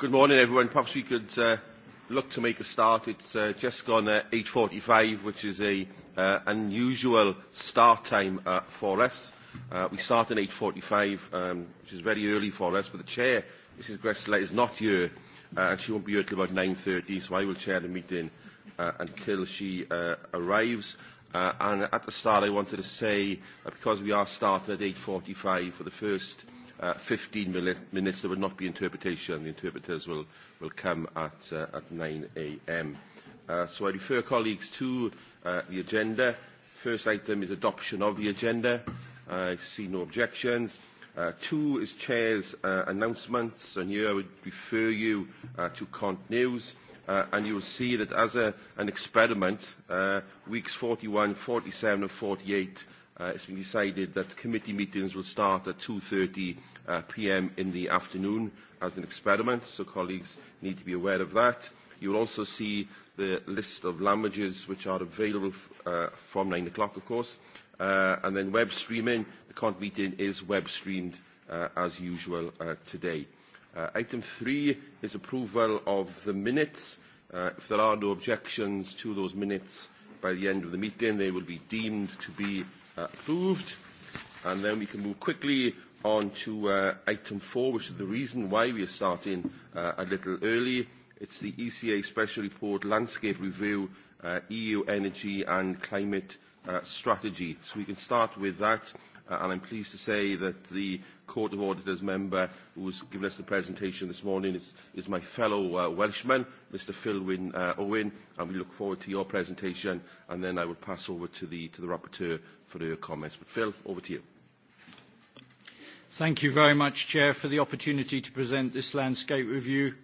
Good morning, everyone. Perhaps we could uh, look to make a start. It's uh, just gone uh, 8.45, which is an uh, unusual start time uh, for us. Uh, we start at 8.45, um, which is very early for us, but the Chair, Mrs Gressler, is not here, uh, and she won't be here until about 9.30, so I will chair the meeting uh, until she uh, arrives. Uh, and at the start, I wanted to say, uh, because we are starting at 8.45 for the first uh, 15 minutes. There will not be interpretation. The interpreters will, will come at, uh, at 9 a.m. Uh, so I refer colleagues to uh, the agenda. First item is adoption of the agenda. I see no objections. Uh, two is Chair's uh, announcements, and here I would refer you uh, to Cont News. Uh, and you will see that as a, an experiment, uh, weeks 41, 47 and 48 uh, it's been decided that committee meetings will start at 2.30 uh, p.m. in the afternoon as an experiment, so colleagues need to be aware of that. You'll also see the list of languages which are available uh, from 9 o'clock, of course. Uh, and then web streaming, the CONT meeting is web streamed uh, as usual uh, today. Uh, item three is approval of the minutes. Uh, if there are no objections to those minutes by the end of the meeting, they will be deemed to be approved. And then we can move quickly on to uh, item four, which is the reason why we are starting uh, a little early. It's the ECA Special Report Landscape Review, uh, EU Energy and Climate uh, Strategy. So we can start with that. Uh, and I'm pleased to say that the Court of Auditors member who has given us the presentation this morning is, is my fellow uh, Welshman, Mr Philwyn uh, Owen, and we look forward to your presentation, and then I will pass over to the, to the rapporteur for her comments. But Phil, over to you. Thank you very much, Chair, for the opportunity to present this landscape review.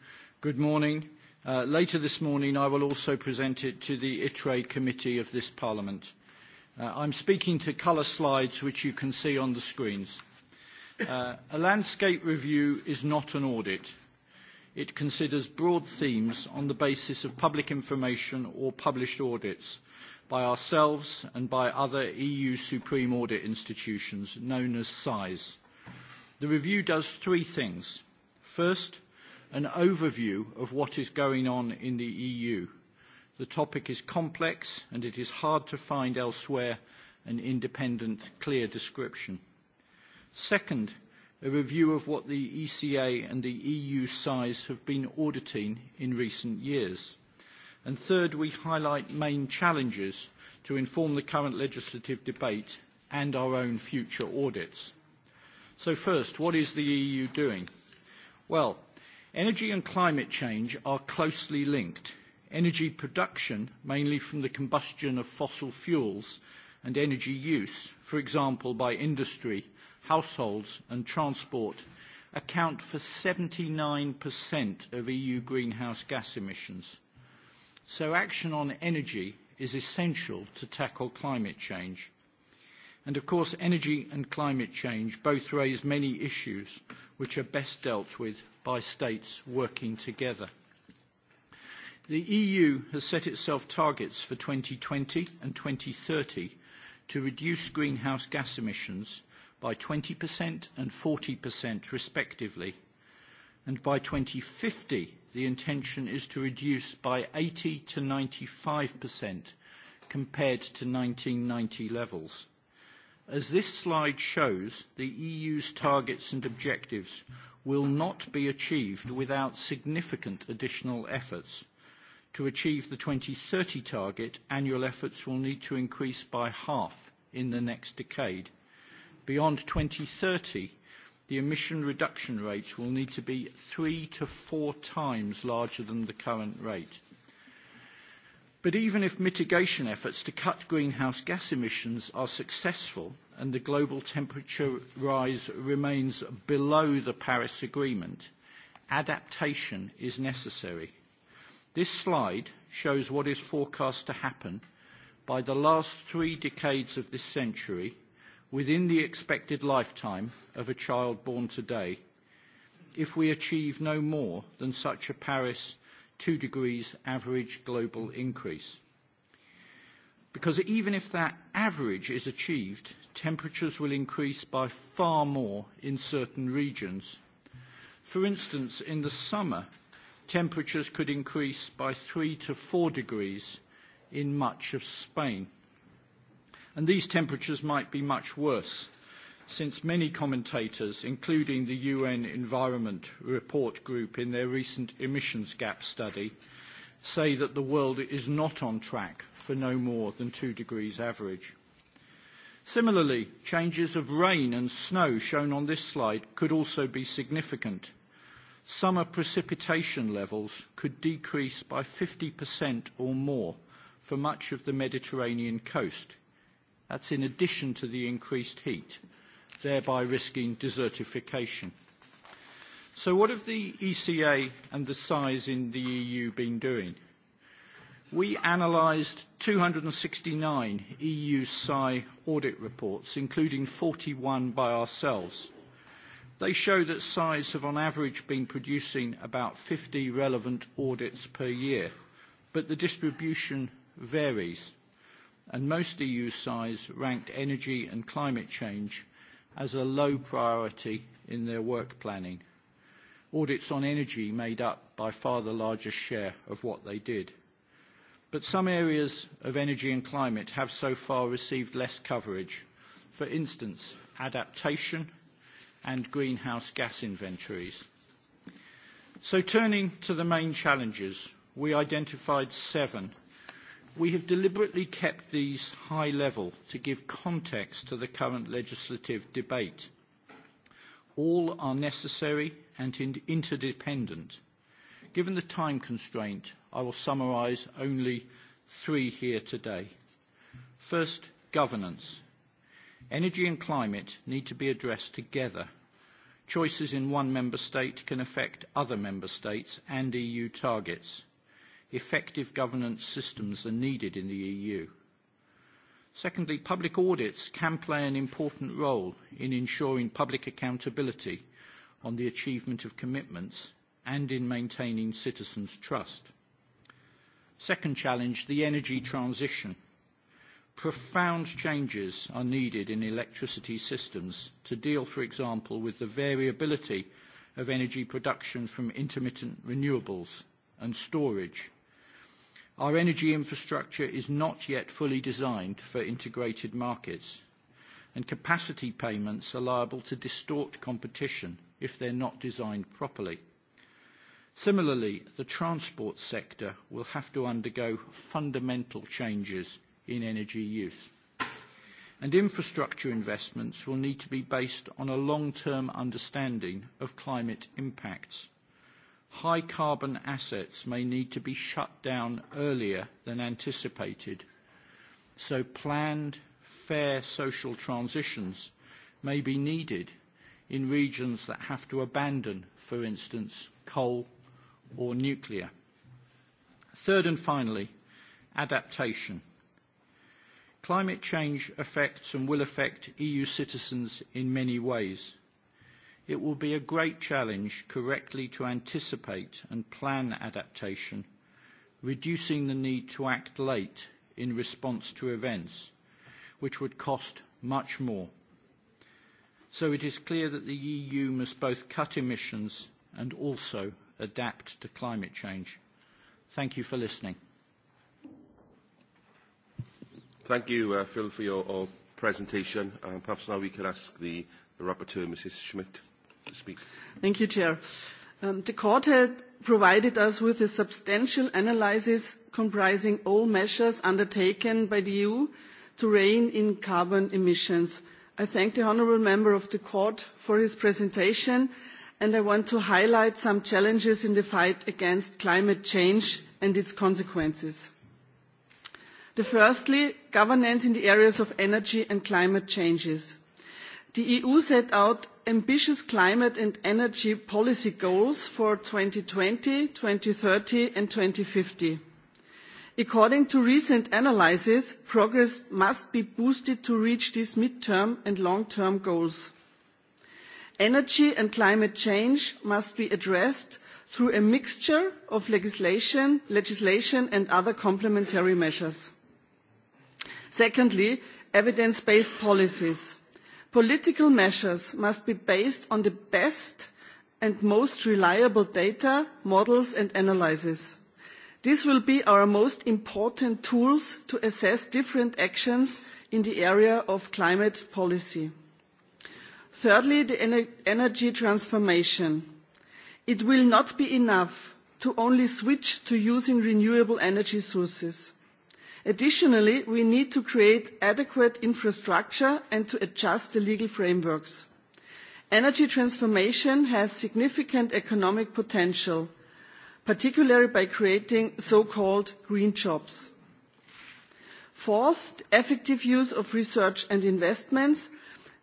Good morning. Uh, later this morning, I will also present it to the ITRE committee of this Parliament. Uh, I'm speaking to colour slides which you can see on the screens. Uh, a landscape review is not an audit. It considers broad themes on the basis of public information or published audits by ourselves and by other EU Supreme Audit institutions known as SAIs. The review does three things. First, an overview of what is going on in the EU. The topic is complex and it is hard to find elsewhere an independent, clear description. Second, a review of what the ECA and the EU size have been auditing in recent years. And third, we highlight main challenges to inform the current legislative debate and our own future audits. So first, what is the EU doing? Well, energy and climate change are closely linked energy production, mainly from the combustion of fossil fuels, and energy use, for example by industry, households and transport, account for 79% of EU greenhouse gas emissions. So action on energy is essential to tackle climate change. And of course, energy and climate change both raise many issues which are best dealt with by states working together. The EU has set itself targets for 2020 and 2030 to reduce greenhouse gas emissions by 20% and 40% respectively. And by 2050, the intention is to reduce by 80 to 95% compared to 1990 levels. As this slide shows, the EU's targets and objectives will not be achieved without significant additional efforts To achieve the 2030 target, annual efforts will need to increase by half in the next decade. Beyond 2030, the emission reduction rates will need to be three to four times larger than the current rate. But even if mitigation efforts to cut greenhouse gas emissions are successful and the global temperature rise remains below the Paris Agreement, adaptation is necessary. This slide shows what is forecast to happen by the last three decades of this century within the expected lifetime of a child born today if we achieve no more than such a Paris 2 degrees average global increase. Because even if that average is achieved, temperatures will increase by far more in certain regions. For instance, in the summer, temperatures could increase by three to four degrees in much of Spain. And these temperatures might be much worse, since many commentators, including the UN Environment Report Group in their recent emissions gap study, say that the world is not on track for no more than two degrees average. Similarly, changes of rain and snow shown on this slide could also be significant summer precipitation levels could decrease by 50% or more for much of the Mediterranean coast. That's in addition to the increased heat, thereby risking desertification. So what have the ECA and the size in the EU been doing? We analysed 269 EU SAI audit reports, including 41 by ourselves They show that SIs have on average been producing about 50 relevant audits per year, but the distribution varies, and most EU SIs ranked energy and climate change as a low priority in their work planning. Audits on energy made up by far the largest share of what they did. But some areas of energy and climate have so far received less coverage. For instance, adaptation and greenhouse gas inventories. So turning to the main challenges, we identified seven. We have deliberately kept these high level to give context to the current legislative debate. All are necessary and interdependent. Given the time constraint, I will summarise only three here today. First, governance. Energy and climate need to be addressed together Choices in one member state can affect other member states and EU targets. Effective governance systems are needed in the EU. Secondly, public audits can play an important role in ensuring public accountability on the achievement of commitments and in maintaining citizens' trust. Second challenge, the energy transition profound changes are needed in electricity systems to deal, for example, with the variability of energy production from intermittent renewables and storage. Our energy infrastructure is not yet fully designed for integrated markets, and capacity payments are liable to distort competition if they're not designed properly. Similarly, the transport sector will have to undergo fundamental changes in energy use. And infrastructure investments will need to be based on a long-term understanding of climate impacts. High carbon assets may need to be shut down earlier than anticipated, so planned, fair social transitions may be needed in regions that have to abandon, for instance, coal or nuclear. Third and finally, adaptation – Climate change affects and will affect EU citizens in many ways. It will be a great challenge correctly to anticipate and plan adaptation, reducing the need to act late in response to events, which would cost much more. So it is clear that the EU must both cut emissions and also adapt to climate change. Thank you for listening. Thank you, uh, Phil, for your all uh, presentation. Um, perhaps now we can ask the, the Rapporteur, Mrs Schmidt, to speak. Thank you, Chair. Um, the Court had provided us with a substantial analysis comprising all measures undertaken by the EU to rein in carbon emissions. I thank the Honourable Member of the Court for his presentation and I want to highlight some challenges in the fight against climate change and its consequences The firstly, governance in the areas of energy and climate changes. The EU set out ambitious climate and energy policy goals for 2020, 2030 and 2050. According to recent analyses, progress must be boosted to reach these mid-term and long-term goals. Energy and climate change must be addressed through a mixture of legislation and other complementary measures secondly evidence based policies political measures must be based on the best and most reliable data models and analyses. these will be our most important tools to assess different actions in the area of climate policy. thirdly the ener energy transformation it will not be enough to only switch to using renewable energy sources additionally we need to create adequate infrastructure and to adjust the legal frameworks. energy transformation has significant economic potential particularly by creating so called green jobs. fourth effective use of research and investments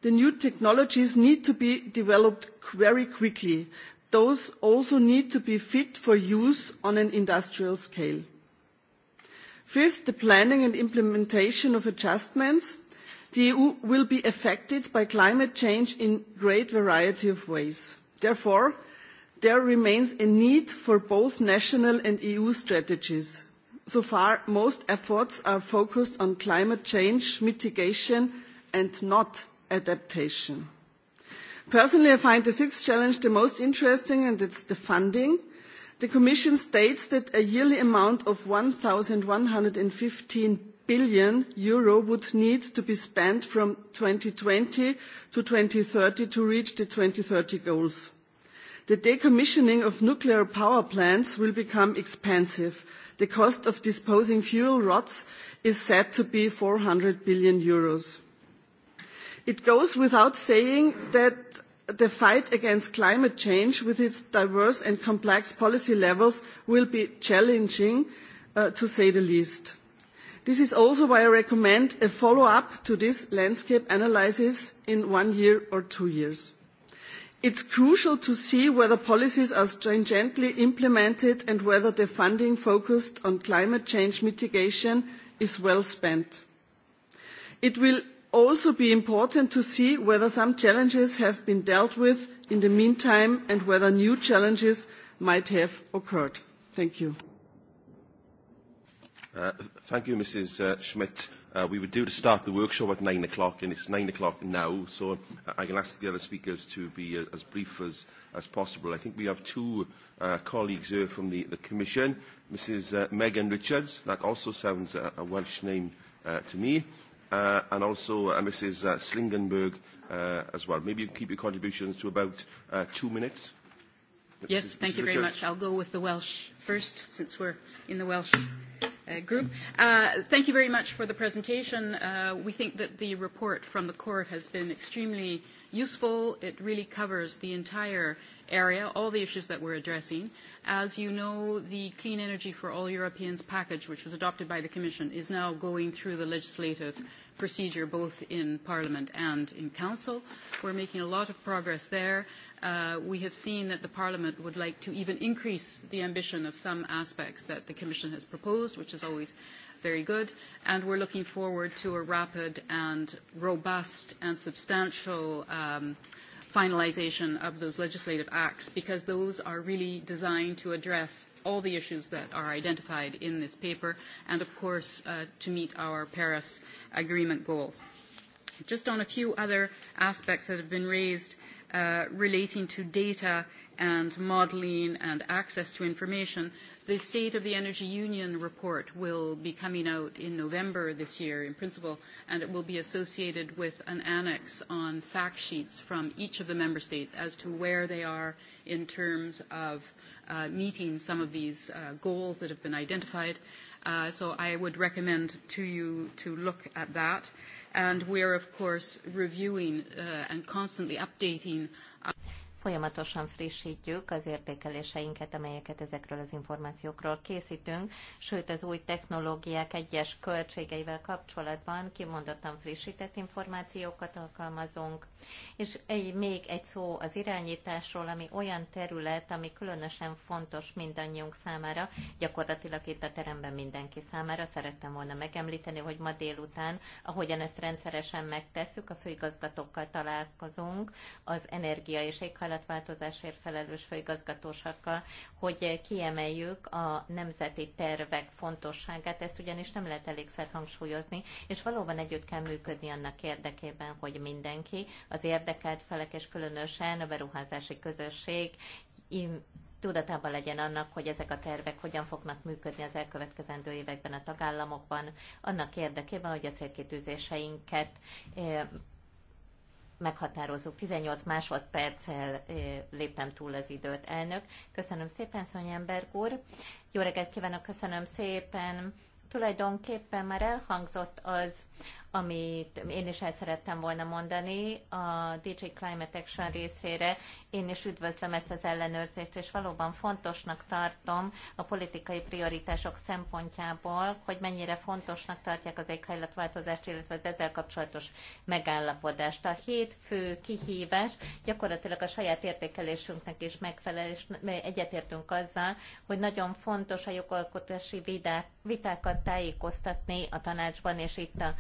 the new technologies need to be developed very quickly. those also need to be fit for use on an industrial scale. Fifth, the planning and implementation of adjustments. The EU will be affected by climate change in great variety of ways. Therefore, there remains a need for both national and EU strategies. So far, most efforts are focused on climate change mitigation and not adaptation. Personally, I find the sixth challenge the most interesting, and it's the funding – the commission states that a yearly amount of eur one hundred and fifteen billion Euro would need to be spent from two thousand and twenty to two thousand and thirty to reach the two thousand and thirty goals. the decommissioning of nuclear power plants will become expensive. the cost of disposing fuel rods is said to be eur four hundred billion. Euros. it goes without saying that the fight against climate change with its diverse and complex policy levels will be challenging, uh, to say the least. This is also why I recommend a follow-up to this landscape analysis in one year or two years. It's crucial to see whether policies are stringently implemented and whether the funding focused on climate change mitigation is well spent. It will also be important to see whether some challenges have been dealt with in the meantime and whether new challenges might have occurred. Thank you. Uh, thank you, Mrs. Uh, Schmidt. Uh, we were due to start the workshop at 9 o'clock, and it's 9 o'clock now, so I can ask the other speakers to be uh, as brief as, as possible. I think we have two uh, colleagues here from the, the Commission, Mrs. Uh, Megan Richards, that also sounds a, a Welsh name uh, to me, uh, and also uh, Mrs. Uh, Slingenberg uh, as well. Maybe you can keep your contributions to about uh, two minutes. Yes, Mrs. thank Mrs. you very much. I'll go with the Welsh first, since we're in the Welsh uh, group. Uh, thank you very much for the presentation. Uh, we think that the report from the court has been extremely useful. It really covers the entire uh, area, all the issues that we're addressing. As you know, the Clean Energy for All Europeans package, which was adopted by the Commission, is now going through the legislative procedure both in Parliament and in Council. We're making a lot of progress there. Uh, we have seen that the Parliament would like to even increase the ambition of some aspects that the Commission has proposed, which is always very good, and we're looking forward to a rapid and robust and substantial um, uh, finalization of those legislative acts because those are really designed to address all the issues that are identified in this paper and, of course, uh, to meet our Paris Agreement goals. Just on a few other aspects that have been raised uh, relating to data and modeling and access to information, The State of the Energy Union report will be coming out in November this year, in principle, and it will be associated with an annex on fact sheets from each of the member states as to where they are in terms of uh, meeting some of these uh, goals that have been identified. Uh, so I would recommend to you to look at that. And we are, of course, reviewing uh, and constantly updating. Our Folyamatosan frissítjük az értékeléseinket, amelyeket ezekről az információkról készítünk, sőt az új technológiák egyes költségeivel kapcsolatban kimondottan frissített információkat alkalmazunk. És egy, még egy szó az irányításról, ami olyan terület, ami különösen fontos mindannyiunk számára, gyakorlatilag itt a teremben mindenki számára. Szerettem volna megemlíteni, hogy ma délután, ahogyan ezt rendszeresen megtesszük, a főigazgatókkal találkozunk, az energia és éghajlat éghajlatváltozásért felelős főigazgatósakkal, hogy kiemeljük a nemzeti tervek fontosságát, ezt ugyanis nem lehet elégszer hangsúlyozni, és valóban együtt kell működni annak érdekében, hogy mindenki, az érdekelt felek és különösen a beruházási közösség tudatában legyen annak, hogy ezek a tervek hogyan fognak működni az elkövetkezendő években a tagállamokban, annak érdekében, hogy a célkitűzéseinket eh, Meghatározó. 18 másodperccel léptem túl az időt, elnök. Köszönöm szépen, Szonyemberg úr. Jó reggelt kívánok, köszönöm szépen. Tulajdonképpen már elhangzott az, amit én is el szerettem volna mondani a DJ Climate Action részére. Én is üdvözlöm ezt az ellenőrzést, és valóban fontosnak tartom a politikai prioritások szempontjából, hogy mennyire fontosnak tartják az éghajlatváltozást, illetve az ezzel kapcsolatos megállapodást. A hét fő kihívás gyakorlatilag a saját értékelésünknek is megfelel, és egyetértünk azzal, hogy nagyon fontos a jogalkotási vitákat tájékoztatni a tanácsban és itt a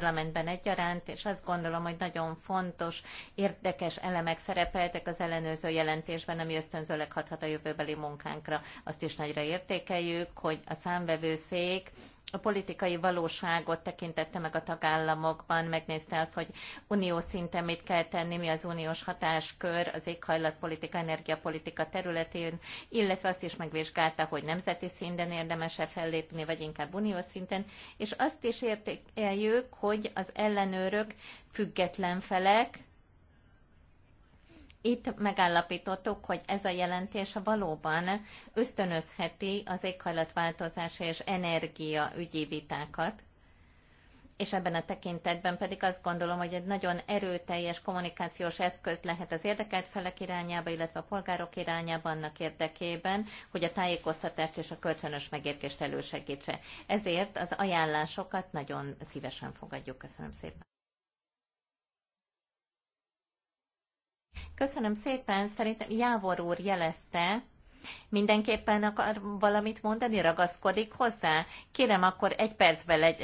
parlamentben egyaránt, és azt gondolom, hogy nagyon fontos, érdekes elemek szerepeltek az ellenőrző jelentésben, ami ösztönzőleg hathat a jövőbeli munkánkra. Azt is nagyra értékeljük, hogy a számvevőszék a politikai valóságot tekintette meg a tagállamokban, megnézte azt, hogy unió szinten mit kell tenni, mi az uniós hatáskör az éghajlatpolitika, energiapolitika területén, illetve azt is megvizsgálta, hogy nemzeti szinten érdemese fellépni, vagy inkább uniós szinten, és azt is értékeljük, hogy az ellenőrök független felek, itt megállapítottuk, hogy ez a jelentés valóban ösztönözheti az éghajlatváltozás és energia ügyi vitákat, és ebben a tekintetben pedig azt gondolom, hogy egy nagyon erőteljes kommunikációs eszköz lehet az érdekelt felek irányába, illetve a polgárok irányába annak érdekében, hogy a tájékoztatást és a kölcsönös megértést elősegítse. Ezért az ajánlásokat nagyon szívesen fogadjuk. Köszönöm szépen. Köszönöm szépen, szerintem Jávor úr jelezte, Mindenképpen akar valamit mondani, ragaszkodik hozzá? Kérem, akkor egy percben legy,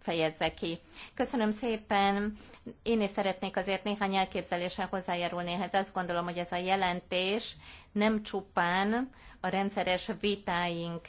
fejezze ki. Köszönöm szépen. Én is szeretnék azért néhány elképzeléssel hozzájárulni ehhez. Azt gondolom, hogy ez a jelentés nem csupán a rendszeres vitáink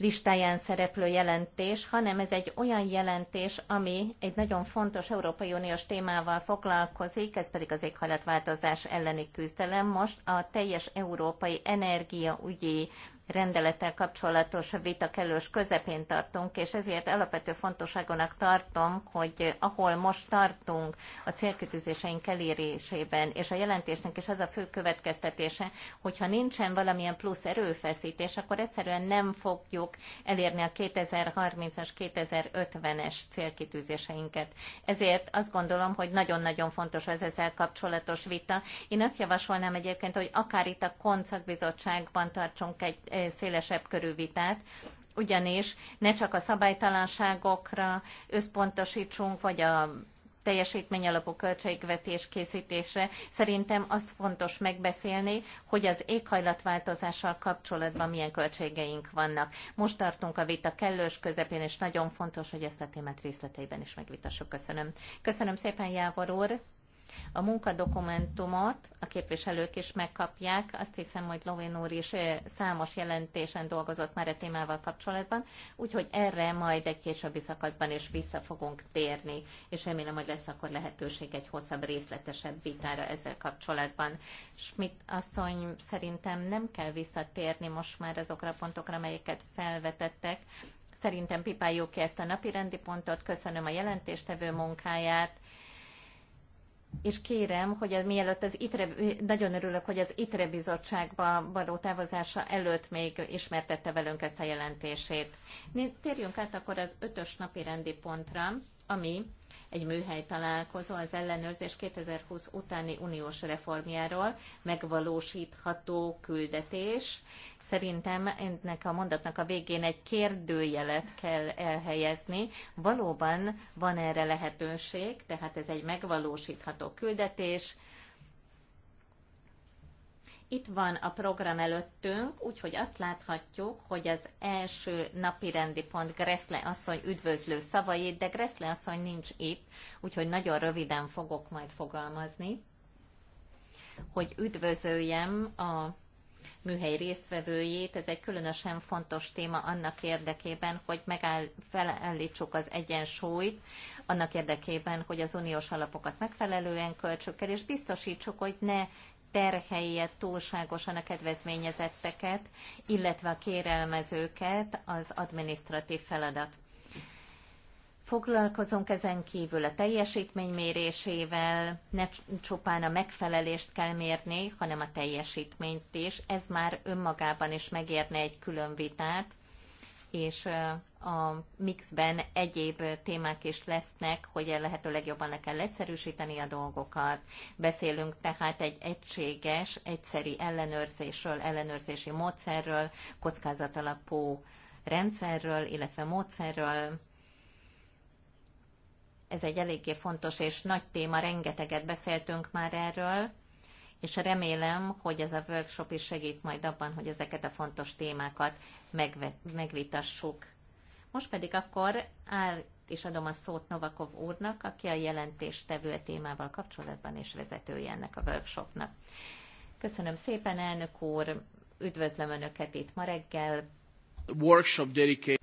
listáján szereplő jelentés, hanem ez egy olyan jelentés, ami egy nagyon fontos Európai Uniós témával foglalkozik, ez pedig az éghajlatváltozás elleni küzdelem. Most a teljes európai energiaügyi rendelettel kapcsolatos vita kellős közepén tartunk, és ezért alapvető fontosságonak tartom, hogy ahol most tartunk a célkütőzéseink elérésében, és a jelentésnek is az a fő következtetése, hogyha nincsen valamilyen plusz erőfeszítés, akkor egyszerűen nem fogjuk elérni a 2030-as, 2050-es célkitűzéseinket. Ezért azt gondolom, hogy nagyon-nagyon fontos az ezzel kapcsolatos vita. Én azt javasolnám egyébként, hogy akár itt a Koncakbizottságban tartsunk egy szélesebb körű vitát, ugyanis ne csak a szabálytalanságokra összpontosítsunk, vagy a teljesítmény alapú költségvetés készítésre. Szerintem azt fontos megbeszélni, hogy az éghajlatváltozással kapcsolatban milyen költségeink vannak. Most tartunk a vita kellős közepén, és nagyon fontos, hogy ezt a témát részleteiben is megvitassuk. Köszönöm. Köszönöm szépen, Jávor úr. A munkadokumentumot a képviselők is megkapják. Azt hiszem, hogy Lovén úr is eh, számos jelentésen dolgozott már a e témával kapcsolatban, úgyhogy erre majd egy későbbi szakaszban is vissza fogunk térni, és remélem, hogy lesz akkor lehetőség egy hosszabb, részletesebb vitára ezzel kapcsolatban. Schmidt asszony szerintem nem kell visszatérni most már azokra a pontokra, amelyeket felvetettek, Szerintem pipáljuk ki ezt a napi rendi pontot, köszönöm a jelentéstevő munkáját, és kérem, hogy az, mielőtt az ITRE, nagyon örülök, hogy az ITRE bizottságba való távozása előtt még ismertette velünk ezt a jelentését. Térjünk át akkor az ötös napi rendi pontra, ami egy műhely találkozó az ellenőrzés 2020 utáni uniós reformjáról megvalósítható küldetés. Szerintem ennek a mondatnak a végén egy kérdőjelet kell elhelyezni. Valóban van erre lehetőség, tehát ez egy megvalósítható küldetés. Itt van a program előttünk, úgyhogy azt láthatjuk, hogy az első napi rendi pont Greszle asszony üdvözlő szavait, de Greszle asszony nincs itt, úgyhogy nagyon röviden fogok majd fogalmazni, hogy üdvözöljem a műhely résztvevőjét. Ez egy különösen fontos téma annak érdekében, hogy megáll, felállítsuk az egyensúlyt, annak érdekében, hogy az uniós alapokat megfelelően költsük el, és biztosítsuk, hogy ne terhelje túlságosan a kedvezményezetteket, illetve a kérelmezőket az administratív feladat. Foglalkozunk ezen kívül a teljesítmény mérésével, ne csupán a megfelelést kell mérni, hanem a teljesítményt is. Ez már önmagában is megérne egy külön vitát, és a mixben egyéb témák is lesznek, hogy lehető legjobban le kell egyszerűsíteni a dolgokat. Beszélünk tehát egy egységes, egyszeri ellenőrzésről, ellenőrzési módszerről, kockázatalapú rendszerről, illetve módszerről, ez egy eléggé fontos és nagy téma, rengeteget beszéltünk már erről, és remélem, hogy ez a workshop is segít majd abban, hogy ezeket a fontos témákat megvitassuk. Most pedig akkor áll és adom a szót Novakov úrnak, aki a jelentéstevő témával kapcsolatban és vezetője ennek a workshopnak. Köszönöm szépen, elnök úr, üdvözlöm Önöket itt ma reggel. Workshop dedicated.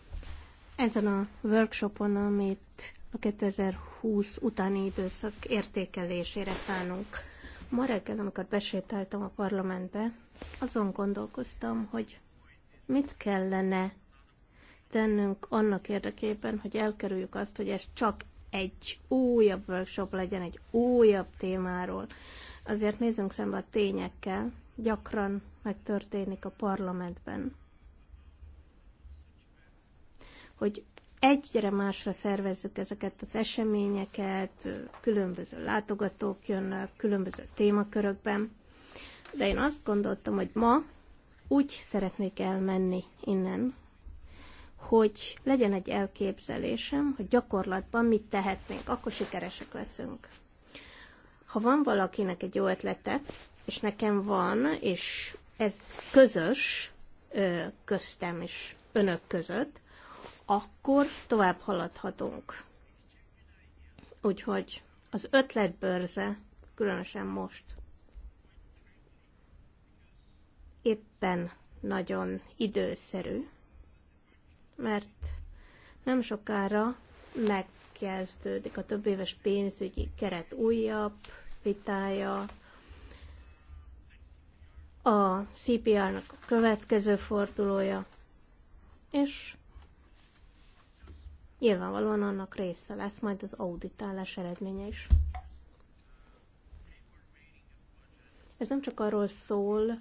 Ezen a workshopon, amit a 2020 utáni időszak értékelésére szánunk. Ma reggel, amikor besételtem a parlamentbe, azon gondolkoztam, hogy mit kellene tennünk annak érdekében, hogy elkerüljük azt, hogy ez csak egy újabb workshop legyen, egy újabb témáról. Azért nézzünk szembe a tényekkel, gyakran megtörténik a parlamentben, hogy egyre másra szervezzük ezeket az eseményeket, különböző látogatók jönnek, különböző témakörökben, de én azt gondoltam, hogy ma úgy szeretnék elmenni innen, hogy legyen egy elképzelésem, hogy gyakorlatban mit tehetnénk, akkor sikeresek leszünk. Ha van valakinek egy jó ötlete, és nekem van, és ez közös köztem és önök között, akkor tovább haladhatunk. Úgyhogy az ötletbörze, különösen most, éppen nagyon időszerű, mert nem sokára megkezdődik a több éves pénzügyi keret újabb vitája, a CPR-nak a következő fordulója, és Nyilvánvalóan annak része lesz majd az auditálás eredménye is. Ez nem csak arról szól,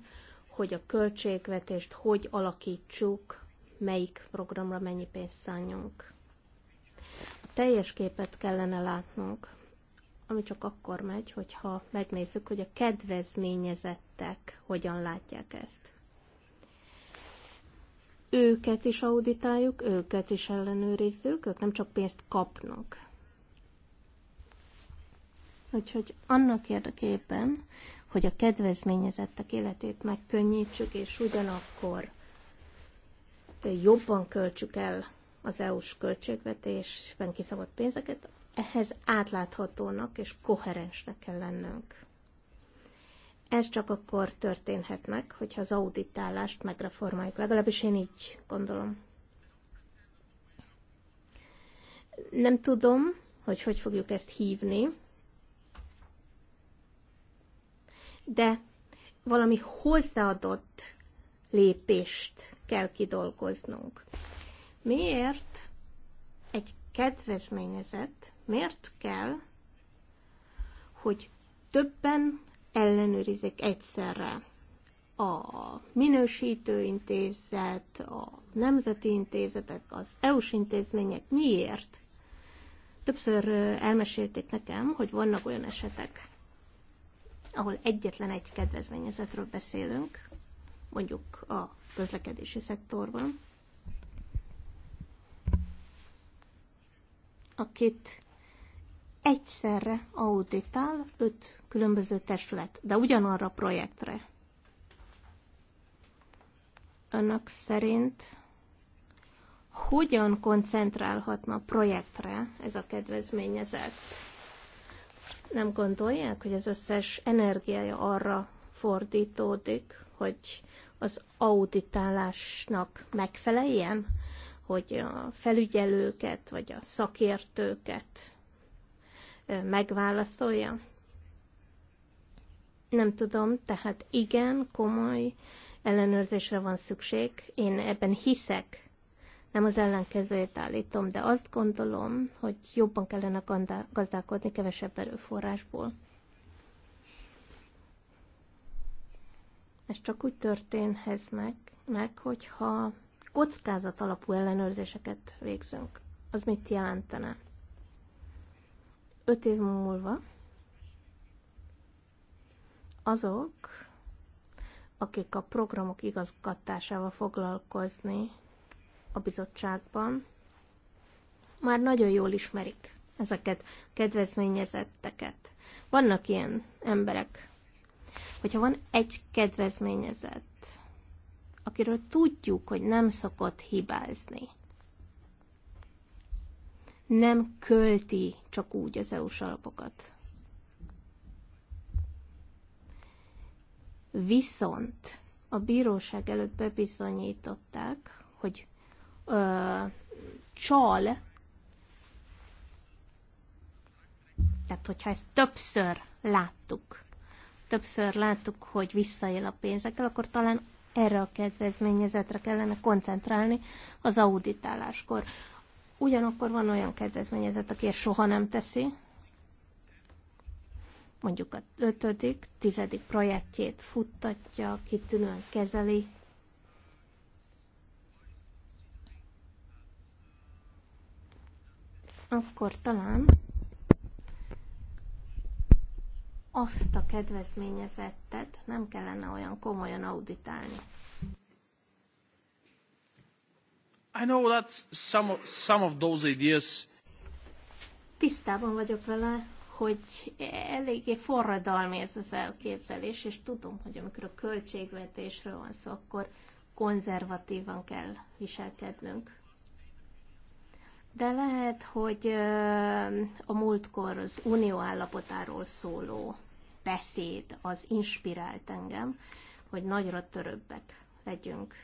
hogy a költségvetést hogy alakítsuk, melyik programra mennyi pénzt szálljunk. A teljes képet kellene látnunk, ami csak akkor megy, hogyha megnézzük, hogy a kedvezményezettek hogyan látják ezt őket is auditáljuk, őket is ellenőrizzük, ők nem csak pénzt kapnak. Úgyhogy annak érdekében, hogy a kedvezményezettek életét megkönnyítsük, és ugyanakkor jobban költsük el az EU-s költségvetésben kiszabott pénzeket, ehhez átláthatónak és koherensnek kell lennünk. Ez csak akkor történhet meg, hogyha az auditálást megreformáljuk. Legalábbis én így gondolom. Nem tudom, hogy hogy fogjuk ezt hívni, de valami hozzáadott lépést kell kidolgoznunk. Miért egy kedvezményezett, miért kell, hogy többen ellenőrizik egyszerre a minősítő a nemzeti intézetek, az EU-s intézmények. Miért? Többször elmesélték nekem, hogy vannak olyan esetek, ahol egyetlen egy kedvezményezetről beszélünk, mondjuk a közlekedési szektorban, akit egyszerre auditál öt különböző testület, de ugyanarra a projektre. Önök szerint hogyan koncentrálhatna projektre ez a kedvezményezett? Nem gondolják, hogy az összes energiája arra fordítódik, hogy az auditálásnak megfeleljen, hogy a felügyelőket vagy a szakértőket megválaszolja? Nem tudom, tehát igen, komoly ellenőrzésre van szükség. Én ebben hiszek, nem az ellenkezőjét állítom, de azt gondolom, hogy jobban kellene gazdálkodni kevesebb erőforrásból. Ez csak úgy történhez meg, meg hogyha kockázat alapú ellenőrzéseket végzünk. Az mit jelentene? Öt év múlva azok, akik a programok igazgatásával foglalkozni a bizottságban, már nagyon jól ismerik ezeket kedvezményezetteket. Vannak ilyen emberek, hogyha van egy kedvezményezett, akiről tudjuk, hogy nem szokott hibázni, nem költi csak úgy az EU-s alapokat, Viszont a bíróság előtt bebizonyították, hogy ö, csal, tehát hogyha ezt többször láttuk, többször láttuk, hogy visszaél a pénzekkel, akkor talán erre a kedvezményezetre kellene koncentrálni az auditáláskor. Ugyanakkor van olyan kedvezményezet, aki ezt soha nem teszi, mondjuk a ötödik, tizedik projektjét futtatja, kitűnően kezeli. Akkor talán azt a kedvezményezettet nem kellene olyan komolyan auditálni. I know that's some of, some of those ideas. Tisztában vagyok vele, hogy eléggé forradalmi ez az elképzelés, és tudom, hogy amikor a költségvetésről van szó, akkor konzervatívan kell viselkednünk. De lehet, hogy a múltkor az unió állapotáról szóló beszéd az inspirált engem, hogy nagyra törőbbek legyünk.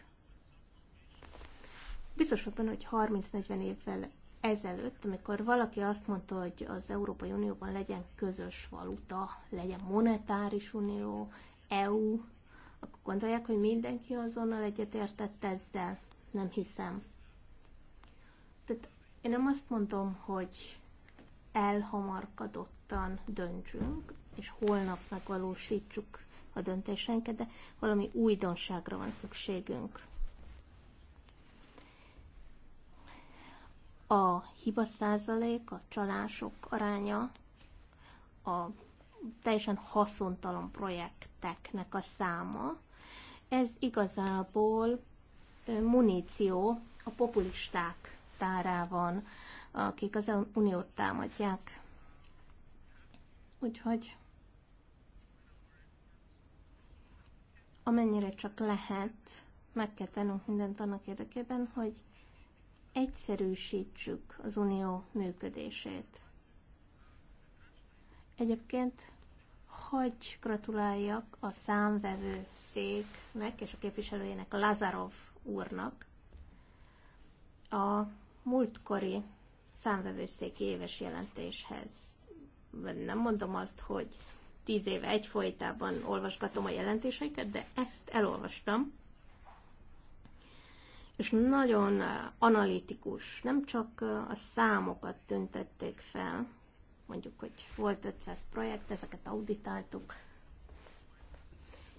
Biztos vagyok benne, hogy 30-40 évvel ezelőtt, amikor valaki azt mondta, hogy az Európai Unióban legyen közös valuta, legyen monetáris unió, EU, akkor gondolják, hogy mindenki azonnal egyetértett ezzel. Nem hiszem. Tehát én nem azt mondom, hogy elhamarkadottan döntsünk, és holnap megvalósítsuk a döntéseinket, de valami újdonságra van szükségünk. a hiba százalék, a csalások aránya, a teljesen haszontalan projekteknek a száma, ez igazából muníció a populisták tárában, akik az uniót támadják. Úgyhogy amennyire csak lehet, meg kell tennünk mindent annak érdekében, hogy egyszerűsítsük az unió működését. Egyébként hagy gratuláljak a számvevő széknek és a képviselőjének, a Lazarov úrnak, a múltkori számvevőszék éves jelentéshez. Nem mondom azt, hogy tíz éve egyfolytában olvasgatom a jelentéseiket, de ezt elolvastam, és nagyon eh, analitikus, nem csak eh, a számokat tüntették fel, mondjuk, hogy volt 500 projekt, ezeket auditáltuk,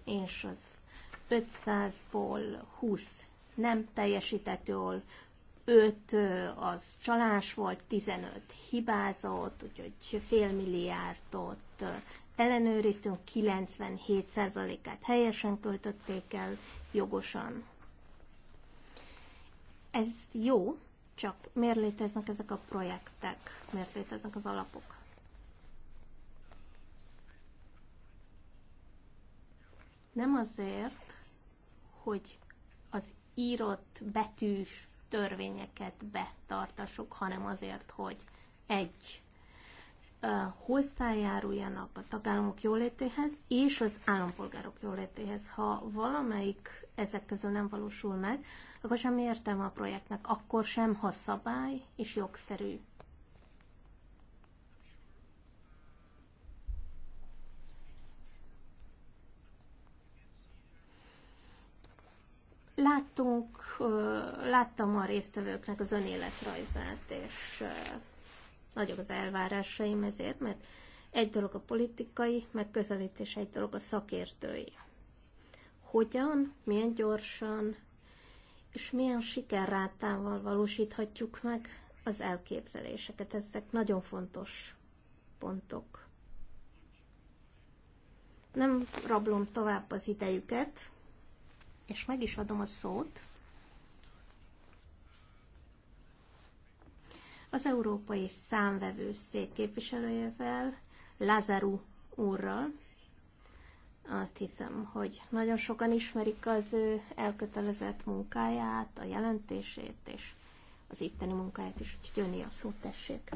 és az 500-ból 20 nem teljesített jól, 5 eh, az csalás volt, 15 hibázott, úgyhogy fél milliárdot ellenőriztünk, 97%-át helyesen költötték el, jogosan. Ez jó, csak miért léteznek ezek a projektek, miért léteznek az alapok? Nem azért, hogy az írott betűs törvényeket betartassuk, hanem azért, hogy egy hozzájáruljanak a tagállamok jólétéhez és az állampolgárok jólétéhez. Ha valamelyik ezek közül nem valósul meg, akkor sem értelme a projektnek, akkor sem, ha szabály és jogszerű. Láttunk, láttam a résztvevőknek az önéletrajzát, és nagyok az elvárásaim ezért, mert egy dolog a politikai megközelítés, egy dolog a szakértői. Hogyan, milyen gyorsan, és milyen sikerrátával valósíthatjuk meg az elképzeléseket. Ezek nagyon fontos pontok. Nem rablom tovább az idejüket, és meg is adom a szót. Az Európai Számvevőszék képviselőjével, Lazaru úrral, azt hiszem, hogy nagyon sokan ismerik az ő elkötelezett munkáját, a jelentését és az itteni munkáját is, úgyhogy jönni a szót tessék.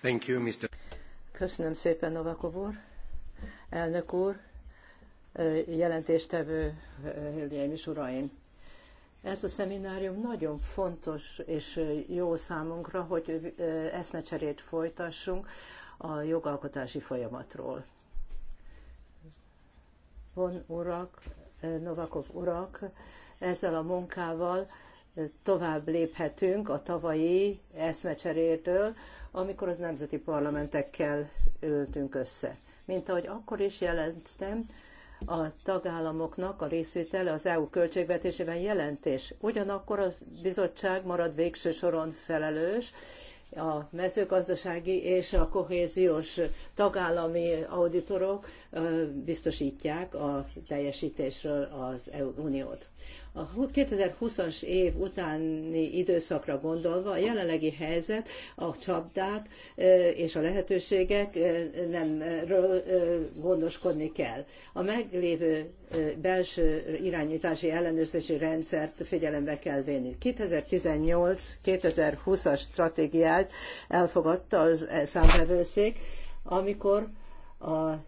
Thank you, Mr. Köszönöm szépen, Novakov úr, elnök úr, jelentéstevő hölgyeim és uraim. Ez a szeminárium nagyon fontos és jó számunkra, hogy eszmecserét folytassunk a jogalkotási folyamatról von urak, eh, Novakov urak, ezzel a munkával eh, tovább léphetünk a tavalyi eszmecserétől, amikor az nemzeti parlamentekkel ültünk össze. Mint ahogy akkor is jeleztem, a tagállamoknak a részvétele az EU költségvetésében jelentés. Ugyanakkor a bizottság marad végső soron felelős, a mezőgazdasági és a kohéziós tagállami auditorok biztosítják a teljesítésről az uniót. A 2020-as év utáni időszakra gondolva a jelenlegi helyzet, a csapdák és a lehetőségek nem gondoskodni kell. A meglévő belső irányítási ellenőrzési rendszert figyelembe kell venni. 2018-2020-as stratégiát elfogadta az számvevőszék, amikor a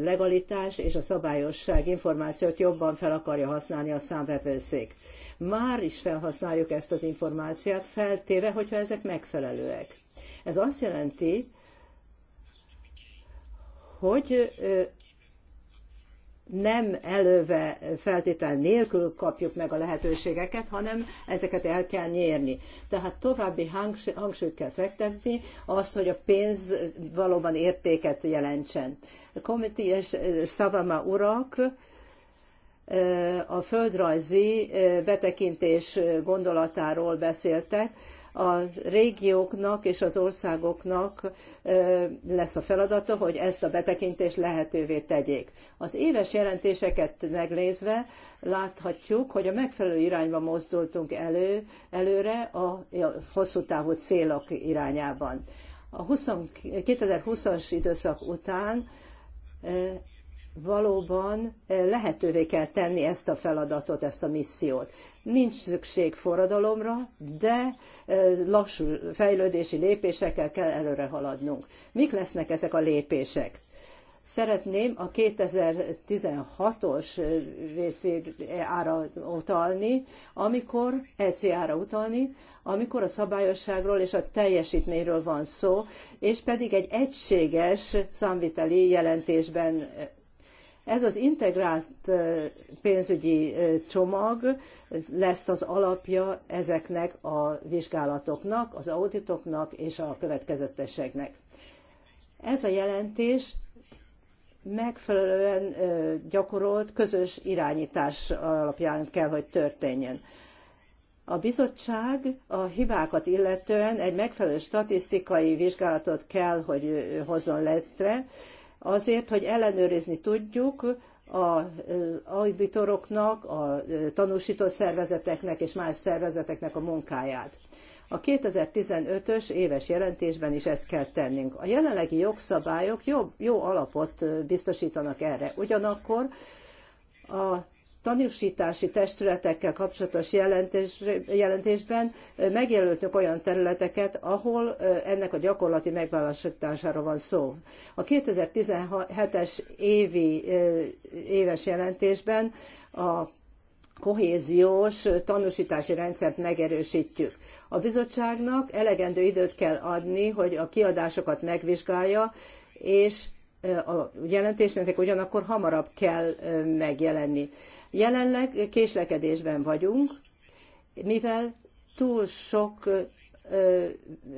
legalitás és a szabályosság információt jobban fel akarja használni a számvevőszék. Már is felhasználjuk ezt az információt, feltéve, hogyha ezek megfelelőek. Ez azt jelenti, hogy nem előve feltétel nélkül kapjuk meg a lehetőségeket, hanem ezeket el kell nyerni. Tehát további hangsúlyt kell fektetni az, hogy a pénz valóban értéket jelentsen. A és Szavama urak a földrajzi betekintés gondolatáról beszéltek, a régióknak és az országoknak lesz a feladata, hogy ezt a betekintést lehetővé tegyék. Az éves jelentéseket megnézve láthatjuk, hogy a megfelelő irányba mozdultunk elő, előre a hosszú távú célok irányában. A 2020-as időszak után valóban eh, lehetővé kell tenni ezt a feladatot, ezt a missziót. Nincs szükség forradalomra, de eh, lassú fejlődési lépésekkel kell előre haladnunk. Mik lesznek ezek a lépések? Szeretném a 2016-os eh, ára utalni, amikor, ECA-ra utalni, amikor a szabályosságról és a teljesítményről van szó, és pedig egy egységes számviteli jelentésben ez az integrált pénzügyi csomag lesz az alapja ezeknek a vizsgálatoknak, az auditoknak és a következetességnek. Ez a jelentés megfelelően gyakorolt közös irányítás alapján kell, hogy történjen. A bizottság a hibákat illetően egy megfelelő statisztikai vizsgálatot kell, hogy hozzon létre, azért, hogy ellenőrizni tudjuk a auditoroknak, a tanúsító szervezeteknek és más szervezeteknek a munkáját. A 2015-ös éves jelentésben is ezt kell tennünk. A jelenlegi jogszabályok jó, jó alapot biztosítanak erre. Ugyanakkor a tanúsítási testületekkel kapcsolatos jelentés, jelentésben megjelöltünk olyan területeket, ahol ennek a gyakorlati megvalósítására van szó. A 2017-es évi, éves jelentésben a kohéziós tanúsítási rendszert megerősítjük. A bizottságnak elegendő időt kell adni, hogy a kiadásokat megvizsgálja, és a jelentésnek ugyanakkor hamarabb kell megjelenni. Jelenleg késlekedésben vagyunk, mivel túl sok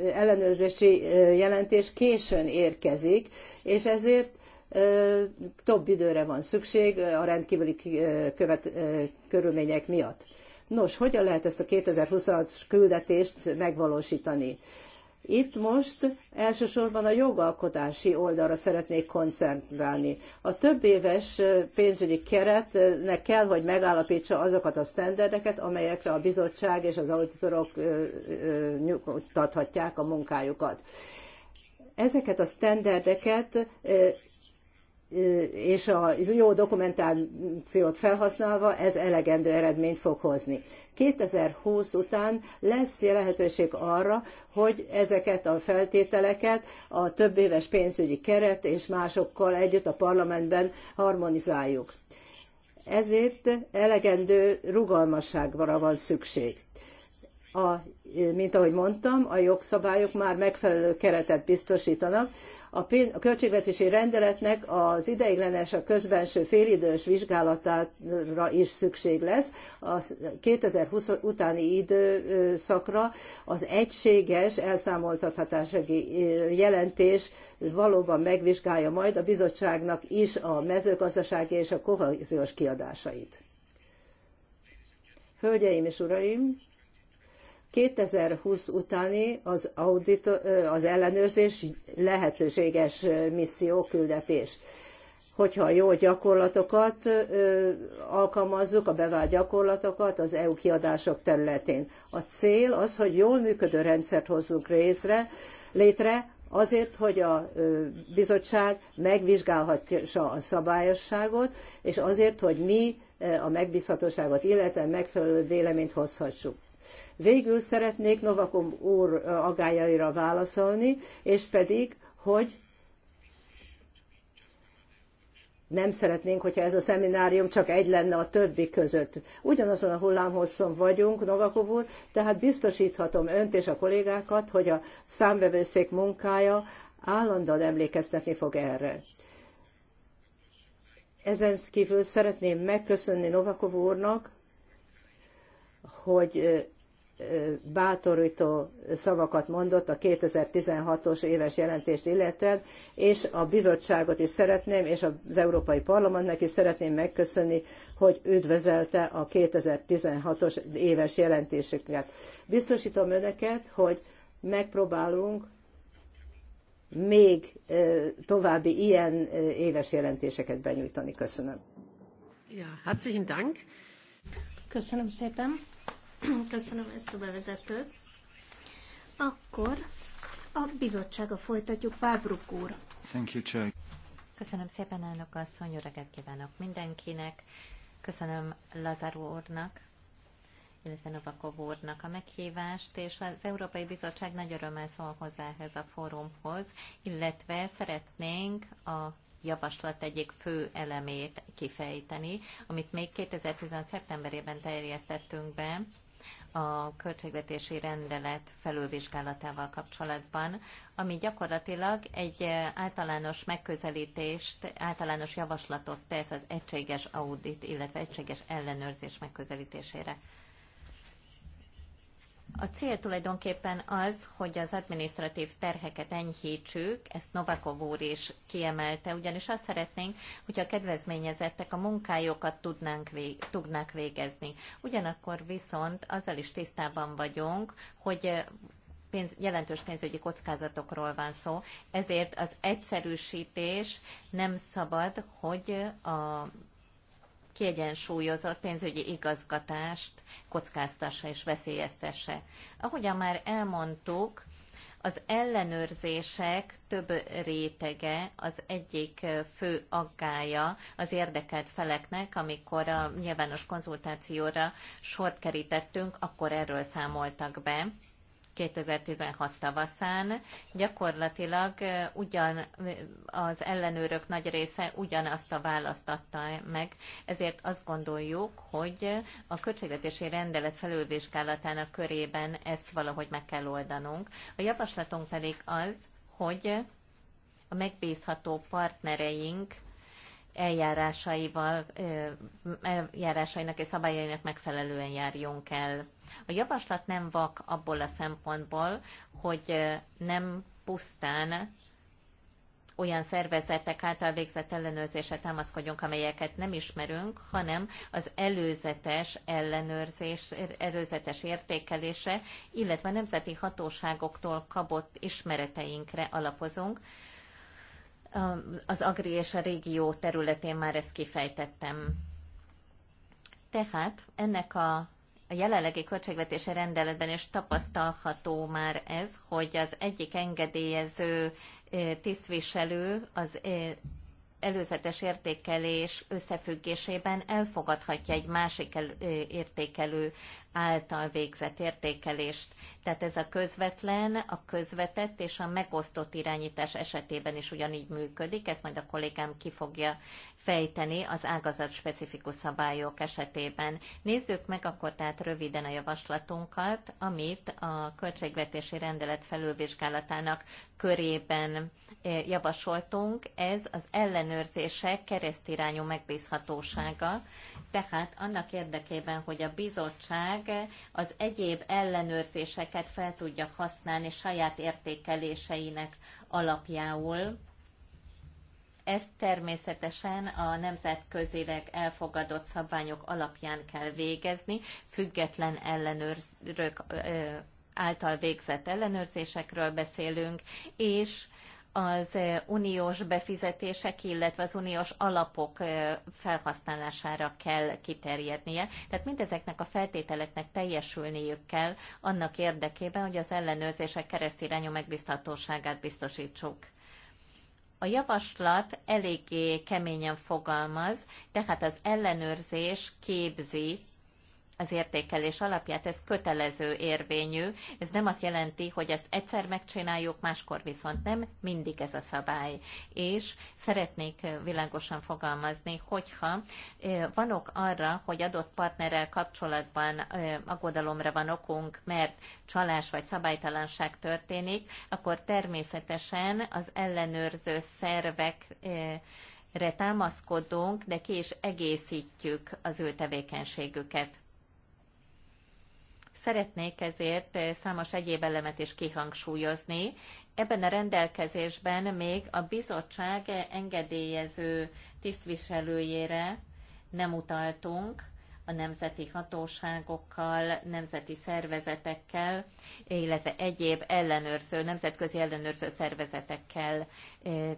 ellenőrzési jelentés későn érkezik, és ezért több időre van szükség a rendkívüli követ, körülmények miatt. Nos, hogyan lehet ezt a 2026-as küldetést megvalósítani? Itt most elsősorban a jogalkotási oldalra szeretnék koncentrálni. A több éves pénzügyi keretnek kell, hogy megállapítsa azokat a sztenderdeket, amelyekre a bizottság és az auditorok nyugtathatják a munkájukat. Ezeket a sztenderdeket és a jó dokumentációt felhasználva ez elegendő eredményt fog hozni. 2020 után lesz lehetőség arra, hogy ezeket a feltételeket a több éves pénzügyi keret és másokkal együtt a parlamentben harmonizáljuk. Ezért elegendő rugalmasságra van szükség a, mint ahogy mondtam, a jogszabályok már megfelelő keretet biztosítanak. A, pén- a költségvetési rendeletnek az ideiglenes, a közbenső félidős vizsgálatára is szükség lesz. A 2020 utáni időszakra az egységes elszámoltathatási jelentés valóban megvizsgálja majd a bizottságnak is a mezőgazdasági és a kohéziós kiadásait. Hölgyeim és uraim! 2020 utáni az, audit, az ellenőrzés lehetőséges misszió küldetés. Hogyha a jó gyakorlatokat alkalmazzuk, a bevált gyakorlatokat az EU kiadások területén. A cél az, hogy jól működő rendszert hozzunk részre, létre, azért, hogy a bizottság megvizsgálhassa a szabályosságot, és azért, hogy mi a megbízhatóságot illetve megfelelő véleményt hozhassuk. Végül szeretnék Novakom úr agájaira válaszolni, és pedig, hogy nem szeretnénk, hogyha ez a szeminárium csak egy lenne a többi között. Ugyanazon a hullámhosszon vagyunk, Novakov úr, tehát biztosíthatom önt és a kollégákat, hogy a számbevőszék munkája állandóan emlékeztetni fog erre. Ezen kívül szeretném megköszönni Novakov úrnak, hogy bátorító szavakat mondott a 2016-os éves jelentést illetően, és a bizottságot is szeretném, és az Európai Parlamentnek is szeretném megköszönni, hogy üdvözelte a 2016-os éves jelentésüket. Biztosítom önöket, hogy megpróbálunk még további ilyen éves jelentéseket benyújtani. Köszönöm. Ja, herzlichen Dank. Köszönöm szépen. Köszönöm ezt a bevezetőt. Akkor a bizottsága folytatjuk, Vábruk úr. Thank you, Chair. Köszönöm szépen, elnök asszony, jó reggelt kívánok mindenkinek. Köszönöm Lazaro úrnak, illetve Novakov úrnak a meghívást, és az Európai Bizottság nagy örömmel szól hozzá ehhez a fórumhoz, illetve szeretnénk a javaslat egyik fő elemét kifejteni, amit még 2016. szeptemberében terjesztettünk be, a költségvetési rendelet felülvizsgálatával kapcsolatban, ami gyakorlatilag egy eh, általános megközelítést, általános javaslatot tesz az egységes audit, illetve egységes ellenőrzés megközelítésére. A cél tulajdonképpen az, hogy az administratív terheket enyhítsük, ezt Novakov úr is kiemelte, ugyanis azt szeretnénk, hogy a kedvezményezettek a munkájukat tudnánk vég, tudnák végezni. Ugyanakkor viszont azzal is tisztában vagyunk, hogy eh, pénz, jelentős pénzügyi kockázatokról van szó, ezért az egyszerűsítés nem szabad, hogy eh, a kiegyensúlyozott pénzügyi igazgatást kockáztassa és veszélyeztesse. Ahogyan már elmondtuk, az ellenőrzések több rétege az egyik fő aggája az érdekelt feleknek, amikor a nyilvános konzultációra sort kerítettünk, akkor erről számoltak be. 2016 tavaszán gyakorlatilag ugyan az ellenőrök nagy része ugyanazt a választ adta meg, ezért azt gondoljuk, hogy a költségvetési rendelet felülvizsgálatának körében ezt valahogy meg kell oldanunk. A javaslatunk pedig az, hogy a megbízható partnereink eljárásaival, eljárásainak és szabályainak megfelelően járjunk el. A javaslat nem vak abból a szempontból, hogy nem pusztán olyan szervezetek által végzett ellenőrzésre támaszkodjunk, amelyeket nem ismerünk, hanem az előzetes ellenőrzés, előzetes értékelése, illetve nemzeti hatóságoktól kapott ismereteinkre alapozunk, az Agri és a régió területén már ezt kifejtettem. Tehát ennek a, a jelenlegi költségvetési rendeletben is tapasztalható már ez, hogy az egyik engedélyező tisztviselő az előzetes értékelés összefüggésében elfogadhatja egy másik értékelő által végzett értékelést. Tehát ez a közvetlen, a közvetett és a megosztott irányítás esetében is ugyanígy működik, ezt majd a kollégám ki fogja fejteni az ágazat specifikus szabályok esetében. Nézzük meg akkor tehát röviden a javaslatunkat, amit a költségvetési rendelet felülvizsgálatának körében eh, javasoltunk. Ez az ellenőrzése keresztirányú megbízhatósága, tehát annak érdekében, hogy a bizottság bizottság az egyéb ellenőrzéseket fel tudja használni saját értékeléseinek alapjául. Ezt természetesen a nemzetközileg elfogadott szabványok alapján kell végezni, független ellenőrzők által végzett ellenőrzésekről beszélünk, és az uniós befizetések, illetve az uniós alapok felhasználására kell kiterjednie. Tehát mindezeknek a feltételeknek teljesülniük kell annak érdekében, hogy az ellenőrzések keresztirányú megbízhatóságát biztosítsuk. A javaslat eléggé keményen fogalmaz, tehát az ellenőrzés képzi az értékelés alapját, ez kötelező érvényű. Ez nem azt jelenti, hogy ezt egyszer megcsináljuk, máskor viszont nem, mindig ez a szabály. És szeretnék világosan fogalmazni, hogyha van ok arra, hogy adott partnerrel kapcsolatban aggodalomra van okunk, mert csalás vagy szabálytalanság történik, akkor természetesen az ellenőrző szervek támaszkodunk, de ki is egészítjük az ő tevékenységüket. Szeretnék ezért eh, számos egyéb elemet is kihangsúlyozni. Ebben a rendelkezésben még a bizottság engedélyező tisztviselőjére nem utaltunk, a nemzeti hatóságokkal, nemzeti szervezetekkel, illetve egyéb ellenőrző, nemzetközi ellenőrző szervezetekkel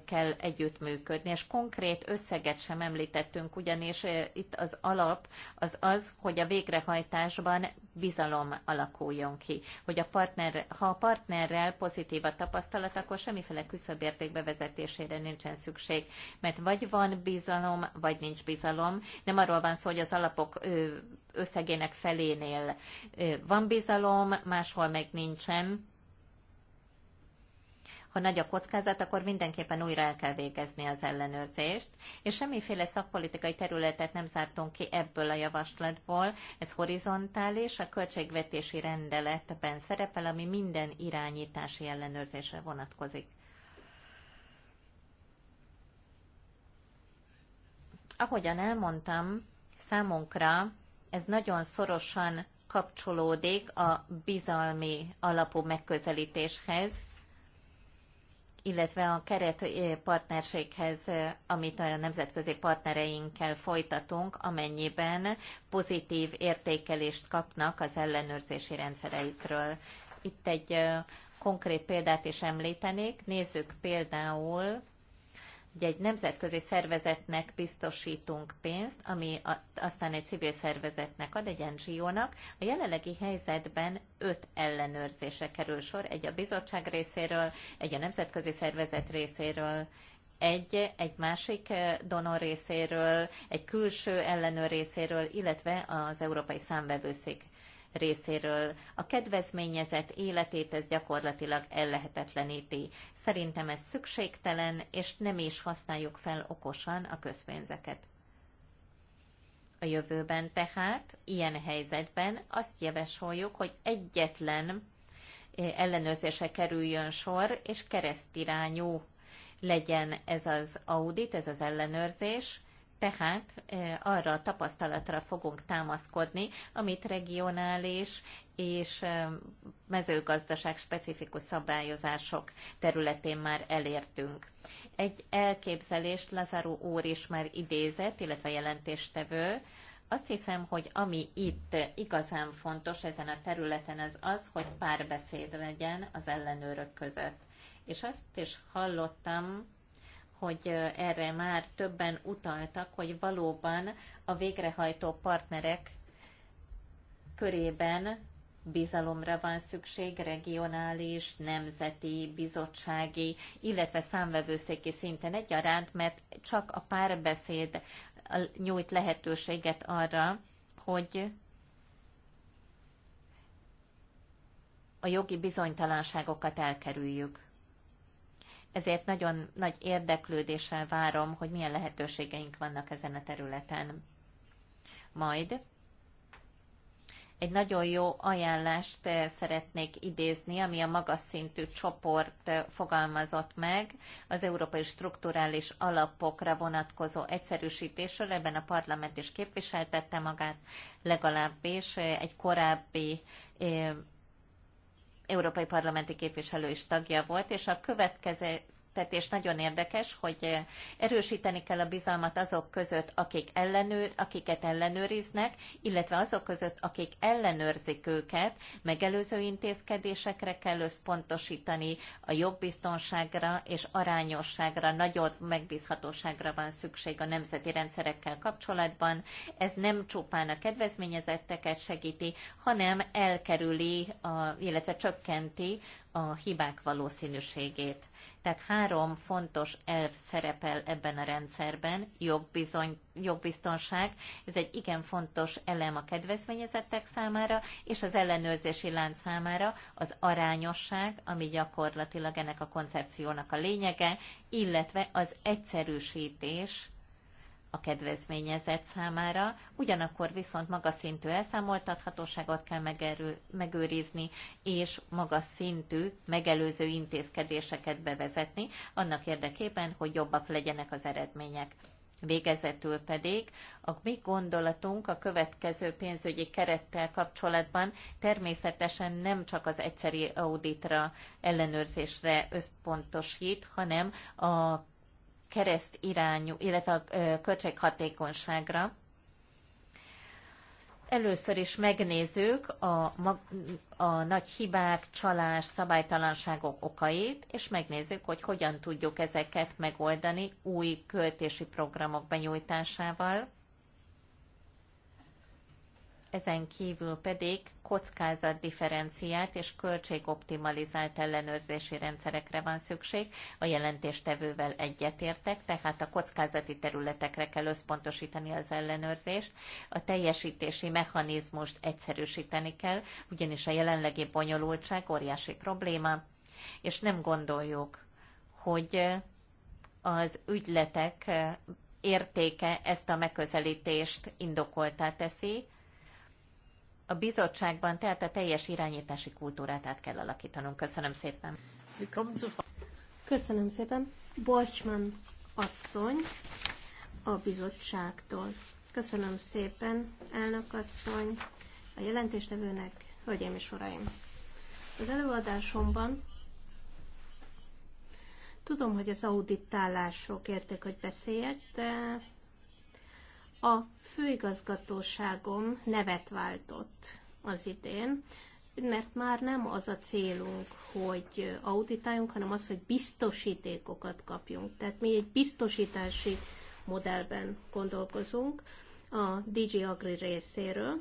kell együttműködni, és konkrét összeget sem említettünk, ugyanis itt az alap az az, hogy a végrehajtásban bizalom alakuljon ki, hogy a partner, ha a partnerrel pozitív a tapasztalat, akkor semmiféle küszöbérték bevezetésére nincsen szükség, mert vagy van bizalom, vagy nincs bizalom. Nem arról van szó, hogy az alapok összegének felénél van bizalom, máshol meg nincsen, ha nagy a kockázat, akkor mindenképpen újra el kell végezni az ellenőrzést, és semmiféle szakpolitikai területet nem zártunk ki ebből a javaslatból. Ez horizontális, a költségvetési rendeletben szerepel, ami minden irányítási ellenőrzésre vonatkozik. Ahogyan elmondtam, számunkra ez nagyon szorosan kapcsolódik a bizalmi alapú megközelítéshez, illetve a eh, partnerséghez, eh, amit a nemzetközi partnereinkkel folytatunk, amennyiben pozitív értékelést kapnak az ellenőrzési rendszereikről. Itt egy eh, konkrét példát is említenék. Nézzük például hogy egy nemzetközi szervezetnek biztosítunk pénzt, ami aztán egy civil szervezetnek ad, egy NGO-nak. A jelenlegi helyzetben öt ellenőrzése kerül sor, egy a bizottság részéről, egy a nemzetközi szervezet részéről, egy, egy másik eh, donor részéről, egy külső ellenőr részéről, illetve az Európai Számvevőszék részéről. A kedvezményezett életét ez gyakorlatilag ellehetetleníti. Szerintem ez szükségtelen, és nem is használjuk fel okosan a közpénzeket. A jövőben tehát ilyen helyzetben azt javasoljuk, hogy egyetlen eh, ellenőrzése kerüljön sor, és keresztirányú legyen ez az audit, ez az ellenőrzés, tehát arra a tapasztalatra fogunk támaszkodni, amit regionális és mezőgazdaság specifikus szabályozások területén már elértünk. Egy elképzelést Lazaru úr is már idézett, illetve jelentéstevő, azt hiszem, hogy ami itt igazán fontos ezen a területen az az, hogy párbeszéd legyen az ellenőrök között. És azt is hallottam, hogy erre már többen utaltak, hogy valóban a végrehajtó partnerek körében bizalomra van szükség regionális, nemzeti, bizottsági, illetve számvevőszéki szinten egyaránt, mert csak a párbeszéd nyújt lehetőséget arra, hogy a jogi bizonytalanságokat elkerüljük ezért nagyon nagy érdeklődéssel várom, hogy milyen lehetőségeink vannak ezen a területen. Majd egy nagyon jó ajánlást eh, szeretnék idézni, ami a magas szintű csoport eh, fogalmazott meg az európai strukturális alapokra vonatkozó egyszerűsítésről. Ebben a parlament is képviseltette magát, legalábbis eh, egy korábbi európai parlamenti képviselő is tagja volt, és a következő és nagyon érdekes, hogy eh, erősíteni kell a bizalmat azok között, akik ellenőr, akiket ellenőriznek, illetve azok között, akik ellenőrzik őket, megelőző intézkedésekre kell összpontosítani, a jogbiztonságra és arányosságra, nagyobb megbízhatóságra van szükség a nemzeti rendszerekkel kapcsolatban. Ez nem csupán a kedvezményezetteket segíti, hanem elkerüli, a, illetve csökkenti a hibák valószínűségét. Tehát három fontos elv szerepel ebben a rendszerben, jogbizony, jogbiztonság, ez egy igen fontos elem a kedvezményezettek számára, és az ellenőrzési lánc számára az arányosság, ami gyakorlatilag ennek a koncepciónak a lényege, illetve az egyszerűsítés, a kedvezményezett számára, ugyanakkor viszont magas szintű elszámoltathatóságot kell megerő, megőrizni, és magas szintű megelőző intézkedéseket bevezetni, annak érdekében, hogy jobbak legyenek az eredmények. Végezetül pedig a mi gondolatunk a következő pénzügyi kerettel kapcsolatban természetesen nem csak az egyszeri auditra ellenőrzésre összpontosít, hanem a kereszt irányú, illetve a költséghatékonyságra. Először is megnézzük a, a nagy hibák, csalás, szabálytalanságok okait, és megnézzük, hogy hogyan tudjuk ezeket megoldani új költési programok benyújtásával ezen kívül pedig kockázatdifferenciált és költségoptimalizált ellenőrzési rendszerekre van szükség. A jelentéstevővel egyetértek, tehát a kockázati területekre kell összpontosítani az ellenőrzést. A teljesítési mechanizmust egyszerűsíteni kell, ugyanis a jelenlegi bonyolultság óriási probléma, és nem gondoljuk, hogy az ügyletek értéke ezt a megközelítést indokoltá teszi, a bizottságban, tehát a teljes irányítási kultúrát át kell alakítanunk. Köszönöm szépen. Köszönöm szépen. Bolcsman asszony a bizottságtól. Köszönöm szépen, elnök asszony, a jelentéstevőnek, hölgyeim és uraim. Az előadásomban tudom, hogy az auditálásról kérték, hogy beszéljek, de a főigazgatóságom nevet váltott az idén, mert már nem az a célunk, hogy auditáljunk, hanem az, hogy biztosítékokat kapjunk. Tehát mi egy biztosítási modellben gondolkozunk a DG Agri részéről.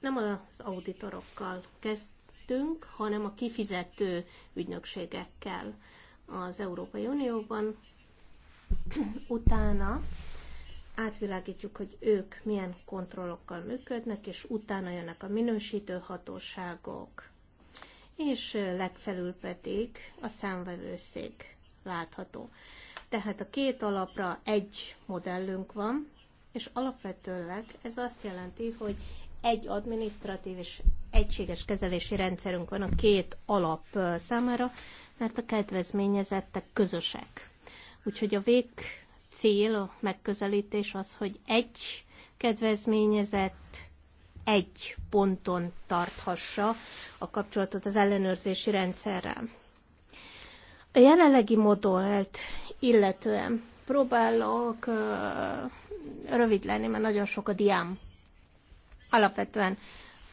Nem az auditorokkal kezdtünk, hanem a kifizető ügynökségekkel az Európai Unióban. Utána átvilágítjuk, hogy ők milyen kontrollokkal működnek, és utána jönnek a minősítő hatóságok, és legfelül pedig a számvevőszék látható. Tehát a két alapra egy modellünk van, és alapvetőleg ez azt jelenti, hogy egy adminisztratív és egységes kezelési rendszerünk van a két alap számára, mert a kedvezményezettek közösek. Úgyhogy a vég cél, a megközelítés az, hogy egy kedvezményezett egy ponton tarthassa a kapcsolatot az ellenőrzési rendszerrel. A jelenlegi modellt illetően próbálok rövid lenni, mert nagyon sok a diám. Alapvetően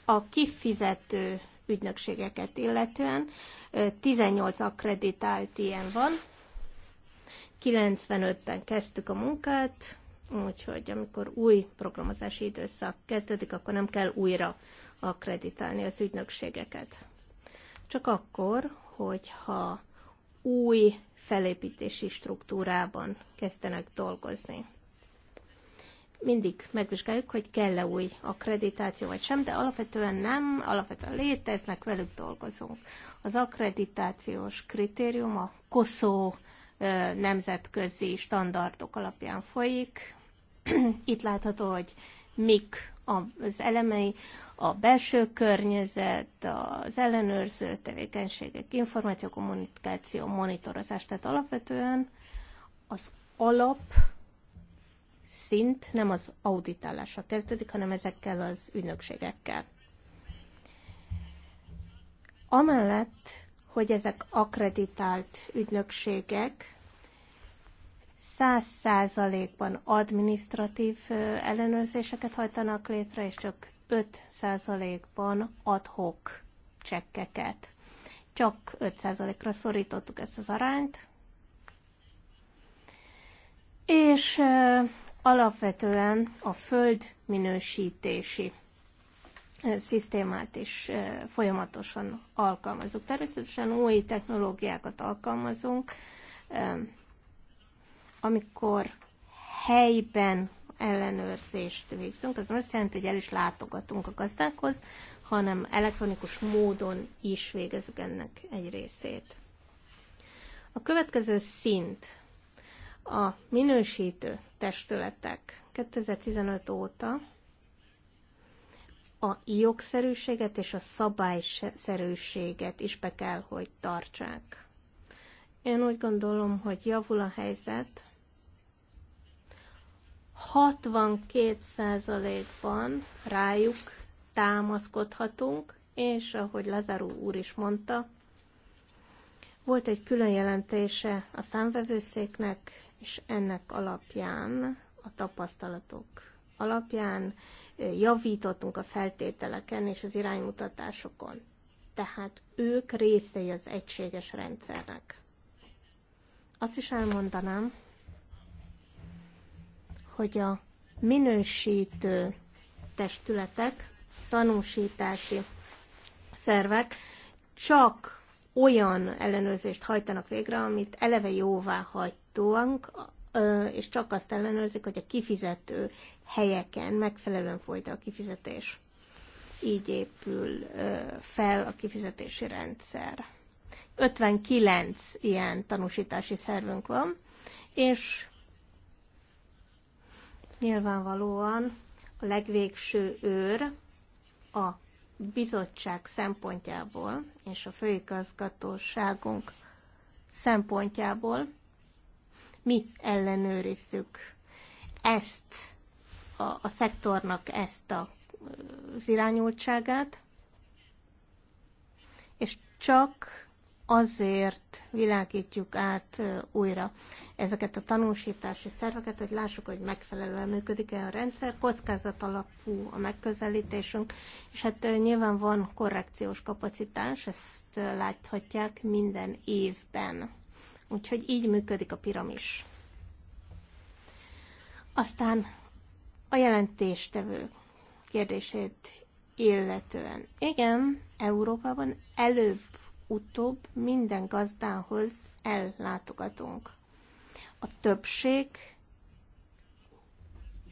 a kifizető ügynökségeket illetően 18 akkreditált ilyen van, 95-ben kezdtük a munkát, úgyhogy amikor új programozási időszak kezdődik, akkor nem kell újra akkreditálni az ügynökségeket. Csak akkor, hogyha új felépítési struktúrában kezdenek dolgozni. Mindig megvizsgáljuk, hogy kell-e új akkreditáció vagy sem, de alapvetően nem, alapvetően léteznek, velük dolgozunk. Az akkreditációs kritérium a COSO nemzetközi standardok alapján folyik. Itt látható, hogy mik az elemei, a belső környezet, az ellenőrző tevékenységek, információ, kommunikáció, monitorozás. Tehát alapvetően az alap szint nem az auditálással kezdődik, hanem ezekkel az ügynökségekkel. Amellett hogy ezek akreditált ügynökségek, száz százalékban adminisztratív ellenőrzéseket hajtanak létre, és csak 5 százalékban adhok csekkeket. Csak 5 százalékra szorítottuk ezt az arányt, és alapvetően a föld minősítési szisztémát is folyamatosan alkalmazunk. Természetesen új technológiákat alkalmazunk, amikor helyben ellenőrzést végzünk, az azt jelenti, hogy el is látogatunk a gazdákhoz, hanem elektronikus módon is végezzük ennek egy részét. A következő szint a minősítő testületek 2015 óta a jogszerűséget és a szabályszerűséget is be kell, hogy tartsák. Én úgy gondolom, hogy javul a helyzet. 62%-ban rájuk támaszkodhatunk, és ahogy Lazaró úr is mondta, volt egy külön jelentése a számvevőszéknek, és ennek alapján, a tapasztalatok alapján javítottunk a feltételeken és az iránymutatásokon. Tehát ők részei az egységes rendszernek. Azt is elmondanám, hogy a minősítő testületek, tanúsítási szervek csak olyan ellenőrzést hajtanak végre, amit eleve jóvá hagytunk, és csak azt ellenőrzik, hogy a kifizető helyeken megfelelően folyt a kifizetés. Így épül fel a kifizetési rendszer. 59 ilyen tanúsítási szervünk van, és nyilvánvalóan a legvégső őr a bizottság szempontjából és a főigazgatóságunk szempontjából mi ellenőrizzük ezt a, a szektornak ezt a, az irányultságát, és csak azért világítjuk át újra ezeket a tanúsítási szerveket, hogy lássuk, hogy megfelelően működik-e a rendszer, kockázat alapú a megközelítésünk, és hát nyilván van korrekciós kapacitás, ezt láthatják minden évben. Úgyhogy így működik a piramis. Aztán a jelentéstevő kérdését illetően. Igen, Európában előbb-utóbb minden gazdához ellátogatunk. A többség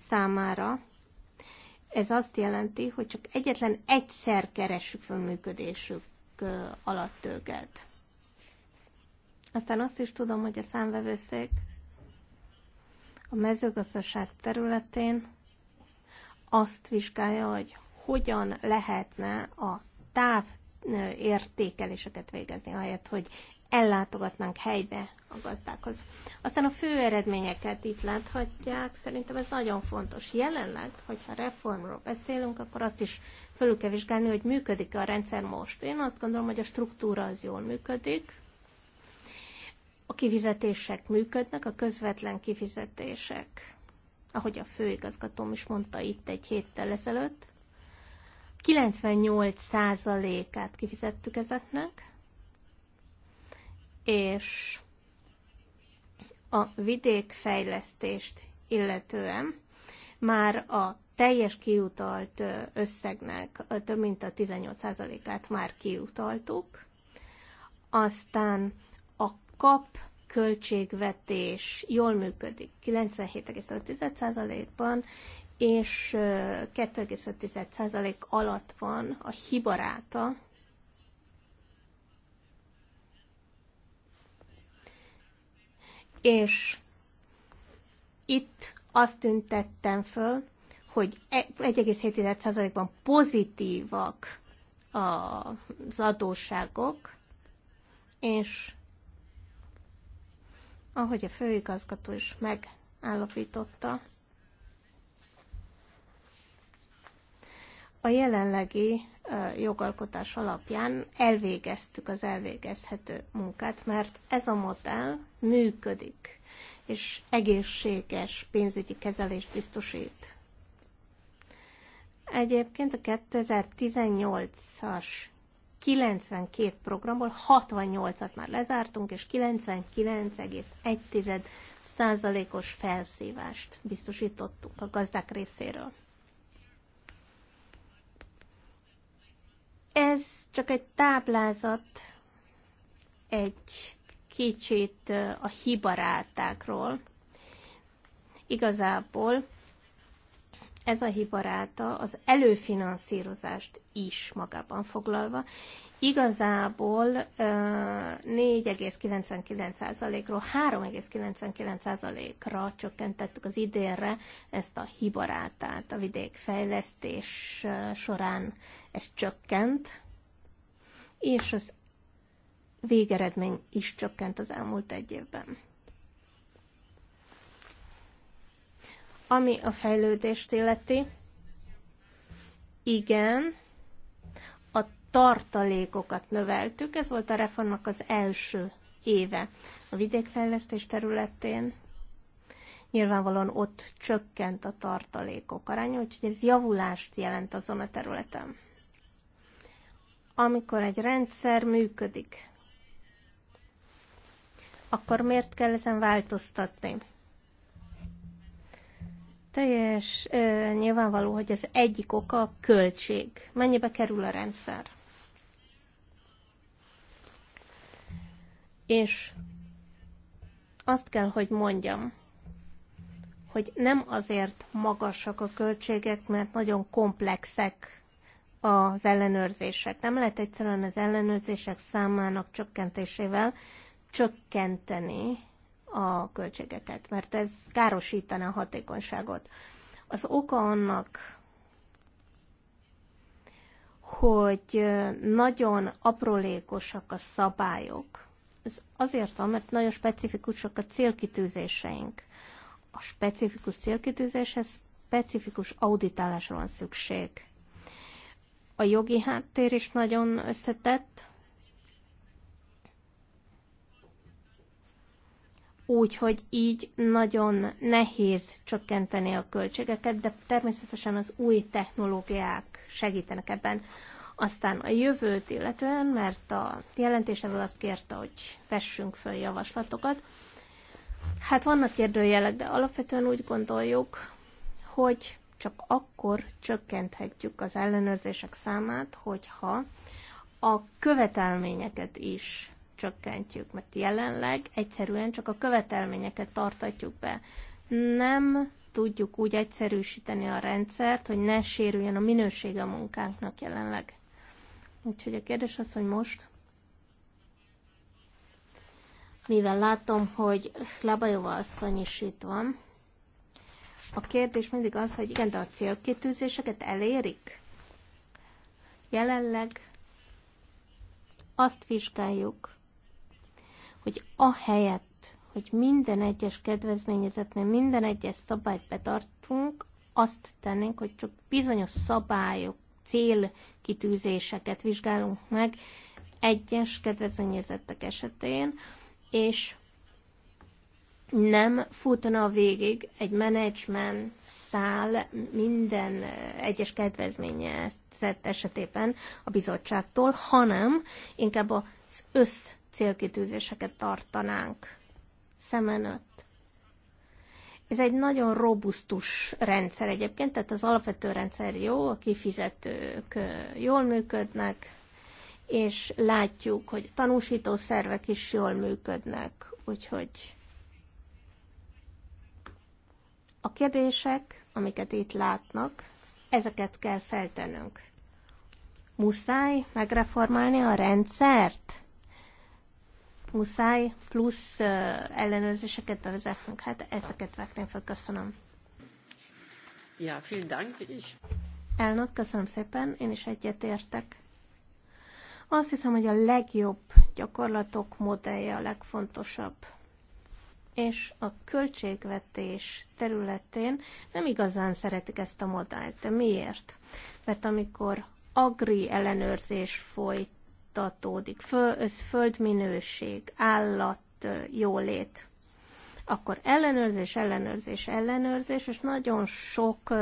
számára ez azt jelenti, hogy csak egyetlen egyszer keressük fel működésük alatt őket. Aztán azt is tudom, hogy a számvevőszék a mezőgazdaság területén azt vizsgálja, hogy hogyan lehetne a táv értékeléseket végezni, ahelyett, hogy ellátogatnánk helybe a gazdákhoz. Aztán a fő eredményeket itt láthatják, szerintem ez nagyon fontos. Jelenleg, hogyha reformról beszélünk, akkor azt is fölül kell vizsgálni, hogy működik -e a rendszer most. Én azt gondolom, hogy a struktúra az jól működik, a kifizetések működnek, a közvetlen kifizetések ahogy a főigazgatóm is mondta itt egy héttel ezelőtt, 98%-át kifizettük ezeknek, és a vidékfejlesztést illetően már a teljes kiutalt összegnek több mint a 18%-át már kiutaltuk, aztán a kap költségvetés jól működik 97,5%-ban, és 2,5% alatt van a hibaráta. És itt azt tüntettem föl, hogy 1,7%-ban pozitívak az adósságok, és ahogy a főigazgató is megállapította, a jelenlegi jogalkotás alapján elvégeztük az elvégezhető munkát, mert ez a modell működik, és egészséges pénzügyi kezelést biztosít. Egyébként a 2018-as 92 programból 68-at már lezártunk, és 99,1 százalékos felszívást biztosítottunk a gazdák részéről. Ez csak egy táblázat, egy kicsit a hibarátákról. Igazából ez a hibaráta az előfinanszírozást is magában foglalva. Igazából 4,99%-ról 3,99%-ra csökkentettük az idénre ezt a hibarátát. A vidékfejlesztés során ez csökkent, és az végeredmény is csökkent az elmúlt egy évben. Ami a fejlődést illeti, igen, a tartalékokat növeltük, ez volt a reformnak az első éve a vidékfejlesztés területén. Nyilvánvalóan ott csökkent a tartalékok aránya, úgyhogy ez javulást jelent azon a területen. Amikor egy rendszer működik, akkor miért kell ezen változtatni? Teljes nyilvánvaló, hogy az egyik oka a költség. Mennyibe kerül a rendszer? És azt kell, hogy mondjam, hogy nem azért magasak a költségek, mert nagyon komplexek az ellenőrzések. Nem lehet egyszerűen az ellenőrzések számának csökkentésével csökkenteni a költségeket, mert ez károsítaná a hatékonyságot. Az oka annak, hogy nagyon aprólékosak a szabályok. Ez azért van, mert nagyon specifikusak a célkitűzéseink. A specifikus célkitűzéshez specifikus auditálásra van szükség. A jogi háttér is nagyon összetett, Úgyhogy így nagyon nehéz csökkenteni a költségeket, de természetesen az új technológiák segítenek ebben. Aztán a jövőt illetően, mert a jelentésevől azt kérte, hogy vessünk föl javaslatokat. Hát vannak kérdőjelek, de alapvetően úgy gondoljuk, hogy csak akkor csökkenthetjük az ellenőrzések számát, hogyha a követelményeket is csökkentjük, mert jelenleg egyszerűen csak a követelményeket tartatjuk be. Nem tudjuk úgy egyszerűsíteni a rendszert, hogy ne sérüljön a minősége a munkánknak jelenleg. Úgyhogy a kérdés az, hogy most, mivel látom, hogy Labajova asszony is itt van, a kérdés mindig az, hogy igen, de a célkitűzéseket elérik? Jelenleg azt vizsgáljuk, hogy a helyet, hogy minden egyes kedvezményezetnél minden egyes szabályt betartunk, azt tennénk, hogy csak bizonyos szabályok, célkitűzéseket vizsgálunk meg egyes kedvezményezettek esetén, és nem futna a végig egy menedzsment szál minden egyes kedvezményezett esetében a bizottságtól, hanem inkább az össz célkitűzéseket tartanánk szem előtt. Ez egy nagyon robusztus rendszer egyébként, tehát az alapvető rendszer jó, a kifizetők jól működnek, és látjuk, hogy tanúsító szervek is jól működnek, úgyhogy a kérdések, amiket itt látnak, ezeket kell feltennünk. Muszáj megreformálni a rendszert? muszáj plusz ellenőrzéseket bevezetnünk. Hát ezeket vágtam fel, köszönöm. Ja, vielen Dank is. Elnök, köszönöm szépen, én is egyetértek. Azt hiszem, hogy a legjobb gyakorlatok modellje a legfontosabb. És a költségvetés területén nem igazán szeretik ezt a modellt. De miért? Mert amikor agri ellenőrzés folyt folytatódik, föl, ez földminőség, állat, jólét, akkor ellenőrzés, ellenőrzés, ellenőrzés, és nagyon sok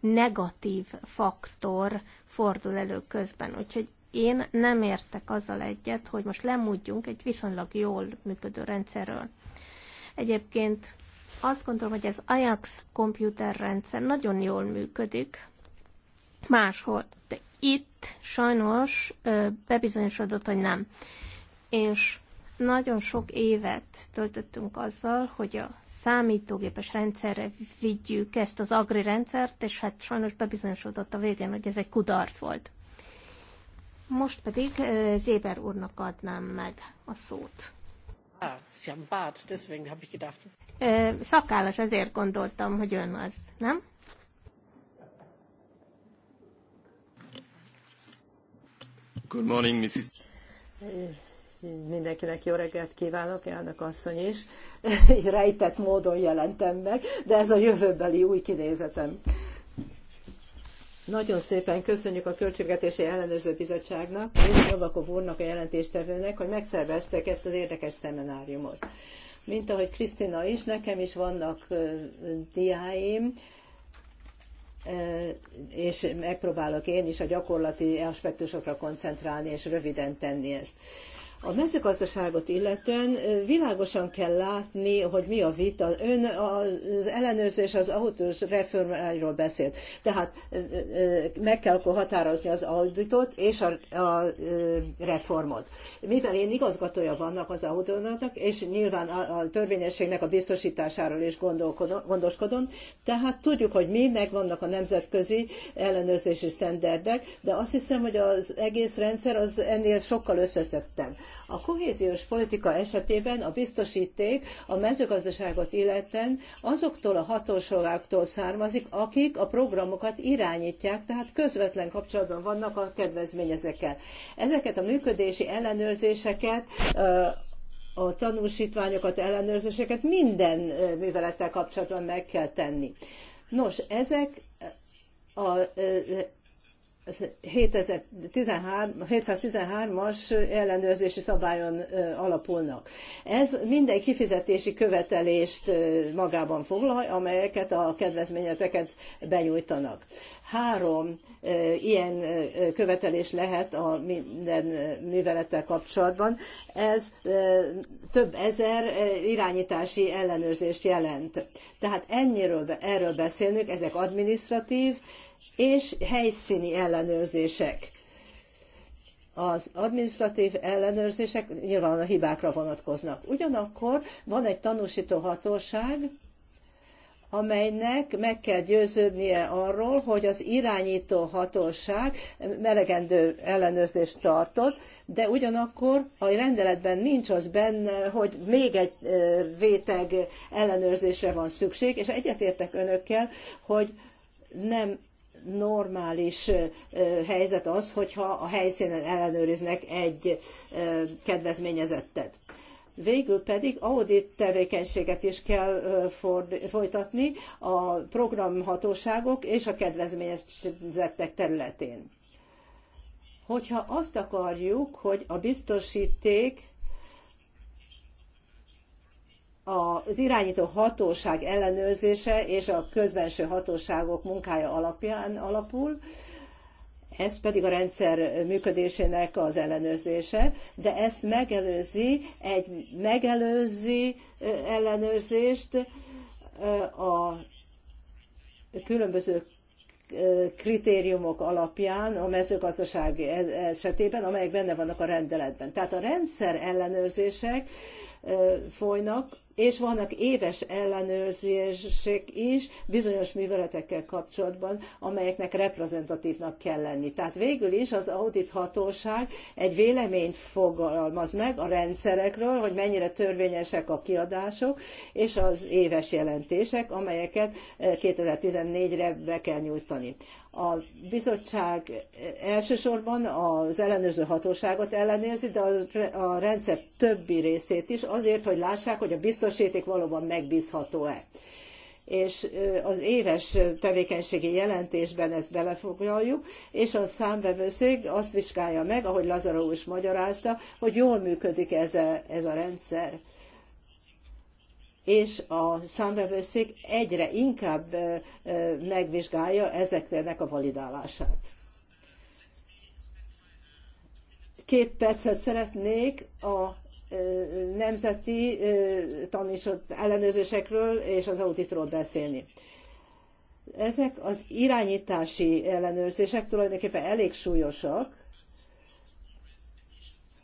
negatív faktor fordul elő közben. Úgyhogy én nem értek azzal egyet, hogy most lemúdjunk egy viszonylag jól működő rendszerről. Egyébként azt gondolom, hogy az Ajax komputerrendszer nagyon jól működik máshol, de itt sajnos bebizonyosodott, hogy nem. És nagyon sok évet töltöttünk azzal, hogy a számítógépes rendszerre vigyük ezt az agri rendszert, és hát sajnos bebizonyosodott a végén, hogy ez egy kudarc volt. Most pedig Zéber úrnak adnám meg a szót. Ah, szakállas, ezért gondoltam, hogy ön az, nem? Good morning, Mrs. Mindenkinek jó reggelt kívánok, elnök asszony is. Rejtett módon jelentem meg, de ez a jövőbeli új kinézetem. Nagyon szépen köszönjük a Költségvetési Ellenőrző Bizottságnak, Novakov úrnak a jelentéstevőnek, hogy megszerveztek ezt az érdekes szemináriumot. Mint ahogy Krisztina is, nekem is vannak diáim, és megpróbálok én is a gyakorlati aspektusokra koncentrálni, és röviden tenni ezt. A mezőgazdaságot illetően világosan kell látni, hogy mi a vita. Ön az ellenőrzés az autós reformáról beszélt. Tehát meg kell akkor határozni az auditot és a, a reformot. Mivel én igazgatója vannak az autónak, és nyilván a, a törvényességnek a biztosításáról is gondoskodom, tehát tudjuk, hogy mi, megvannak a nemzetközi ellenőrzési sztenderdek, de azt hiszem, hogy az egész rendszer az ennél sokkal összetettebb. A kohéziós politika esetében a biztosíték a mezőgazdaságot illeten azoktól a hatóságoktól származik, akik a programokat irányítják, tehát közvetlen kapcsolatban vannak a kedvezményezekkel. Ezeket a működési ellenőrzéseket a tanúsítványokat, ellenőrzéseket minden művelettel kapcsolatban meg kell tenni. Nos, ezek a 713-as ellenőrzési szabályon alapulnak. Ez minden kifizetési követelést magában foglal, amelyeket a kedvezményeteket benyújtanak. Három ilyen követelés lehet a minden művelettel kapcsolatban. Ez több ezer irányítási ellenőrzést jelent. Tehát ennyiről, erről beszélünk, ezek administratív, és helyszíni ellenőrzések. Az administratív ellenőrzések nyilván a hibákra vonatkoznak. Ugyanakkor van egy tanúsító hatóság, amelynek meg kell győződnie arról, hogy az irányító hatóság melegendő ellenőrzést tartott, de ugyanakkor a rendeletben nincs az benne, hogy még egy réteg ellenőrzésre van szükség, és egyetértek önökkel, hogy nem normális helyzet az, hogyha a helyszínen ellenőriznek egy kedvezményezettet. Végül pedig audit tevékenységet is kell folytatni a programhatóságok és a kedvezményezettek területén. Hogyha azt akarjuk, hogy a biztosíték az irányító hatóság ellenőrzése és a közbenső hatóságok munkája alapján alapul, ez pedig a rendszer működésének az ellenőrzése, de ezt megelőzi egy megelőzi ellenőrzést a különböző kritériumok alapján a mezőgazdaság e-, esetében, amelyek benne vannak a rendeletben. Tehát a rendszer ellenőrzések folynak, és vannak éves ellenőrzések is bizonyos műveletekkel kapcsolatban, amelyeknek reprezentatívnak kell lenni. Tehát végül is az audit hatóság egy véleményt fogalmaz meg a rendszerekről, hogy mennyire törvényesek a kiadások és az éves jelentések, amelyeket 2014-re eh, be kell nyújtani a bizottság elsősorban az ellenőrző hatóságot ellenőrzi, de a rendszer többi részét is azért, hogy lássák, hogy a biztosíték valóban megbízható-e. És az éves tevékenységi jelentésben ezt belefoglaljuk, és a számvevőszék azt vizsgálja meg, ahogy Lazaró is magyarázta, hogy jól működik ez a, ez a rendszer és a számvevőszék egyre inkább megvizsgálja ezeknek a validálását. Két percet szeretnék a nemzeti tanított ellenőrzésekről és az auditról beszélni. Ezek az irányítási ellenőrzések tulajdonképpen elég súlyosak,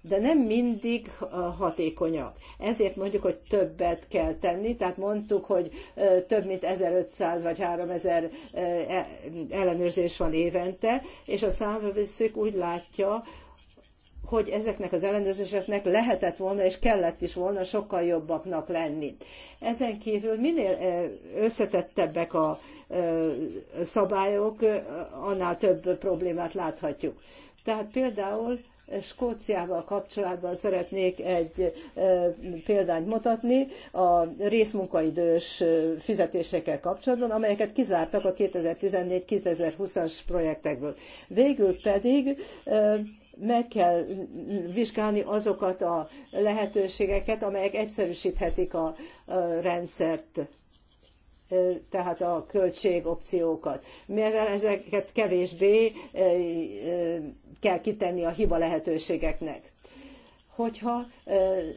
de nem mindig uh, hatékonyak. Ezért mondjuk, hogy többet kell tenni, tehát mondtuk, hogy uh, több mint 1500 vagy 3000 uh, e, ellenőrzés van évente, és a számvevőszék úgy látja, hogy ezeknek az ellenőrzéseknek lehetett volna és kellett is volna sokkal jobbaknak lenni. Ezen kívül minél összetettebbek a szabályok, annál több problémát láthatjuk. Tehát például Skóciával kapcsolatban szeretnék egy példányt mutatni a részmunkaidős fizetésekkel kapcsolatban, amelyeket kizártak a 2014-2020-as projektekből. Végül pedig meg kell vizsgálni azokat a lehetőségeket, amelyek egyszerűsíthetik a rendszert tehát a költségopciókat. Mivel ezeket kevésbé kell kitenni a hiba lehetőségeknek. Hogyha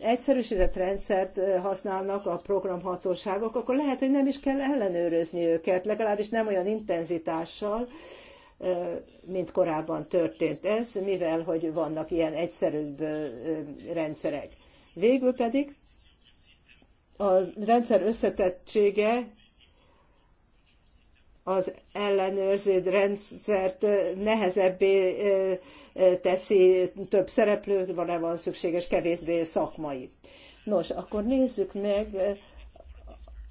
egyszerűsített rendszert használnak a programhatóságok, akkor lehet, hogy nem is kell ellenőrizni őket, legalábbis nem olyan intenzitással, mint korábban történt ez, mivel hogy vannak ilyen egyszerűbb rendszerek. Végül pedig a rendszer összetettsége az ellenőrzéd rendszert nehezebbé teszi, több szereplő van-e van szükséges, kevésbé szakmai. Nos, akkor nézzük meg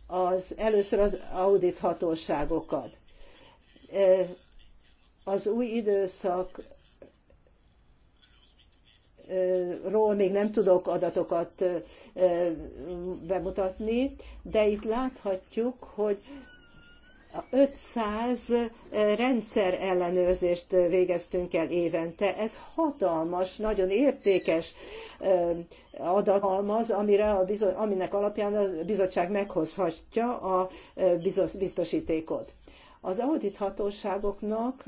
az, először az audit hatóságokat. E, az új időszak e, ról még nem tudok adatokat e, bemutatni, de itt láthatjuk, hogy 500 rendszer ellenőrzést végeztünk el évente. Ez hatalmas, nagyon értékes adathalmaz, amire a bizo- aminek alapján a bizottság meghozhatja a bizos- biztosítékot. Az audithatóságoknak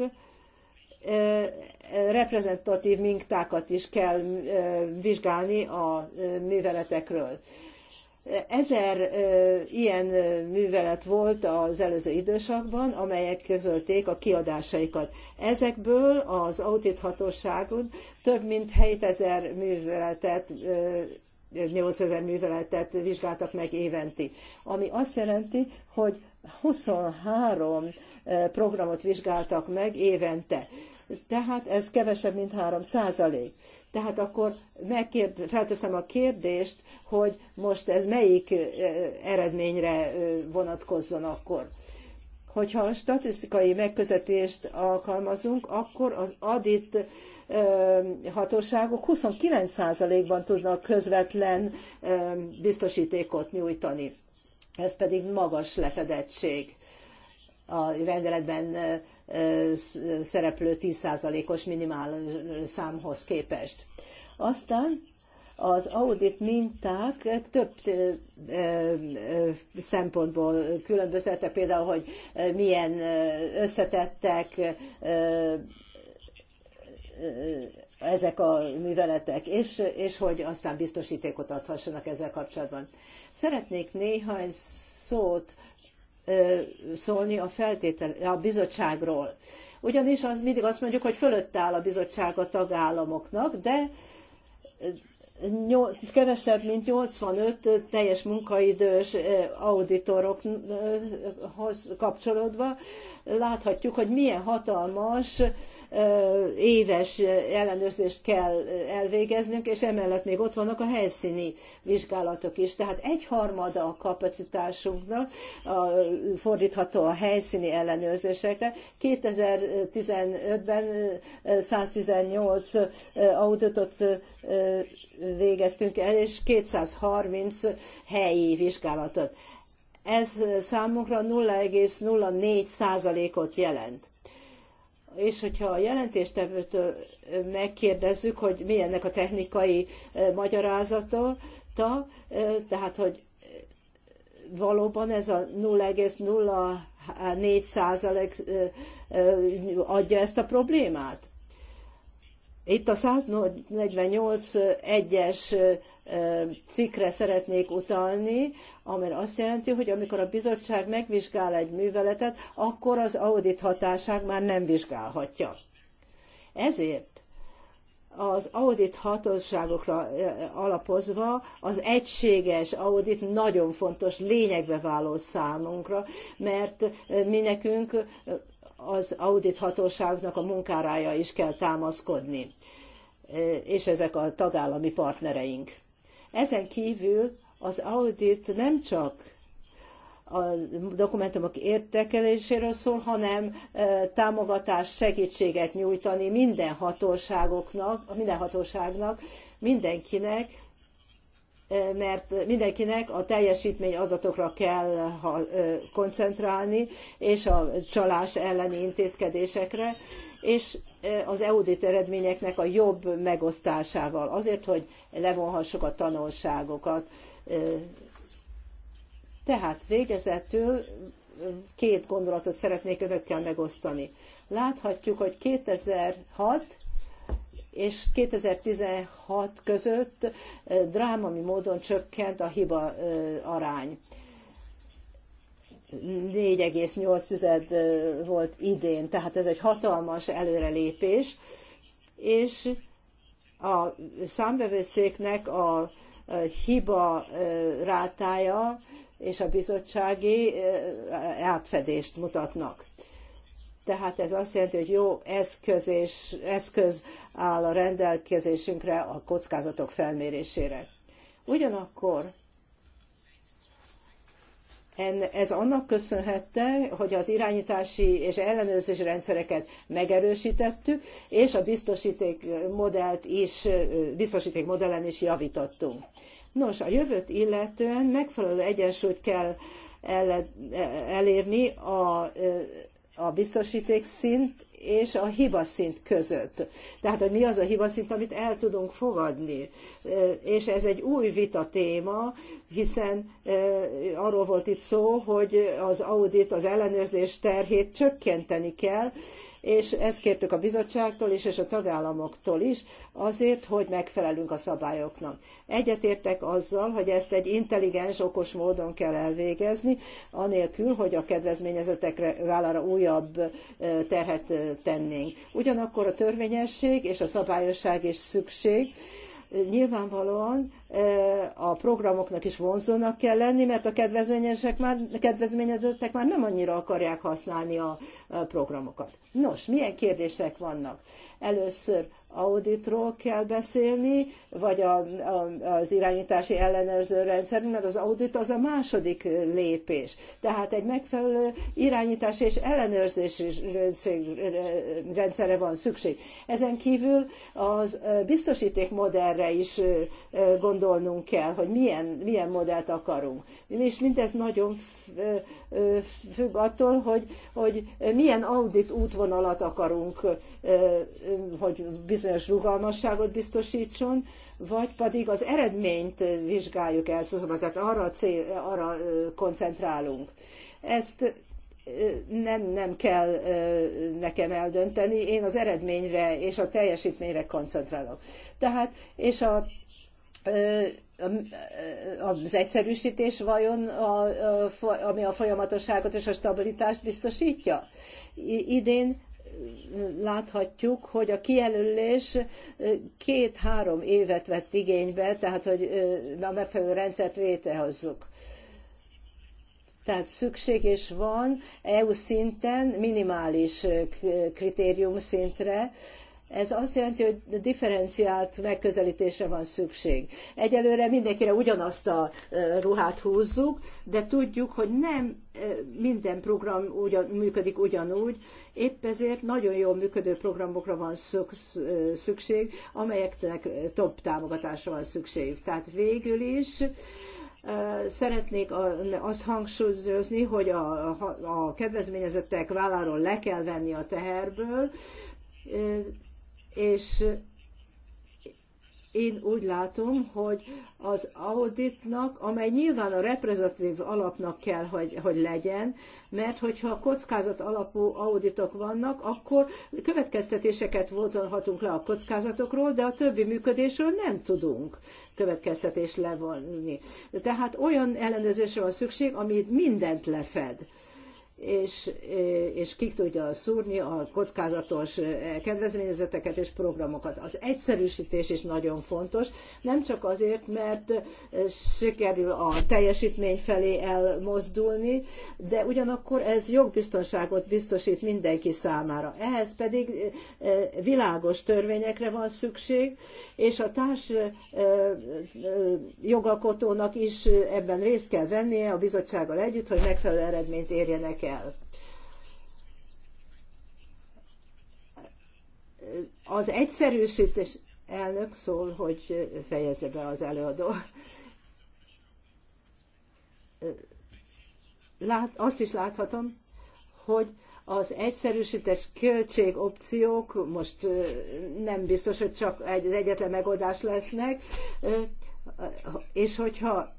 reprezentatív mintákat is kell vizsgálni a műveletekről. Ezer ilyen művelet volt az előző időszakban, amelyek közölték a kiadásaikat. Ezekből az audithatóságon több mint 7000 műveletet 8000 műveletet vizsgáltak meg éventi, ami azt jelenti, hogy 23 programot vizsgáltak meg évente. Tehát ez kevesebb, mint 3 százalék. Tehát akkor megkér, felteszem a kérdést, hogy most ez melyik eredményre vonatkozzon akkor. Hogyha a statisztikai megközelítést alkalmazunk, akkor az adit hatóságok 29%-ban tudnak közvetlen biztosítékot nyújtani. Ez pedig magas lefedettség a rendeletben szereplő 10%-os minimál számhoz képest. Aztán az audit minták több szempontból különbözettek, például, hogy milyen összetettek ezek a műveletek, és, és hogy aztán biztosítékot adhassanak ezzel kapcsolatban. Szeretnék néhány szót szólni a, feltétel, a bizottságról. Ugyanis az mindig azt mondjuk, hogy fölött áll a bizottság a tagállamoknak, de kevesebb, mint 85 teljes munkaidős auditorokhoz kapcsolódva láthatjuk, hogy milyen hatalmas éves ellenőrzést kell elvégeznünk, és emellett még ott vannak a helyszíni vizsgálatok is. Tehát egy harmada a kapacitásunknak a, fordítható a helyszíni ellenőrzésekre. 2015-ben 118 auditot végeztünk el, és 230 helyi vizsgálatot. Ez számunkra 0,04 százalékot jelent. És hogyha a jelentéstevőtől megkérdezzük, hogy mi ennek a technikai eh, magyarázata, eh, tehát hogy valóban ez a 0,04 százalék eh, adja ezt a problémát? Itt a 148 es cikkre szeretnék utalni, amely azt jelenti, hogy amikor a bizottság megvizsgál egy műveletet, akkor az audit hatáság már nem vizsgálhatja. Ezért az audit hatóságokra alapozva az egységes audit nagyon fontos, lényegbe váló számunkra, mert mi nekünk az audithatóságnak a munkárája is kell támaszkodni, és ezek a tagállami partnereink. Ezen kívül az audit nem csak a dokumentumok értékeléséről szól, hanem támogatást, segítséget nyújtani minden hatóságoknak, minden hatóságnak, mindenkinek, mert mindenkinek a teljesítmény adatokra kell koncentrálni, és a csalás elleni intézkedésekre, és az audit eredményeknek a jobb megosztásával, azért, hogy levonhassuk a tanulságokat. Tehát végezetül két gondolatot szeretnék önökkel megosztani. Láthatjuk, hogy 2006 és 2016 között drámami módon csökkent a hiba arány. 4,8 volt idén, tehát ez egy hatalmas előrelépés, és a számbevőszéknek a hiba rátája és a bizottsági átfedést mutatnak. Tehát ez azt jelenti, hogy jó eszköz, és, eszköz áll a rendelkezésünkre a kockázatok felmérésére. Ugyanakkor en ez annak köszönhette, hogy az irányítási és ellenőrzési rendszereket megerősítettük, és a biztosíték modellt is, biztosíték modellen is javítottunk. Nos, a jövőt illetően megfelelő egyensúlyt kell e, elérni a a biztosíték szint és a hibaszint között. Tehát, hogy mi az a hibaszint, amit el tudunk fogadni. És ez egy új vita téma, hiszen arról volt itt szó, hogy az audit, az ellenőrzés terhét csökkenteni kell, és ezt kértük a bizottságtól is, és a tagállamoktól is, azért, hogy megfelelünk a szabályoknak. Egyetértek azzal, hogy ezt egy intelligens, okos módon kell elvégezni, anélkül, hogy a kedvezményezetekre vállára újabb terhet tennénk. Ugyanakkor a törvényesség és a szabályosság is szükség, nyilvánvalóan a programoknak is vonzónak kell lenni, mert a kedvezményesek már, kedvezményezettek már nem annyira akarják használni a programokat. Nos, milyen kérdések vannak? Először auditról kell beszélni, vagy a, a, az irányítási ellenőrző rendszer, mert az audit az a második lépés. Tehát egy megfelelő irányítási és ellenőrzési rendszerre van szükség. Ezen kívül az biztosíték modellre is eh, gondolunk, gondolnunk kell, hogy milyen, milyen modellt akarunk. És mindez nagyon függ attól, hogy, hogy milyen audit útvonalat akarunk, hogy bizonyos rugalmasságot biztosítson, vagy pedig az eredményt vizsgáljuk elsősorban, szóval, tehát arra, cél, arra koncentrálunk. Ezt nem, nem kell nekem eldönteni, én az eredményre és a teljesítményre koncentrálok. Tehát, és a az egyszerűsítés vajon, a, a, ami a folyamatosságot és a stabilitást biztosítja? Idén láthatjuk, hogy a kijelölés két-három évet vett igénybe, tehát hogy a megfelelő rendszert létrehozzuk. Tehát szükség is van EU szinten minimális kritérium szintre, ez azt jelenti, hogy differenciált megközelítésre van szükség. Egyelőre mindenkire ugyanazt a ruhát húzzuk, de tudjuk, hogy nem minden program ugyan, működik ugyanúgy, épp ezért nagyon jól működő programokra van szükség, amelyeknek több támogatásra van szükség. Tehát végül is szeretnék azt hangsúlyozni, hogy a, a kedvezményezettek válláról le kell venni a teherből, és én úgy látom, hogy az auditnak, amely nyilván a reprezentatív alapnak kell, hogy, hogy legyen, mert hogyha kockázat alapú auditok vannak, akkor következtetéseket vonhatunk le a kockázatokról, de a többi működésről nem tudunk következtetést levonni. Tehát olyan ellenőrzésre van szükség, ami mindent lefed és, és ki tudja szúrni a kockázatos kedvezményezeteket és programokat. Az egyszerűsítés is nagyon fontos, nem csak azért, mert sikerül a teljesítmény felé elmozdulni, de ugyanakkor ez jogbiztonságot biztosít mindenki számára. Ehhez pedig eh, világos törvényekre van szükség, és a társ eh, eh, jogalkotónak is ebben részt kell vennie a bizottsággal együtt, hogy megfelelő eredményt érjenek el el. Az egyszerűsítés elnök szól, hogy fejezze be az előadó. Lát, azt is láthatom, hogy az egyszerűsítés költségopciók most nem biztos, hogy csak egy, az egyetlen megoldás lesznek, és hogyha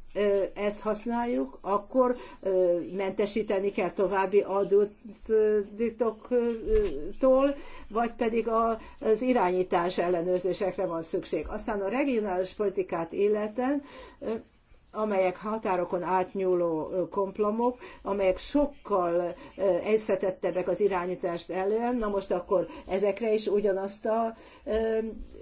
ezt használjuk, akkor mentesíteni kell további adótoktól, vagy pedig az irányítás ellenőrzésekre van szükség. Aztán a regionális politikát illeten amelyek határokon átnyúló komplamok, amelyek sokkal egyszetettebbek az irányítást ellen, na most akkor ezekre is ugyanazt a,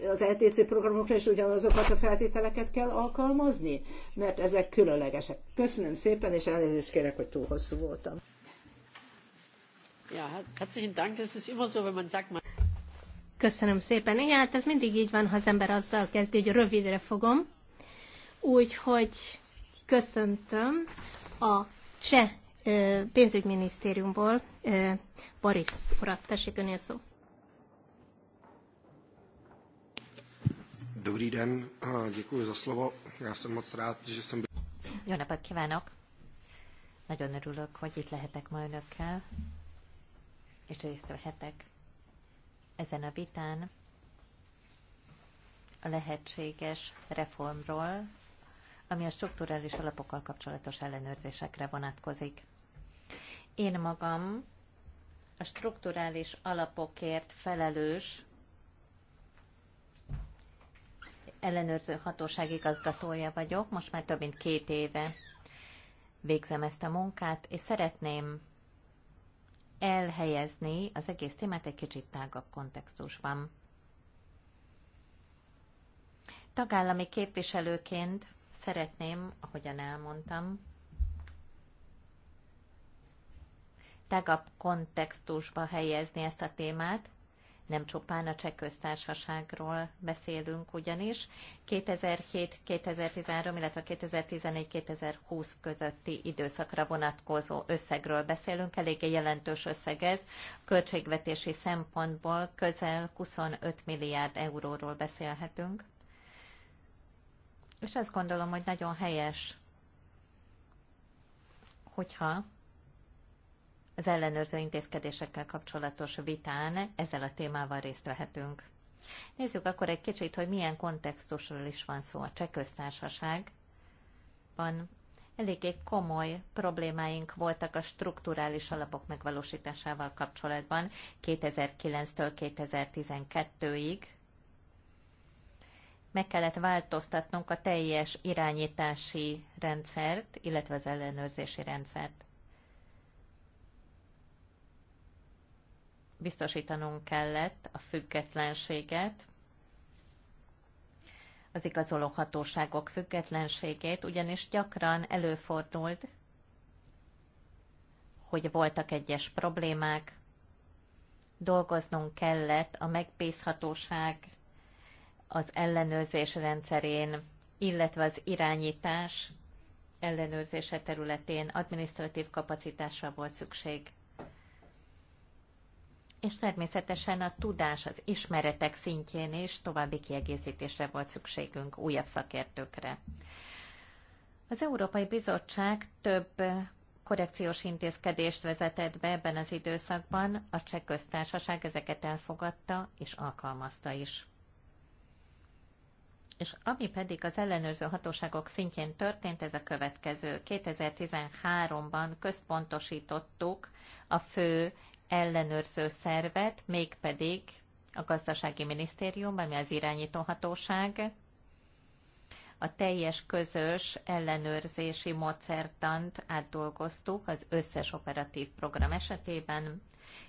az LTC programokra is ugyanazokat a feltételeket kell alkalmazni, mert ezek különlegesek. Köszönöm szépen, és elnézést kérek, hogy túl hosszú voltam. Ja, hát herzlichen Dank, das ist immer so, wenn man sagt, man Köszönöm szépen. Igen, hát ez mindig így van, ha az ember azzal kezdi, hogy rövidre fogom. Úgyhogy köszöntöm a cseh pénzügyminisztériumból Boris urat. Tessék önél szó. Dobrý den, děkuji za slovo. Já jsem moc rád, že jsem... Jó napot kívánok! Nagyon örülök, hogy itt lehetek ma önökkel, és részt vehetek ezen a vitán a lehetséges reformról, ami a strukturális alapokkal kapcsolatos ellenőrzésekre vonatkozik. Én magam a strukturális alapokért felelős ellenőrző hatóság igazgatója vagyok, most már több mint két éve végzem ezt a munkát, és szeretném elhelyezni az egész témát egy kicsit tágabb kontextusban. Tagállami képviselőként Szeretném, ahogyan elmondtam, tágabb kontextusba helyezni ezt a témát, nem csupán a cseh köztársaságról beszélünk ugyanis. 2007-2013, illetve 2014 2020 közötti időszakra vonatkozó összegről beszélünk. Eléggé jelentős összeg ez. Költségvetési szempontból közel 25 milliárd euróról beszélhetünk. És azt gondolom, hogy nagyon helyes, hogyha az ellenőrző intézkedésekkel kapcsolatos vitán ezzel a témával részt vehetünk. Nézzük akkor egy kicsit, hogy milyen kontextusról is van szó a cseh köztársaságban. Eléggé komoly problémáink voltak a strukturális alapok megvalósításával kapcsolatban 2009-től 2012-ig, meg kellett változtatnunk a teljes irányítási rendszert, illetve az ellenőrzési rendszert. Biztosítanunk kellett a függetlenséget, az igazoló hatóságok függetlenségét, ugyanis gyakran előfordult, hogy voltak egyes problémák, dolgoznunk kellett a megbízhatóság az ellenőrzés rendszerén, illetve az irányítás ellenőrzése területén adminisztratív kapacitásra volt szükség. És természetesen a tudás, az ismeretek szintjén is további kiegészítésre volt szükségünk, újabb szakértőkre. Az Európai Bizottság több korrekciós intézkedést vezetett be ebben az időszakban, a cseh köztársaság ezeket elfogadta és alkalmazta is. És ami pedig az ellenőrző hatóságok szintjén történt, ez a következő. 2013-ban központosítottuk a fő ellenőrző szervet, mégpedig a gazdasági minisztérium, ami az irányító hatóság, a teljes közös ellenőrzési módszertant átdolgoztuk az összes operatív program esetében.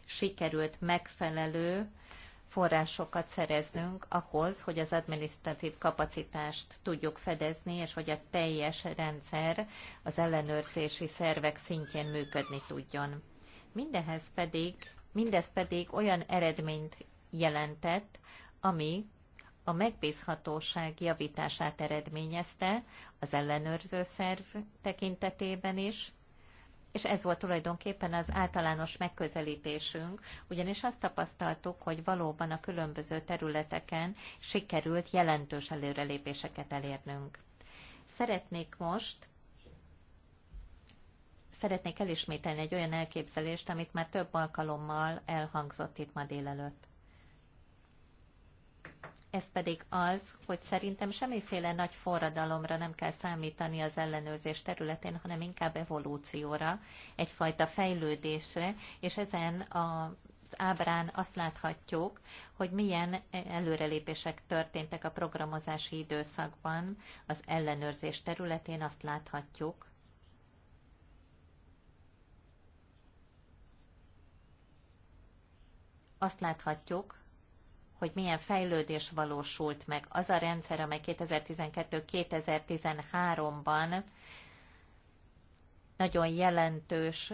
Sikerült megfelelő forrásokat szereznünk ahhoz, hogy az adminisztratív kapacitást tudjuk fedezni, és hogy a teljes rendszer az ellenőrzési szervek szintjén működni tudjon. Mindehez pedig, mindez pedig olyan eredményt jelentett, ami a megbízhatóság javítását eredményezte az ellenőrző szerv tekintetében is, és ez volt tulajdonképpen az általános megközelítésünk, ugyanis azt tapasztaltuk, hogy valóban a különböző területeken sikerült jelentős előrelépéseket elérnünk. Szeretnék most szeretnék elismételni egy olyan elképzelést, amit már több alkalommal elhangzott itt ma délelőtt. Ez pedig az, hogy szerintem semmiféle nagy forradalomra nem kell számítani az ellenőrzés területén, hanem inkább evolúcióra, egyfajta fejlődésre, és ezen a ábrán azt láthatjuk, hogy milyen előrelépések történtek a programozási időszakban az ellenőrzés területén, azt láthatjuk. Azt láthatjuk, hogy milyen fejlődés valósult meg. Az a rendszer, amely 2012-2013-ban nagyon jelentős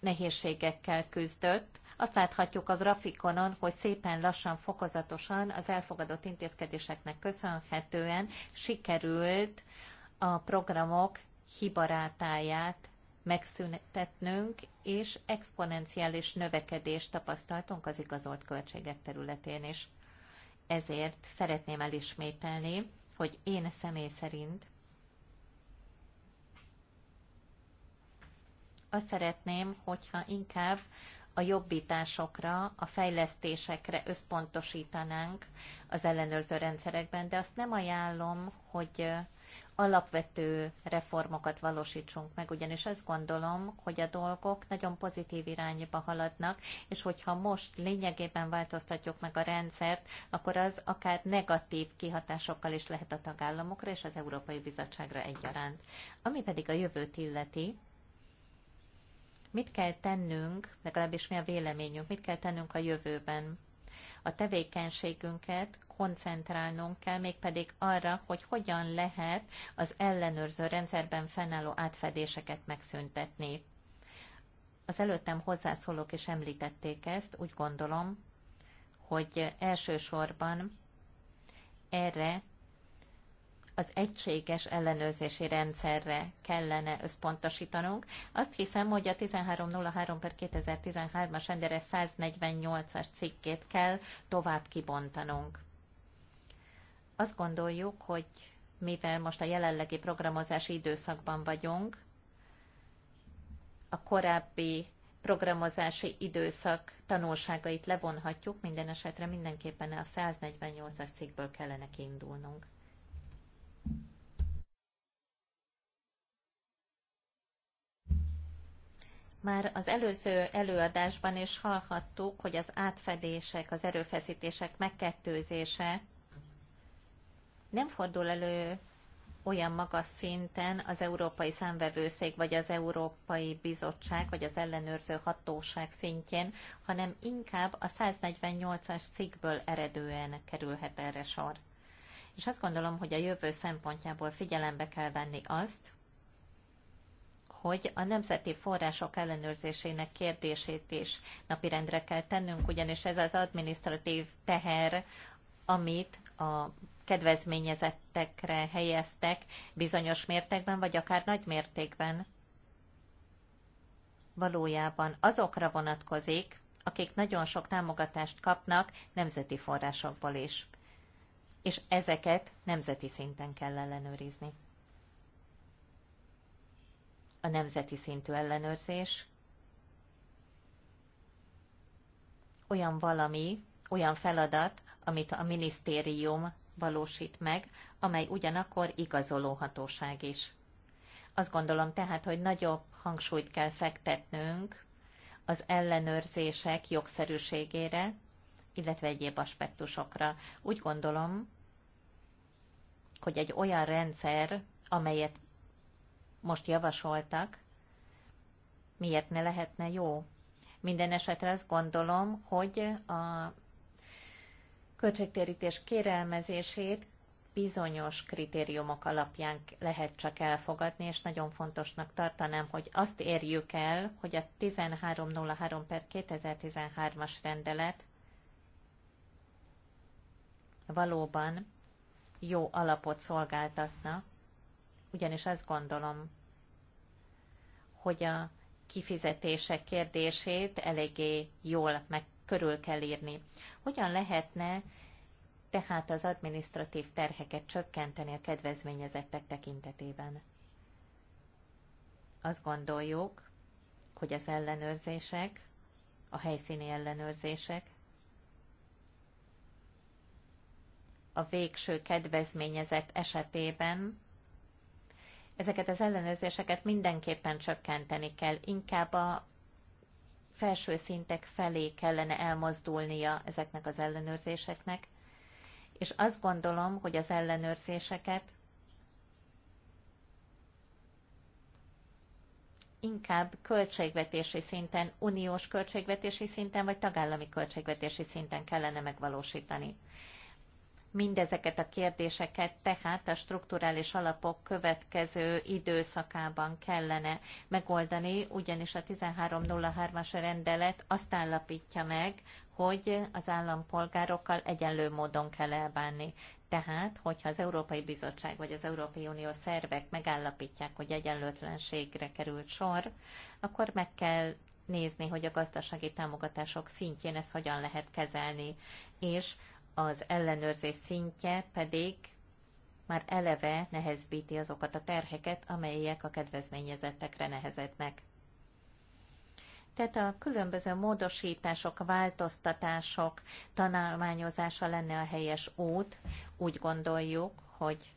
nehézségekkel küzdött. Azt láthatjuk a grafikonon, hogy szépen lassan, fokozatosan az elfogadott intézkedéseknek köszönhetően sikerült a programok hibarátáját megszüntetnünk, és exponenciális növekedést tapasztaltunk az igazolt költségek területén is. Ezért szeretném elismételni, hogy én személy szerint azt szeretném, hogyha inkább a jobbításokra, a fejlesztésekre összpontosítanánk az ellenőrző rendszerekben, de azt nem ajánlom, hogy alapvető reformokat valósítsunk meg, ugyanis azt gondolom, hogy a dolgok nagyon pozitív irányba haladnak, és hogyha most lényegében változtatjuk meg a rendszert, akkor az akár negatív kihatásokkal is lehet a tagállamokra és az Európai Bizottságra egyaránt. Ami pedig a jövőt illeti, mit kell tennünk, legalábbis mi a véleményünk, mit kell tennünk a jövőben? a tevékenységünket koncentrálnunk kell, mégpedig arra, hogy hogyan lehet az ellenőrző rendszerben fennálló átfedéseket megszüntetni. Az előttem hozzászólók is említették ezt, úgy gondolom, hogy elsősorban erre az egységes ellenőrzési rendszerre kellene összpontosítanunk. Azt hiszem, hogy a 1303 per 2013-as rendere 148-as cikkét kell tovább kibontanunk. Azt gondoljuk, hogy mivel most a jelenlegi programozási időszakban vagyunk, a korábbi programozási időszak tanulságait levonhatjuk, minden esetre mindenképpen a 148-as cikkből kellene kiindulnunk. Már az előző előadásban is hallhattuk, hogy az átfedések, az erőfeszítések megkettőzése nem fordul elő olyan magas szinten az Európai Számvevőszék, vagy az Európai Bizottság, vagy az ellenőrző hatóság szintjén, hanem inkább a 148-as cikkből eredően kerülhet erre sor. És azt gondolom, hogy a jövő szempontjából figyelembe kell venni azt, hogy a nemzeti források ellenőrzésének kérdését is napirendre kell tennünk, ugyanis ez az administratív teher, amit a kedvezményezettekre helyeztek bizonyos mértékben, vagy akár nagy mértékben valójában azokra vonatkozik, akik nagyon sok támogatást kapnak nemzeti forrásokból is. És ezeket nemzeti szinten kell ellenőrizni a nemzeti szintű ellenőrzés olyan valami, olyan feladat, amit a minisztérium valósít meg, amely ugyanakkor igazoló hatóság is. Azt gondolom tehát, hogy nagyobb hangsúlyt kell fektetnünk az ellenőrzések jogszerűségére, illetve egyéb aspektusokra. Úgy gondolom, hogy egy olyan rendszer, amelyet most javasoltak, miért ne lehetne jó? Minden esetre azt gondolom, hogy a költségtérítés kérelmezését bizonyos kritériumok alapján lehet csak elfogadni, és nagyon fontosnak tartanám, hogy azt érjük el, hogy a 1303 per 2013-as rendelet valóban jó alapot szolgáltatna ugyanis azt gondolom, hogy a kifizetések kérdését eléggé jól meg körül kell írni. Hogyan lehetne tehát az administratív terheket csökkenteni a kedvezményezettek tekintetében? Azt gondoljuk, hogy az ellenőrzések, a helyszíni ellenőrzések, a végső kedvezményezett esetében ezeket az ellenőrzéseket mindenképpen csökkenteni kell, inkább a felső szintek felé kellene elmozdulnia ezeknek az ellenőrzéseknek, és azt gondolom, hogy az ellenőrzéseket inkább költségvetési szinten, uniós költségvetési szinten, vagy tagállami költségvetési szinten kellene megvalósítani. Mindezeket a kérdéseket tehát a strukturális alapok következő időszakában kellene megoldani, ugyanis a 1303-as rendelet azt állapítja meg, hogy az állampolgárokkal egyenlő módon kell elbánni. Tehát, hogyha az Európai Bizottság vagy az Európai Unió szervek megállapítják, hogy egyenlőtlenségre került sor, akkor meg kell nézni, hogy a gazdasági támogatások szintjén ezt hogyan lehet kezelni, és az ellenőrzés szintje pedig már eleve nehezbíti azokat a terheket, amelyek a kedvezményezettekre nehezednek. Tehát a különböző módosítások, változtatások tanulmányozása lenne a helyes út. Úgy gondoljuk, hogy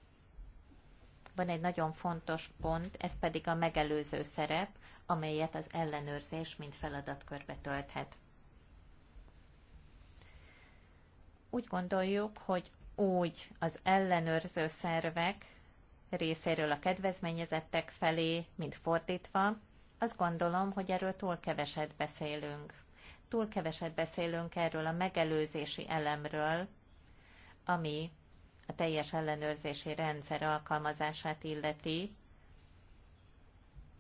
van egy nagyon fontos pont, ez pedig a megelőző szerep, amelyet az ellenőrzés mint feladatkörbe tölthet. Úgy gondoljuk, hogy úgy az ellenőrző szervek részéről a kedvezményezettek felé, mint fordítva, azt gondolom, hogy erről túl keveset beszélünk. Túl keveset beszélünk erről a megelőzési elemről, ami a teljes ellenőrzési rendszer alkalmazását illeti,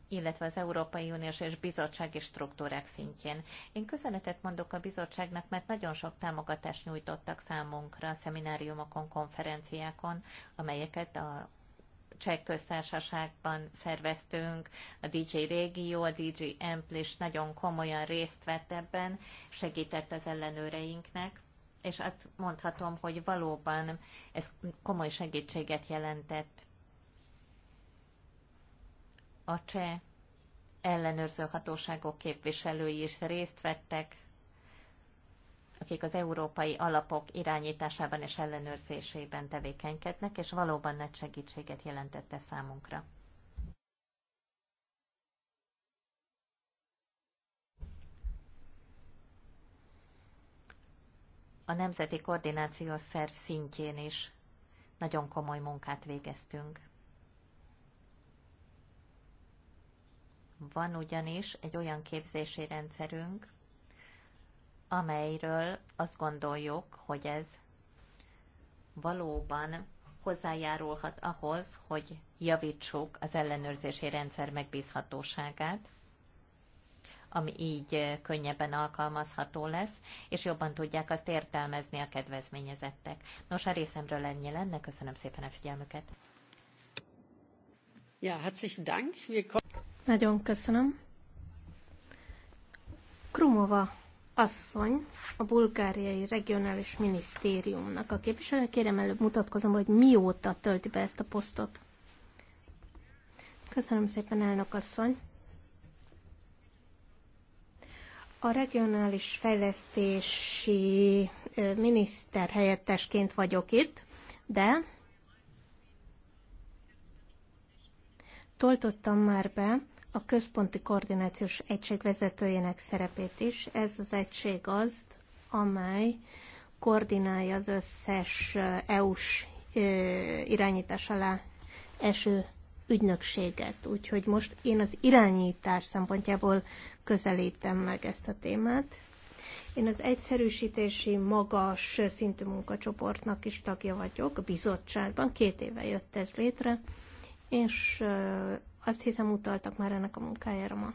illetve az Európai Uniós és bizottsági struktúrák szintjén. Én köszönetet mondok a bizottságnak, mert nagyon sok támogatást nyújtottak számunkra a szemináriumokon, konferenciákon, amelyeket a cseh köztársaságban szerveztünk, a DJ Régió, a DJ Ampl is nagyon komolyan részt vett ebben, segített az ellenőreinknek, és azt mondhatom, hogy valóban ez komoly segítséget jelentett a cseh ellenőrző hatóságok képviselői is részt vettek, akik az európai alapok irányításában és ellenőrzésében tevékenykednek, és valóban nagy segítséget jelentette számunkra. A Nemzeti Koordinációs Szerv szintjén is nagyon komoly munkát végeztünk. Van ugyanis egy olyan képzési rendszerünk, amelyről azt gondoljuk, hogy ez valóban hozzájárulhat ahhoz, hogy javítsuk az ellenőrzési rendszer megbízhatóságát, ami így könnyebben alkalmazható lesz, és jobban tudják azt értelmezni a kedvezményezettek. Nos, a részemről ennyi lenne, köszönöm szépen a figyelmüket. Ja, herzlichen Dank. Wir nagyon köszönöm. Krumova asszony, a bulgáriai regionális minisztériumnak a képviselő. Kérem előbb mutatkozom, hogy mióta tölti be ezt a posztot. Köszönöm szépen, elnök asszony. A regionális fejlesztési miniszter helyettesként vagyok itt, de toltottam már be a központi koordinációs egység vezetőjének szerepét is. Ez az egység az, amely koordinálja az összes EU-s irányítás alá eső ügynökséget. Úgyhogy most én az irányítás szempontjából közelítem meg ezt a témát. Én az egyszerűsítési magas szintű munkacsoportnak is tagja vagyok, a bizottságban, két éve jött ez létre, és azt hiszem utaltak már ennek a munkájára ma.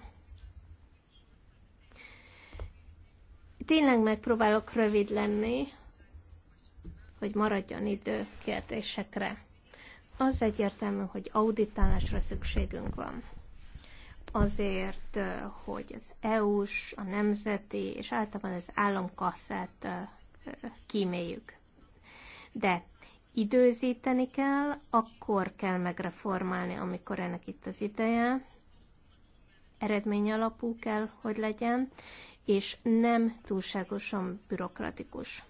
Tényleg megpróbálok rövid lenni, hogy maradjon idő kérdésekre. Az egyértelmű, hogy auditálásra szükségünk van azért, hogy az EU-s, a nemzeti és általában az államkasszát kíméljük. De időzíteni kell, akkor kell megreformálni, amikor ennek itt az ideje. Eredmény alapú kell, hogy legyen, és nem túlságosan bürokratikus.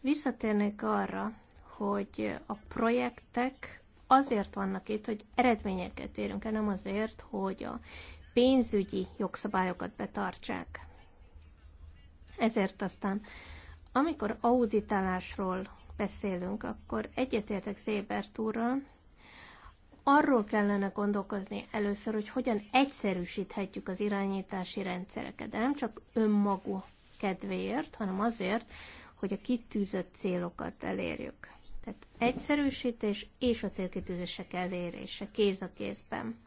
Visszatérnék arra, hogy a projektek azért vannak itt, hogy eredményeket érünk el, nem azért, hogy a pénzügyi jogszabályokat betartsák. Ezért aztán, amikor auditálásról beszélünk, akkor egyetértek Zébert úrral, arról kellene gondolkozni először, hogy hogyan egyszerűsíthetjük az irányítási rendszereket, de nem csak önmagú kedvéért, hanem azért, hogy a kitűzött célokat elérjük. Tehát egyszerűsítés és a célkitűzések elérése kéz a kézben.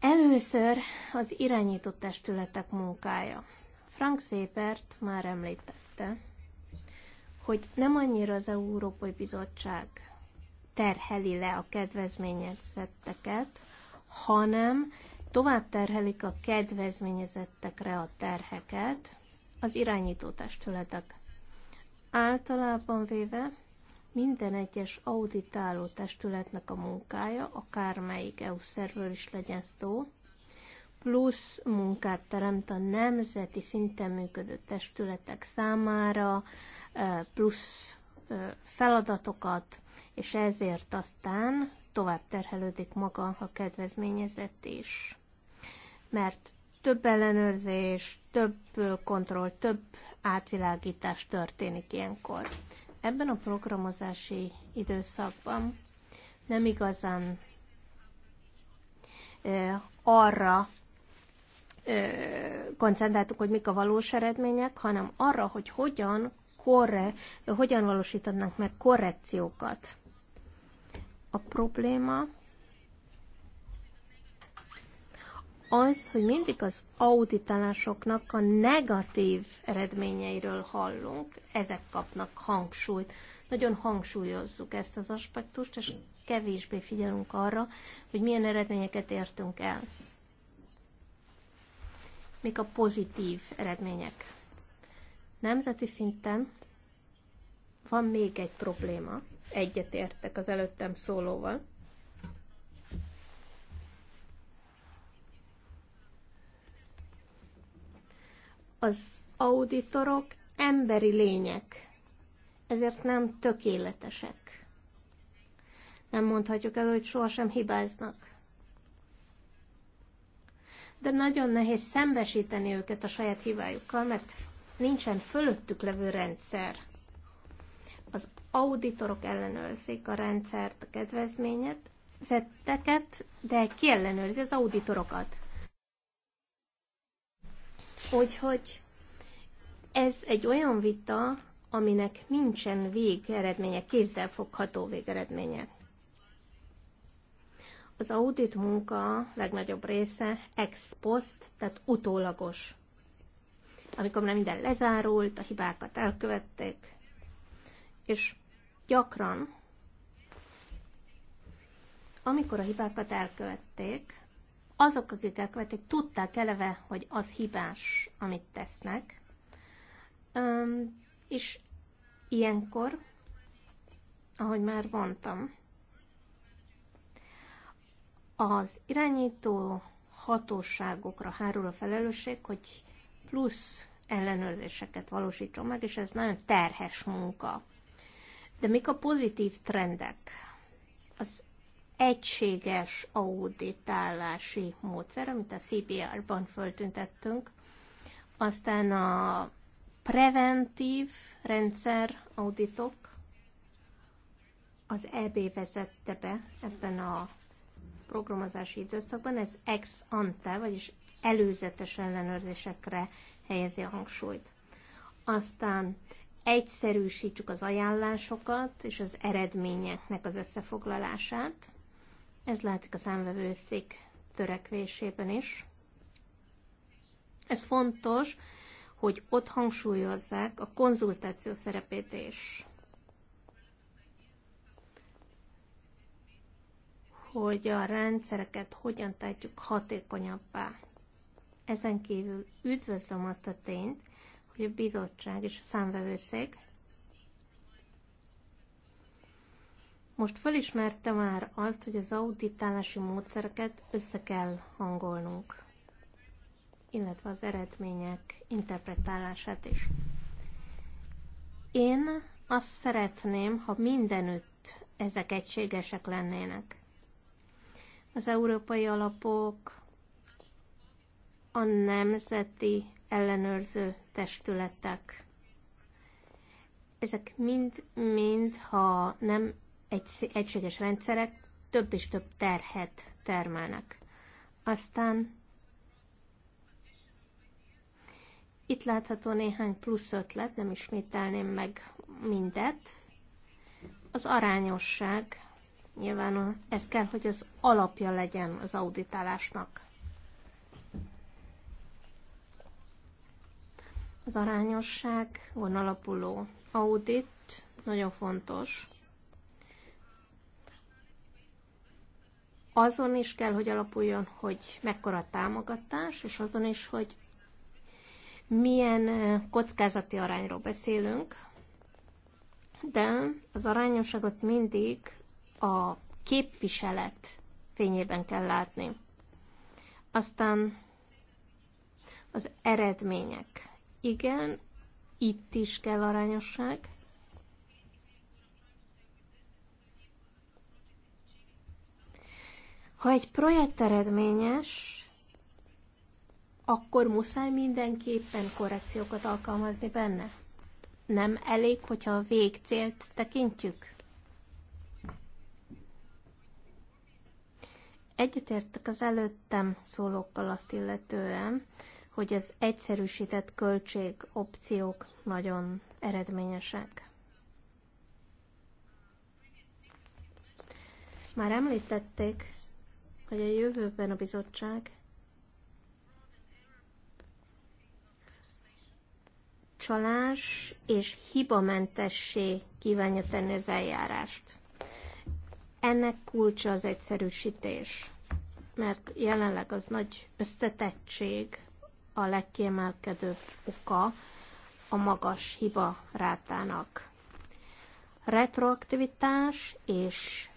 Először az irányított testületek munkája. Frank Szépert már említette hogy nem annyira az Európai Bizottság terheli le a kedvezményezetteket, hanem tovább terhelik a kedvezményezettekre a terheket az irányító testületek. Általában véve minden egyes auditáló testületnek a munkája, akármelyik EU szerről is legyen szó, plusz munkát teremt a nemzeti szinten működő testületek számára, plusz feladatokat, és ezért aztán tovább terhelődik maga a kedvezményezett is. Mert több ellenőrzés, több kontroll, több átvilágítás történik ilyenkor. Ebben a programozási időszakban nem igazán arra koncentráltuk, hogy mik a valós eredmények, hanem arra, hogy hogyan korre, hogyan valósítanak meg korrekciókat. A probléma az, hogy mindig az auditálásoknak a negatív eredményeiről hallunk, ezek kapnak hangsúlyt. Nagyon hangsúlyozzuk ezt az aspektust, és kevésbé figyelünk arra, hogy milyen eredményeket értünk el. Mik a pozitív eredmények? Nemzeti szinten van még egy probléma, egyetértek az előttem szólóval. Az auditorok emberi lények, ezért nem tökéletesek. Nem mondhatjuk el, hogy sohasem hibáznak. De nagyon nehéz szembesíteni őket a saját hibájukkal, mert nincsen fölöttük levő rendszer. Az auditorok ellenőrzik a rendszert, a kedvezményet, zetteket, de ki ellenőrzi az auditorokat. Úgyhogy ez egy olyan vita, aminek nincsen végeredménye, kézzel fogható végeredménye. Az audit munka legnagyobb része ex post, tehát utólagos amikor már minden lezárult, a hibákat elkövették, és gyakran, amikor a hibákat elkövették, azok, akik elkövették, tudták eleve, hogy az hibás, amit tesznek, és ilyenkor, ahogy már mondtam, az irányító hatóságokra hárul a felelősség, hogy plusz ellenőrzéseket valósítson meg, és ez nagyon terhes munka. De mik a pozitív trendek? Az egységes auditálási módszer, amit a CPR-ban föltüntettünk, aztán a preventív rendszer auditok, az EB vezette be ebben a programozási időszakban, ez ex ante, vagyis előzetes ellenőrzésekre helyezi a hangsúlyt. Aztán egyszerűsítsük az ajánlásokat és az eredményeknek az összefoglalását. Ez látszik a számvevőszék törekvésében is. Ez fontos, hogy ott hangsúlyozzák a konzultáció szerepét is. Hogy a rendszereket hogyan tehetjük hatékonyabbá. Ezen kívül üdvözlöm azt a tényt, hogy a bizottság és a számvevőszék most felismerte már azt, hogy az auditálási módszereket össze kell hangolnunk, illetve az eredmények interpretálását is. Én azt szeretném, ha mindenütt ezek egységesek lennének. Az európai alapok, a nemzeti ellenőrző testületek. Ezek mind-mind, ha nem egy, egységes rendszerek, több és több terhet termelnek. Aztán itt látható néhány plusz ötlet, nem ismételném meg mindet. Az arányosság, nyilván ez kell, hogy az alapja legyen az auditálásnak. Az arányosság van alapuló audit, nagyon fontos. Azon is kell, hogy alapuljon, hogy mekkora a támogatás, és azon is, hogy milyen kockázati arányról beszélünk, de az arányosságot mindig a képviselet fényében kell látni. Aztán az eredmények. Igen, itt is kell arányosság. Ha egy projekt eredményes, akkor muszáj mindenképpen korrekciókat alkalmazni benne. Nem elég, hogyha a végcélt tekintjük. Egyetértek az előttem szólókkal azt illetően, hogy az egyszerűsített költség opciók nagyon eredményesek. Már említették, hogy a jövőben a bizottság csalás és hibamentessé kívánja tenni az eljárást. Ennek kulcsa az egyszerűsítés, mert jelenleg az nagy összetettség, a legkiemelkedőbb oka a magas hiba rátának. Retroaktivitás és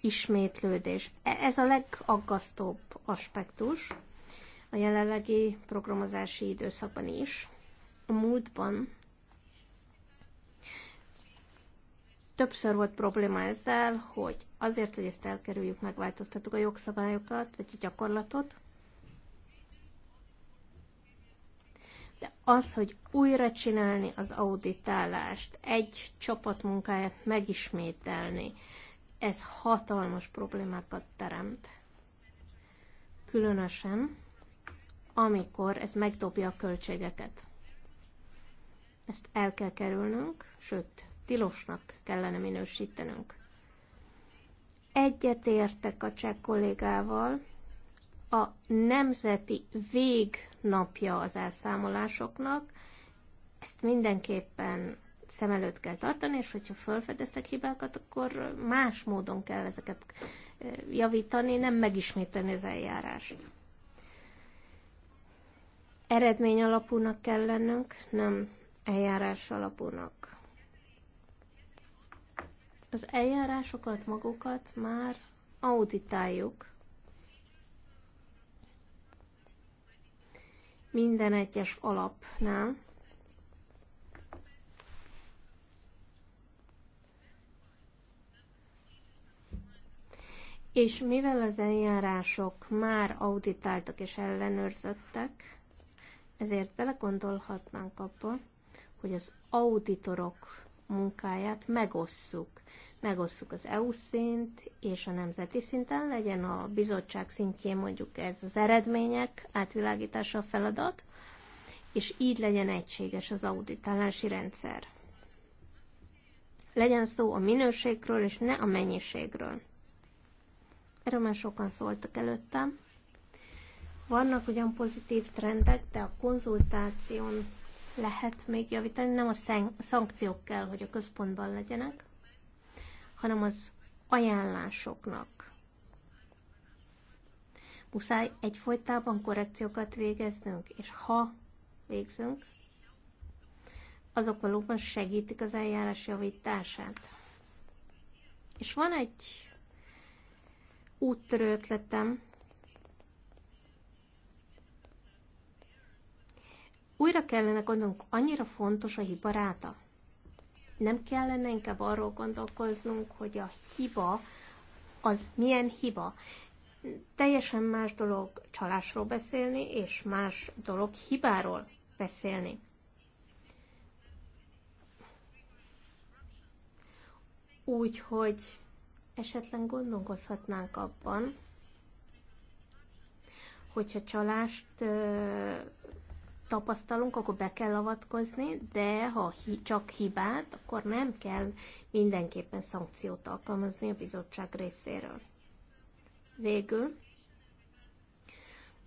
ismétlődés. E-, ez a legaggasztóbb aspektus a jelenlegi programozási időszakban is. A múltban többször volt probléma ezzel, hogy azért, hogy ezt elkerüljük, megváltoztattuk a jogszabályokat, vagy a gyakorlatot, de az, hogy újra csinálni az auditálást, egy csapatmunkáját megismételni, ez hatalmas problémákat teremt. Különösen, amikor ez megdobja a költségeket. Ezt el kell kerülnünk, sőt, tilosnak kellene minősítenünk. Egyet értek a cseh kollégával, a nemzeti végnapja az elszámolásoknak, ezt mindenképpen szem előtt kell tartani, és hogyha felfedeztek hibákat, akkor más módon kell ezeket eh, javítani, nem megismételni az eljárást. Eredmény alapúnak kell lennünk, nem eljárás alapúnak. Az eljárásokat magukat már auditáljuk, minden egyes alapnál. És mivel az eljárások már auditáltak és ellenőrzöttek, ezért belegondolhatnánk abba, hogy az auditorok munkáját megosszuk megosszuk az EU szint és a nemzeti szinten, legyen a bizottság szintjén mondjuk ez az eredmények átvilágítása a feladat, és így legyen egységes az auditálási rendszer. Legyen szó a minőségről, és ne a mennyiségről. Erről már sokan szóltak előttem. Vannak ugyan pozitív trendek, de a konzultáción lehet még javítani, nem a szankciók kell, hogy a központban legyenek hanem az ajánlásoknak. Muszáj egyfolytában korrekciókat végeznünk, és ha végzünk, azok valóban segítik az eljárás javítását. És van egy úttörő ötletem. Újra kellene gondolnunk, annyira fontos a hibaráta nem kellene inkább arról gondolkoznunk, hogy a hiba az milyen hiba. Teljesen más dolog csalásról beszélni, és más dolog hibáról beszélni. Úgyhogy esetlen gondolkozhatnánk abban, hogyha csalást tapasztalunk, akkor be kell avatkozni, de ha hi- csak hibát, akkor nem kell mindenképpen szankciót alkalmazni a bizottság részéről. Végül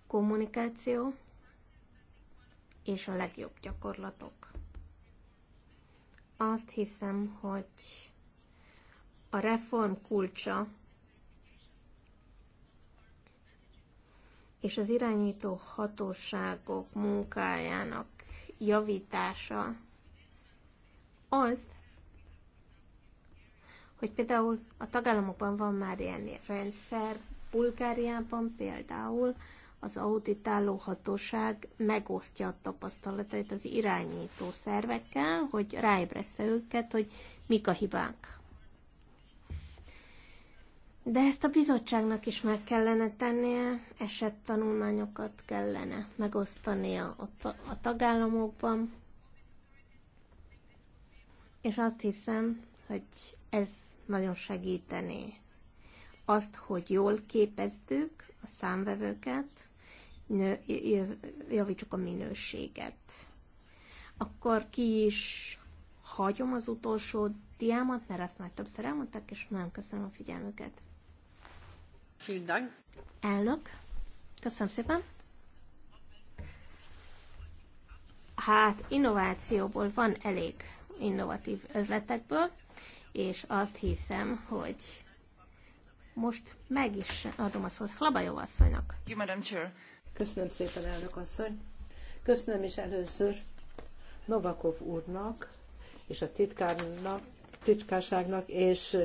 kommunikáció és a legjobb gyakorlatok. Azt hiszem, hogy a reform kulcsa és az irányító hatóságok munkájának javítása az, hogy például a tagállamokban van már ilyen rendszer, Bulgáriában például az auditáló hatóság megosztja a tapasztalatait az irányító szervekkel, hogy ráébresze őket, hogy mik a hibák. De ezt a bizottságnak is meg kellene tennie, esettanulmányokat kellene megosztania a, ta- a tagállamokban. És azt hiszem, hogy ez nagyon segítené azt, hogy jól képezzük a számvevőket, javítsuk a minőséget. Akkor ki is hagyom az utolsó diámat, mert ezt már többször elmondtak, és nagyon köszönöm a figyelmüket. Elnök, köszönöm szépen. Hát innovációból van elég innovatív ötletekből, és azt hiszem, hogy most meg is adom a szót Hlabajó asszonynak. Köszönöm szépen, elnök asszony. Köszönöm is először Novakov úrnak és a titkárnak, titkárságnak és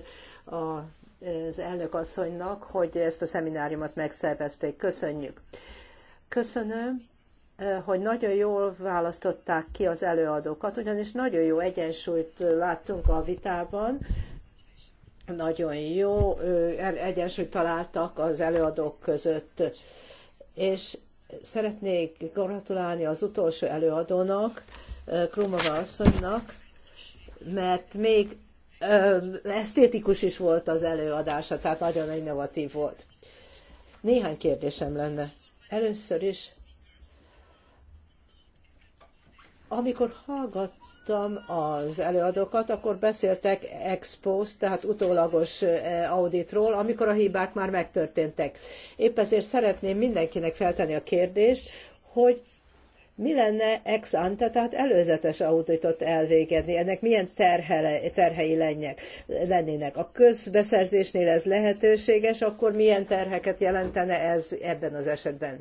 a az elnök asszonynak, hogy ezt a szemináriumot megszervezték. Köszönjük. Köszönöm hogy nagyon jól választották ki az előadókat, ugyanis nagyon jó egyensúlyt láttunk a vitában, nagyon jó egyensúlyt találtak az előadók között. És szeretnék gratulálni az utolsó előadónak, Krumova asszonynak, mert még esztétikus is volt az előadása, tehát nagyon innovatív volt. Néhány kérdésem lenne. Először is, amikor hallgattam az előadókat, akkor beszéltek ex post, tehát utólagos auditról, amikor a hibák már megtörténtek. Épp ezért szeretném mindenkinek feltenni a kérdést, hogy mi lenne ex ante, tehát előzetes auditot elvégezni, ennek milyen terhele, terhei lennének? A közbeszerzésnél ez lehetőséges, akkor milyen terheket jelentene ez ebben az esetben?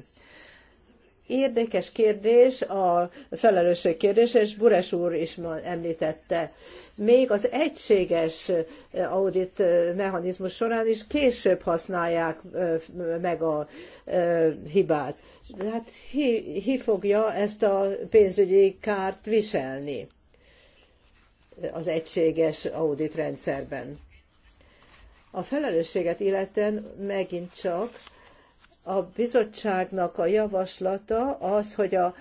Érdekes kérdés, a felelősség kérdése, és Bures úr is említette még az egységes eh, audit eh, mechanizmus során is később használják eh, meg a hibát. Hát hi, hi fogja ezt a pénzügyi kárt viselni az egységes audit rendszerben. A felelősséget illetően megint csak a bizottságnak a javaslata az, hogy a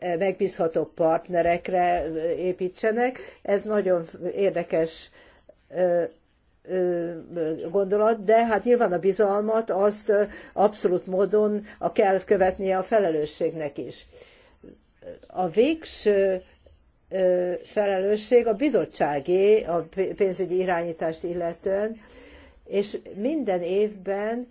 megbízható partnerekre építsenek. Ez nagyon érdekes gondolat, de hát nyilván a bizalmat azt abszolút módon a kell követnie a felelősségnek is. A végső felelősség a bizottságé, a pénzügyi irányítást illetően, és minden évben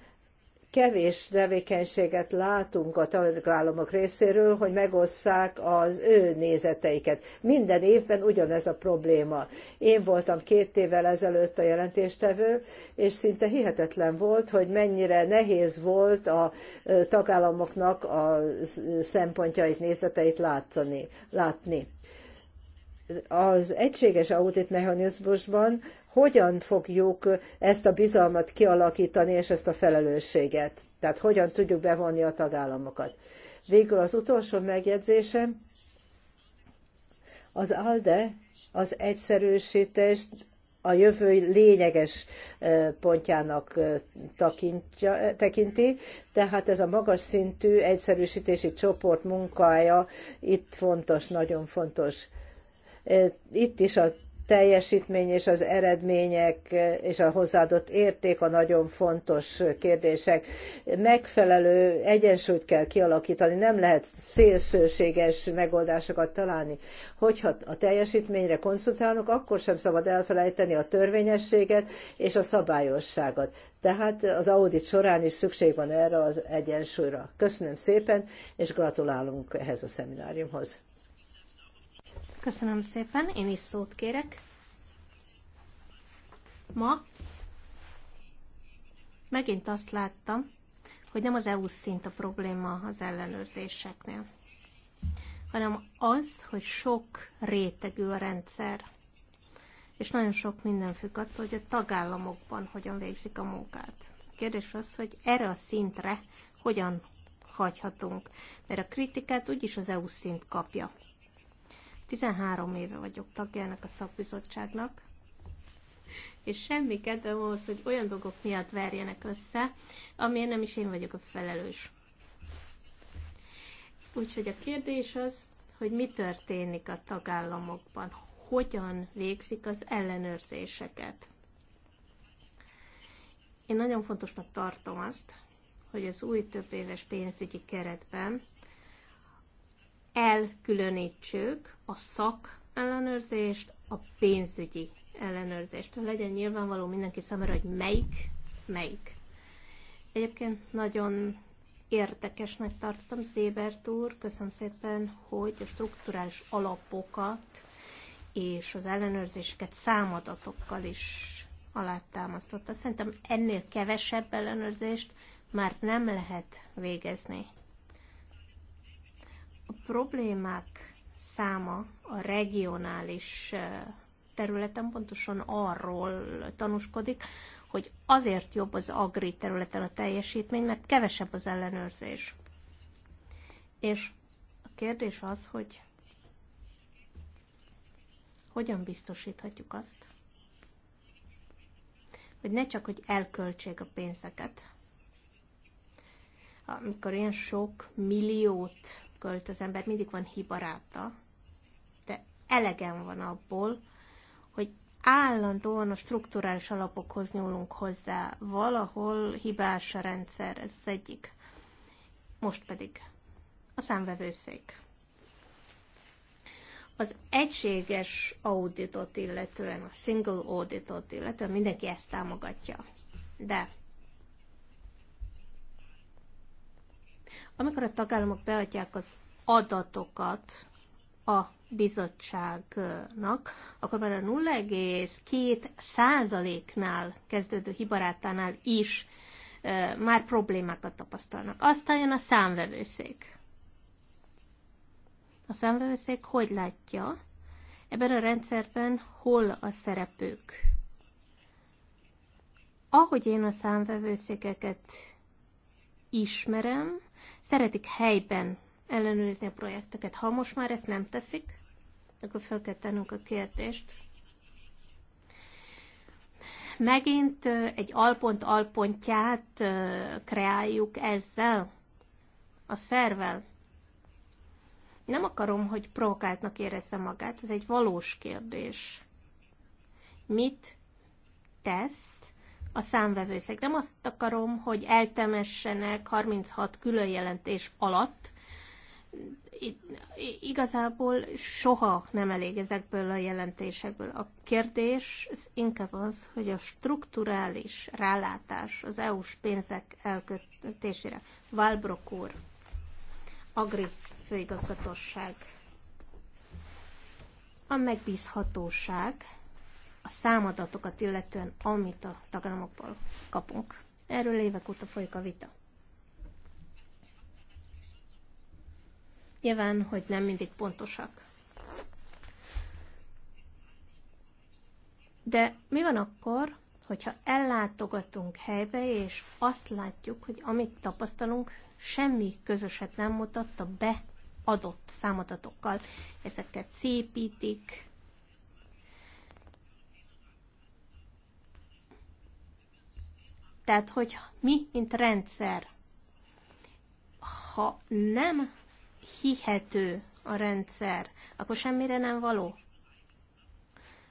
kevés tevékenységet látunk a tagállamok részéről, hogy megosszák az ő nézeteiket. Minden évben ugyanez a probléma. Én voltam két évvel ezelőtt a jelentéstevő, és szinte hihetetlen volt, hogy mennyire nehéz volt a tagállamoknak a szempontjait, nézeteit látszani, látni az egységes auditmechanizmusban hogyan fogjuk ezt a bizalmat kialakítani, és ezt a felelősséget? Tehát hogyan tudjuk bevonni a tagállamokat? Végül az utolsó megjegyzésem, az ALDE az egyszerűsítést a jövő lényeges pontjának takintja, tekinti, tehát ez a magas szintű egyszerűsítési csoport munkája itt fontos, nagyon fontos. Itt is a teljesítmény és az eredmények és a hozzáadott érték a nagyon fontos kérdések. Megfelelő egyensúlyt kell kialakítani, nem lehet szélsőséges megoldásokat találni. Hogyha a teljesítményre koncentrálunk, akkor sem szabad elfelejteni a törvényességet és a szabályosságot. Tehát az audit során is szükség van erre az egyensúlyra. Köszönöm szépen, és gratulálunk ehhez a szemináriumhoz. Köszönöm szépen, én is szót kérek. Ma megint azt láttam, hogy nem az EU szint a probléma az ellenőrzéseknél, hanem az, hogy sok rétegű a rendszer, és nagyon sok minden függ attól, hogy a tagállamokban hogyan végzik a munkát. A kérdés az, hogy erre a szintre hogyan hagyhatunk, mert a kritikát úgyis az EU szint kapja. 13 éve vagyok tagjának a szakbizottságnak, és semmi kedvem ahhoz, hogy olyan dolgok miatt verjenek össze, amiért nem is én vagyok a felelős. Úgyhogy a kérdés az, hogy mi történik a tagállamokban, hogyan végzik az ellenőrzéseket. Én nagyon fontosnak tartom azt, hogy az új több éves pénzügyi keretben elkülönítsük a szak ellenőrzést, a pénzügyi ellenőrzést. Legyen nyilvánvaló mindenki számára, hogy melyik, melyik. Egyébként nagyon érdekesnek tartottam Szébert úr, köszönöm szépen, hogy a strukturális alapokat és az ellenőrzéseket számadatokkal is alátámasztotta. Szerintem ennél kevesebb ellenőrzést már nem lehet végezni problémák száma a regionális területen pontosan arról tanúskodik, hogy azért jobb az agri területen a teljesítmény, mert kevesebb az ellenőrzés. És a kérdés az, hogy hogyan biztosíthatjuk azt, hogy ne csak, hogy elköltsék a pénzeket, amikor ilyen sok milliót költ az ember, mindig van hibaráta, de elegem van abból, hogy állandóan a strukturális alapokhoz nyúlunk hozzá. Valahol hibás a rendszer, ez az egyik. Most pedig a számvevőszék. Az egységes auditot illetően, a single auditot illetően mindenki ezt támogatja. De Amikor a tagállamok beadják az adatokat a bizottságnak, akkor már a 0,2 százaléknál kezdődő hibarátánál is e, már problémákat tapasztalnak. Aztán jön a számvevőszék. A számvevőszék hogy látja ebben a rendszerben, hol a szerepük? Ahogy én a számvevőszékeket ismerem, szeretik helyben ellenőrizni a projekteket. Ha most már ezt nem teszik, akkor fel kell tennünk a kérdést. Megint egy alpont alpontját kreáljuk ezzel, a szervel. Nem akarom, hogy provokáltnak érezze magát, ez egy valós kérdés. Mit tesz a számvevőszék. Nem azt akarom, hogy eltemessenek 36 külön jelentés alatt, igazából soha nem elég ezekből a jelentésekből. A kérdés az inkább az, hogy a strukturális rálátás az EU-s pénzek elkötésére. Valbrok úr, Agri főigazgatosság. a megbízhatóság, a számadatokat illetően, amit a tagállamokból kapunk. Erről évek óta folyik a vita. Nyilván, hogy nem mindig pontosak. De mi van akkor, hogyha ellátogatunk helybe, és azt látjuk, hogy amit tapasztalunk, semmi közöset nem mutatta be adott számadatokkal. Ezeket szépítik, Tehát, hogy mi, mint rendszer, ha nem hihető a rendszer, akkor semmire nem való.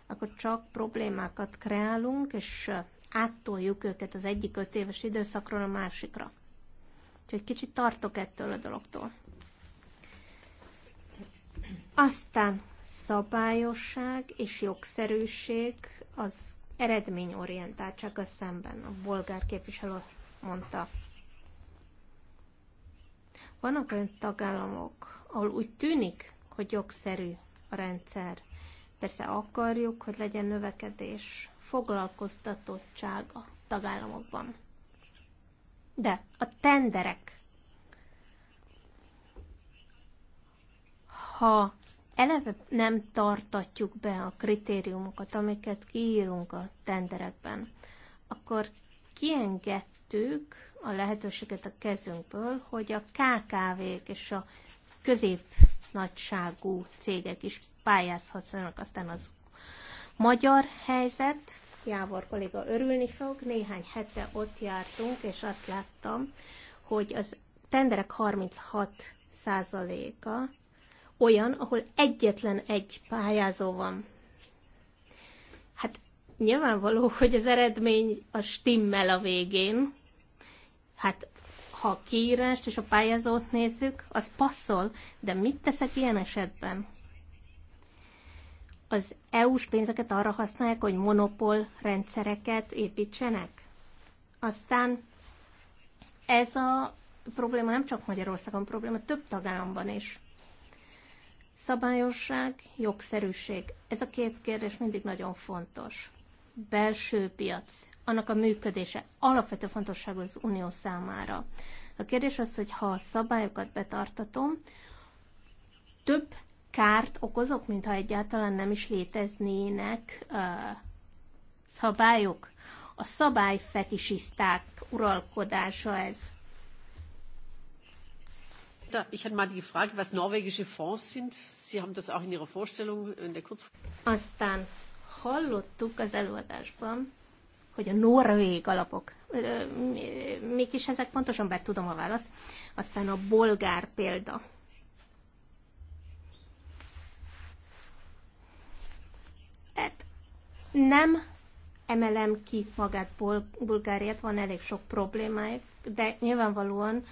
Akkor csak problémákat kreálunk, és áttoljuk őket az egyik öt éves időszakról a másikra. Úgyhogy kicsit tartok ettől a dologtól. Aztán szabályosság és jogszerűség az a szemben, a bolgár képviselő mondta. Vannak olyan tagállamok, ahol úgy tűnik, hogy jogszerű a rendszer. Persze akarjuk, hogy legyen növekedés, foglalkoztatottság a tagállamokban. De a tenderek, ha eleve nem tartatjuk be a kritériumokat, amiket kiírunk a tenderekben, akkor kiengedtük a lehetőséget a kezünkből, hogy a KKV-k és a középnagyságú cégek is pályázhatnak. Aztán az magyar helyzet, Jávor kolléga örülni fog, néhány hete ott jártunk, és azt láttam, hogy az tenderek 36 százaléka olyan, ahol egyetlen egy pályázó van. Hát nyilvánvaló, hogy az eredmény a stimmel a végén. Hát ha a kiírást és a pályázót nézzük, az passzol, de mit teszek ilyen esetben? Az EU-s pénzeket arra használják, hogy monopól rendszereket építsenek? Aztán ez a probléma nem csak Magyarországon probléma, több tagállamban is. Szabályosság, jogszerűség. Ez a két kérdés mindig nagyon fontos. Belső piac, annak a működése alapvető fontosságú az unió számára. A kérdés az, hogy ha a szabályokat betartatom, több kárt okozok, mintha egyáltalán nem is léteznének uh, szabályok. A szabályfetisiszták uralkodása ez. Da, ich hatte mal die Frage, was norwegische Fonds sind. Sie haben das auch in Ihrer Vorstellung in der Aztán hallottuk az előadásban, hogy a norvég alapok, mik is ezek pontosan, bár tudom a választ, aztán a bolgár példa. Hát nem emelem ki magát Bulgáriát, van elég sok problémájuk, de nyilvánvalóan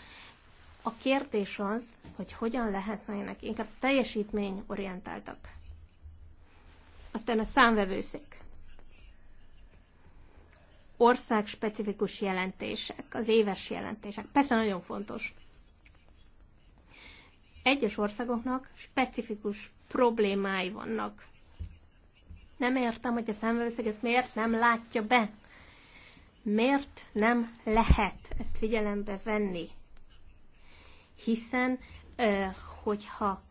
a kérdés az, hogy hogyan lehetnének inkább teljesítményorientáltak. Aztán a számvevőszék. specifikus jelentések, az éves jelentések. Persze nagyon fontos. Egyes országoknak specifikus problémái vannak. Nem értem, hogy a számvevőszék ezt miért nem látja be. Miért nem lehet ezt figyelembe venni? hiszen hogyha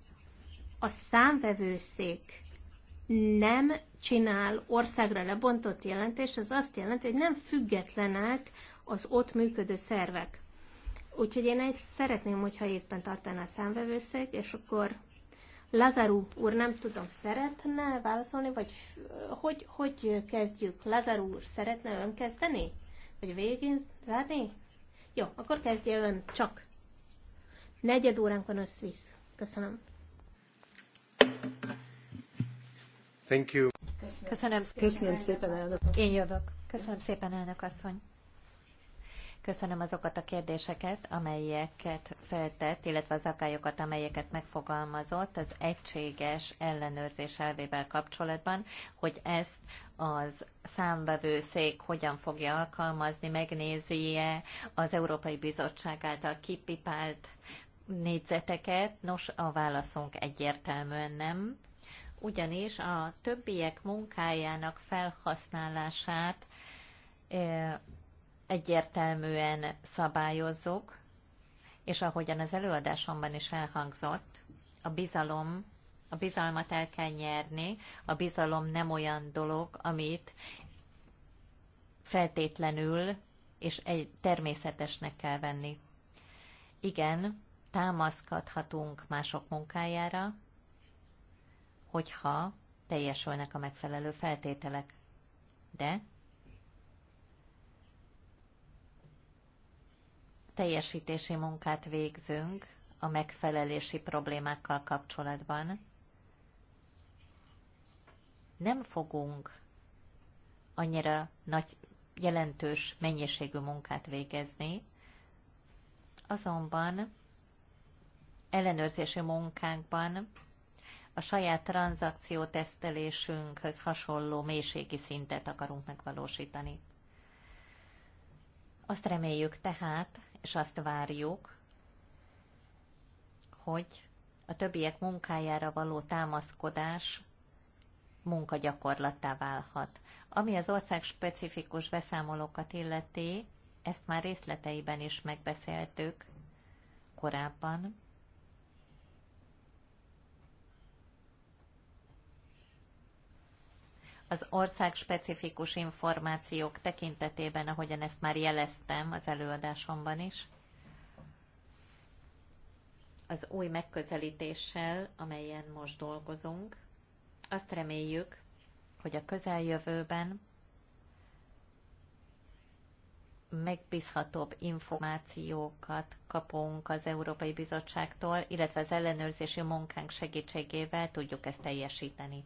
a számvevőszék nem csinál országra lebontott jelentést, az azt jelenti, hogy nem függetlenek az ott működő szervek. Úgyhogy én ezt szeretném, hogyha észben tartaná a számvevőszék, és akkor Lazaru úr, nem tudom, szeretne válaszolni, vagy hogy, hogy kezdjük? Lazaru úr, szeretne ön kezdeni? Vagy végén zárni? Jó, akkor kezdje ön csak. Negyed óránk van összvisz. Köszönöm. Thank you. Köszönöm, Köszönöm szépen, Köszönöm szépen elnök. Én jövök. Köszönöm szépen, elnök asszony. Köszönöm azokat a kérdéseket, amelyeket feltett, illetve az akályokat, amelyeket megfogalmazott az egységes ellenőrzés elvével kapcsolatban, hogy ezt az számbevőszék hogyan fogja alkalmazni, megnézi-e az Európai Bizottság által kipipált négyzeteket? Nos, a válaszunk egyértelműen nem, ugyanis a többiek munkájának felhasználását egyértelműen szabályozzuk, és ahogyan az előadásomban is elhangzott, a bizalom, a bizalmat el kell nyerni, a bizalom nem olyan dolog, amit feltétlenül és egy természetesnek kell venni. Igen, támaszkodhatunk mások munkájára, hogyha teljesülnek a megfelelő feltételek. De teljesítési munkát végzünk a megfelelési problémákkal kapcsolatban. Nem fogunk annyira nagy, jelentős mennyiségű munkát végezni, azonban ellenőrzési munkánkban a saját tranzakció tesztelésünkhöz hasonló mélységi szintet akarunk megvalósítani. Azt reméljük tehát, és azt várjuk, hogy a többiek munkájára való támaszkodás munkagyakorlattá válhat. Ami az ország specifikus beszámolókat illeti, ezt már részleteiben is megbeszéltük korábban. az ország specifikus információk tekintetében, ahogyan ezt már jeleztem az előadásomban is, az új megközelítéssel, amelyen most dolgozunk, azt reméljük, hogy a közeljövőben megbízhatóbb információkat kapunk az Európai Bizottságtól, illetve az ellenőrzési munkánk segítségével tudjuk ezt teljesíteni.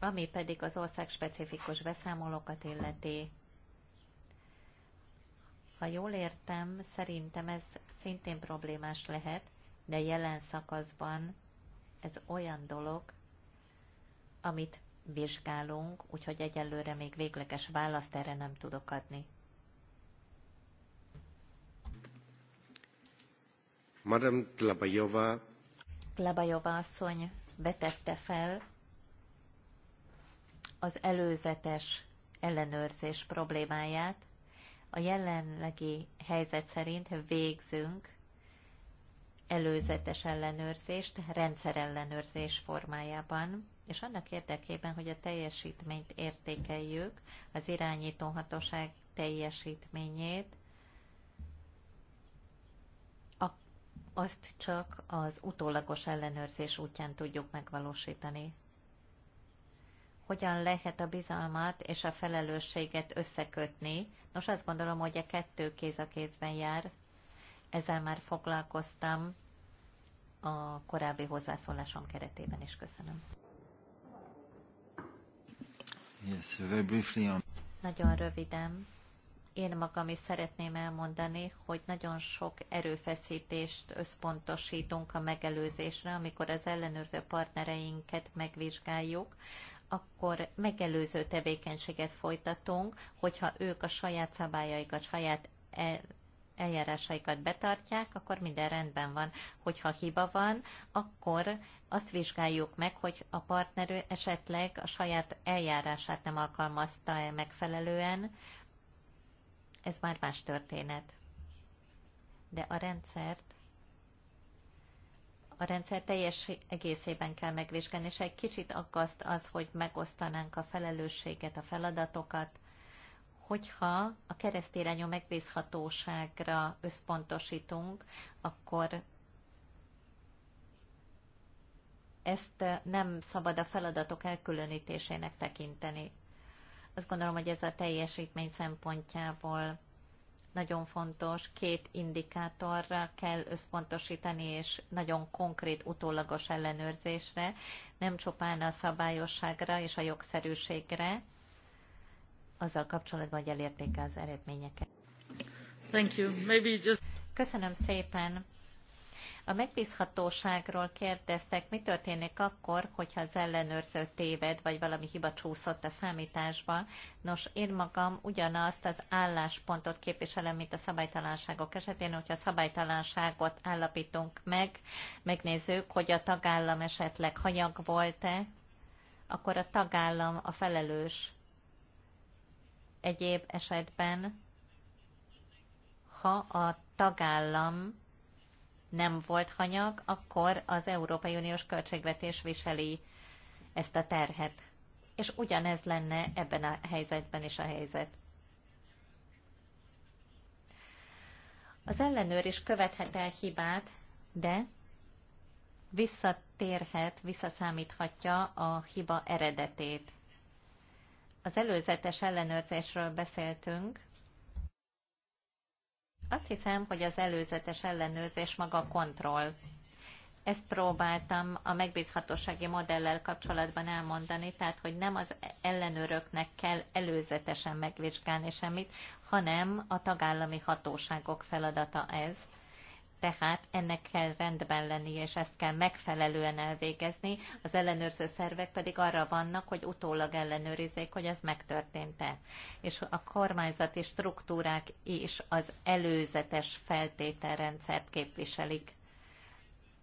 Ami pedig az ország specifikus beszámolókat illeti, ha jól értem, szerintem ez szintén problémás lehet, de jelen szakaszban ez olyan dolog, amit vizsgálunk, úgyhogy egyelőre még végleges választ erre nem tudok adni. Madame Tlabajova. Tlabajova asszony vetette fel az előzetes ellenőrzés problémáját. A jelenlegi helyzet szerint végzünk előzetes ellenőrzést rendszerellenőrzés formájában, és annak érdekében, hogy a teljesítményt értékeljük, az irányítóhatóság teljesítményét, azt csak az utólagos ellenőrzés útján tudjuk megvalósítani hogyan lehet a bizalmat és a felelősséget összekötni. Nos, azt gondolom, hogy a kettő kéz a kézben jár. Ezzel már foglalkoztam a korábbi hozzászólásom keretében is. Köszönöm. Yes, very briefly on... Nagyon röviden. Én magam is szeretném elmondani, hogy nagyon sok erőfeszítést összpontosítunk a megelőzésre, amikor az ellenőrző partnereinket megvizsgáljuk, akkor megelőző tevékenységet folytatunk, hogyha ők a saját szabályaikat, saját eljárásaikat betartják, akkor minden rendben van. Hogyha hiba van, akkor azt vizsgáljuk meg, hogy a partnerő esetleg a saját eljárását nem alkalmazta-e megfelelően. Ez már más történet. De a rendszert a rendszer teljes egészében kell megvizsgálni, és egy kicsit aggaszt az, hogy megosztanánk a felelősséget, a feladatokat, hogyha a keresztirányú megbízhatóságra összpontosítunk, akkor ezt nem szabad a feladatok elkülönítésének tekinteni. Azt gondolom, hogy ez a teljesítmény szempontjából nagyon fontos, két indikátorra kell összpontosítani, és nagyon konkrét utólagos ellenőrzésre, nem csupán a szabályosságra és a jogszerűségre, azzal kapcsolatban, hogy elérték az eredményeket. Thank you. Maybe just... Köszönöm szépen. A megbízhatóságról kérdeztek, mi történik akkor, hogyha az ellenőrző téved, vagy valami hiba csúszott a számításba. Nos, én magam ugyanazt az álláspontot képviselem, mint a szabálytalanságok esetén, hogyha szabálytalanságot állapítunk meg, megnézzük, hogy a tagállam esetleg hanyag volt-e, akkor a tagállam a felelős egyéb esetben, ha a tagállam nem volt hanyag, akkor az Európai Uniós költségvetés viseli ezt a terhet. És ugyanez lenne ebben a helyzetben is a helyzet. Az ellenőr is követhet el hibát, de visszatérhet, visszaszámíthatja a hiba eredetét. Az előzetes ellenőrzésről beszéltünk, azt hiszem, hogy az előzetes ellenőrzés maga a kontroll. Ezt próbáltam a megbízhatósági modellel kapcsolatban elmondani, tehát hogy nem az ellenőröknek kell előzetesen megvizsgálni semmit, hanem a tagállami hatóságok feladata ez, tehát ennek kell rendben lenni, és ezt kell megfelelően elvégezni, az ellenőrző szervek pedig arra vannak, hogy utólag ellenőrizzék, hogy ez megtörtént-e. És a kormányzati struktúrák is az előzetes feltételrendszert képviselik.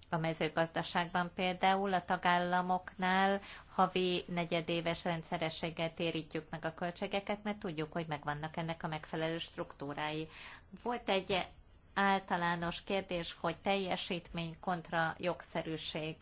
A mezőgazdaságban például a tagállamoknál havi negyedéves rendszerességgel térítjük meg a költségeket, mert tudjuk, hogy megvannak ennek a megfelelő struktúrái. Volt egy általános kérdés, hogy teljesítmény kontra jogszerűség.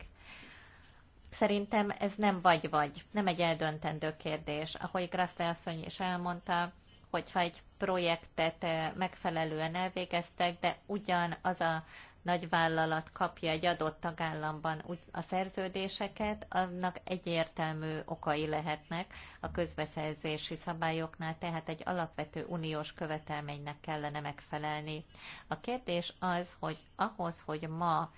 Szerintem ez nem vagy-vagy, nem egy eldöntendő kérdés. Ahogy Graszte asszony is elmondta, hogyha egy projektet eh, megfelelően elvégeztek, de ugyanaz a nagyvállalat kapja egy adott tagállamban úgy a szerződéseket, annak egyértelmű okai lehetnek a közbeszerzési szabályoknál, tehát egy alapvető uniós követelménynek kellene megfelelni. A kérdés az, hogy ahhoz, hogy ma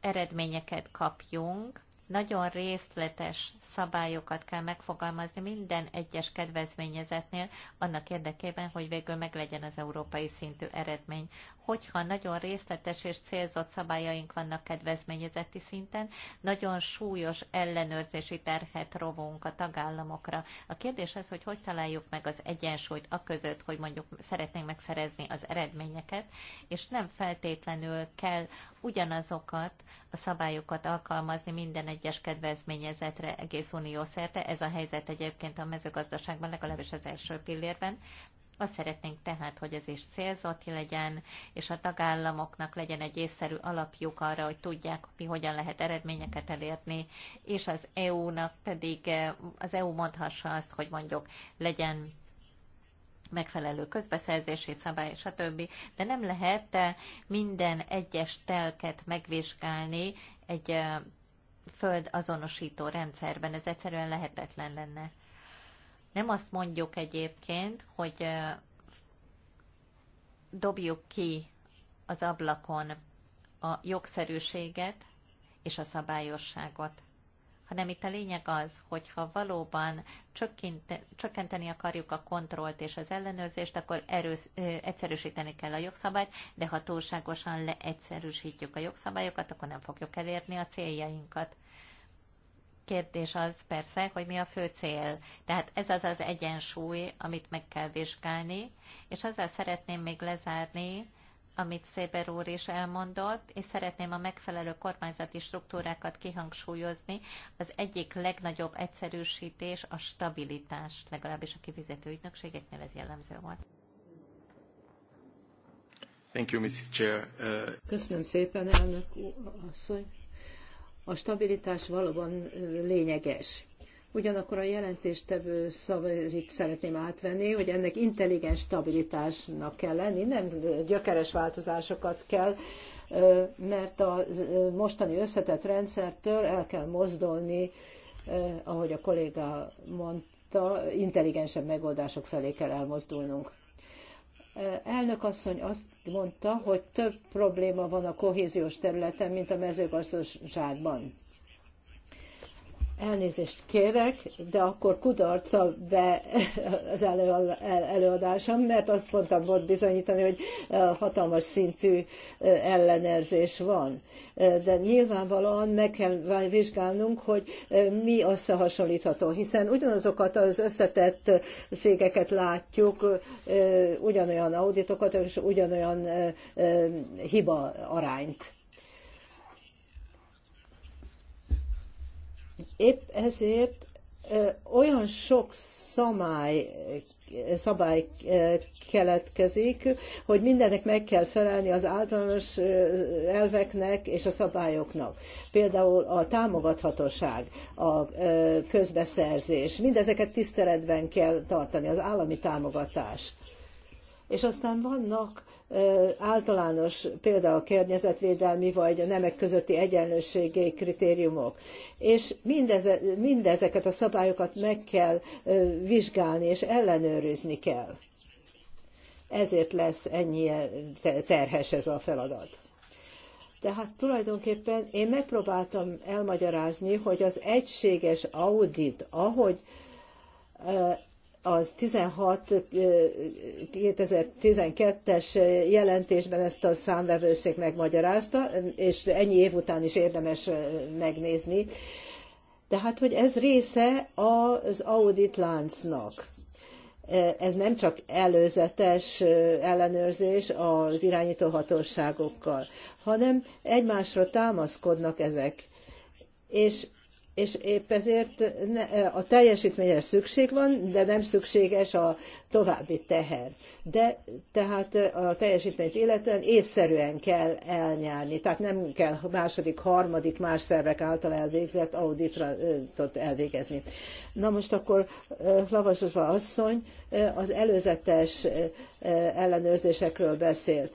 eredményeket kapjunk, nagyon részletes szabályokat kell megfogalmazni minden egyes kedvezményezetnél, annak érdekében, hogy végül meglegyen az európai szintű eredmény hogyha nagyon részletes és célzott szabályaink vannak kedvezményezeti szinten, nagyon súlyos ellenőrzési terhet rovunk a tagállamokra. A kérdés az, hogy hogy találjuk meg az egyensúlyt a között, hogy mondjuk szeretnénk megszerezni az eredményeket, és nem feltétlenül kell ugyanazokat a szabályokat alkalmazni minden egyes kedvezményezetre egész unió szerte. Ez a helyzet egyébként a mezőgazdaságban, legalábbis az első pillérben, azt szeretnénk tehát, hogy ez is célzott legyen, és a tagállamoknak legyen egy észszerű alapjuk arra, hogy tudják, mi hogyan lehet eredményeket elérni, és az EU-nak pedig eh, az EU mondhassa azt, hogy mondjuk legyen megfelelő közbeszerzési szabály, stb. De nem lehet eh, minden egyes telket megvizsgálni egy eh, föld azonosító rendszerben. Ez egyszerűen lehetetlen lenne. Nem azt mondjuk egyébként, hogy dobjuk ki az ablakon a jogszerűséget és a szabályosságot hanem itt a lényeg az, hogyha valóban csökkenteni akarjuk a kontrollt és az ellenőrzést, akkor erősz, ö, egyszerűsíteni kell a jogszabályt, de ha túlságosan leegyszerűsítjük a jogszabályokat, akkor nem fogjuk elérni a céljainkat kérdés az persze, hogy mi a fő cél. Tehát ez az az egyensúly, amit meg kell vizsgálni, és azzal szeretném még lezárni, amit Széber úr is elmondott, és szeretném a megfelelő kormányzati struktúrákat kihangsúlyozni. Az egyik legnagyobb egyszerűsítés a stabilitás, legalábbis a kifizető ügynökségeknél ez jellemző volt. Thank you, Mrs. Chair. Uh... Köszönöm szépen, elnök asszony. A stabilitás valóban lényeges. Ugyanakkor a jelentéstevő szavait szeretném átvenni, hogy ennek intelligens stabilitásnak kell lenni, nem gyökeres változásokat kell, mert a mostani összetett rendszertől el kell mozdulni, ahogy a kolléga mondta, intelligensebb megoldások felé kell elmozdulnunk asszony azt mondta, hogy több probléma van a kohéziós területen, mint a mezőgazdaságban. Elnézést kérek, de akkor kudarca be az elő, előadásom, mert azt mondtam volt bizonyítani, hogy hatalmas szintű ellenerzés van. De nyilvánvalóan meg kell vizsgálnunk, hogy mi összehasonlítható, hiszen ugyanazokat az összetett szégeket látjuk, ugyanolyan auditokat és ugyanolyan hiba arányt Épp ezért olyan sok szabály, szabály keletkezik, hogy mindennek meg kell felelni az általános elveknek és a szabályoknak. Például a támogathatóság, a közbeszerzés, mindezeket tiszteletben kell tartani, az állami támogatás. És aztán vannak általános, például a környezetvédelmi vagy a nemek közötti egyenlőségi kritériumok. És mindeze, mindezeket a szabályokat meg kell vizsgálni és ellenőrizni kell. Ezért lesz ennyire terhes ez a feladat. De hát tulajdonképpen én megpróbáltam elmagyarázni, hogy az egységes audit, ahogy a 16 2012-es jelentésben ezt a számvevőszék megmagyarázta, és ennyi év után is érdemes megnézni. Tehát, hogy ez része az audit láncnak. Ez nem csak előzetes ellenőrzés az irányító hatóságokkal, hanem egymásra támaszkodnak ezek. És és épp ezért a teljesítményre szükség van, de nem szükséges a további teher. De tehát a teljesítményt illetően észszerűen kell elnyárni, tehát nem kell második, harmadik, más szervek által elvégzett auditra elvégezni. Na most akkor Lavasosva asszony az előzetes ellenőrzésekről beszélt.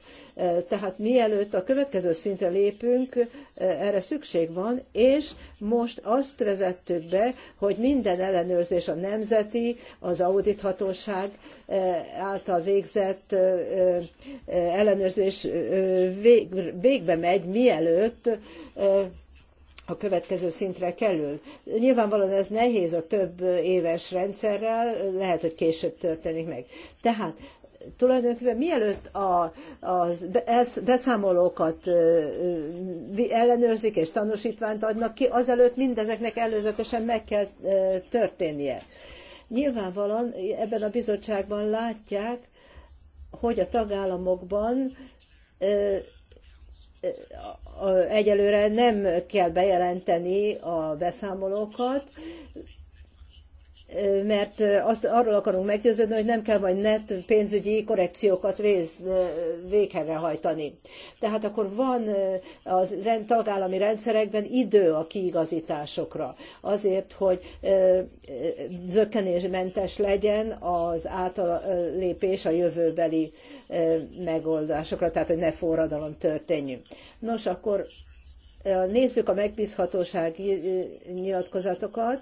Tehát mielőtt a következő szintre lépünk, erre szükség van, és most azt vezettük be, hogy minden ellenőrzés a nemzeti, az audithatóság által végzett ellenőrzés végbe megy, mielőtt a következő szintre kerül. Nyilvánvalóan ez nehéz a több éves rendszerrel, lehet, hogy később történik meg. Tehát tulajdonképpen mielőtt a, az beszámolókat ellenőrzik és tanúsítványt adnak ki, azelőtt mindezeknek előzetesen meg kell történnie. Nyilvánvalóan ebben a bizottságban látják, hogy a tagállamokban egyelőre nem kell bejelenteni a beszámolókat, mert azt, arról akarunk meggyőződni, hogy nem kell majd net pénzügyi korrekciókat véz, véghenre hajtani. Tehát akkor van az rend, tagállami rendszerekben idő a kiigazításokra, azért, hogy zökkenésmentes legyen az átlépés a jövőbeli megoldásokra, tehát hogy ne forradalom történjön. Nos, akkor nézzük a megbízhatósági nyilatkozatokat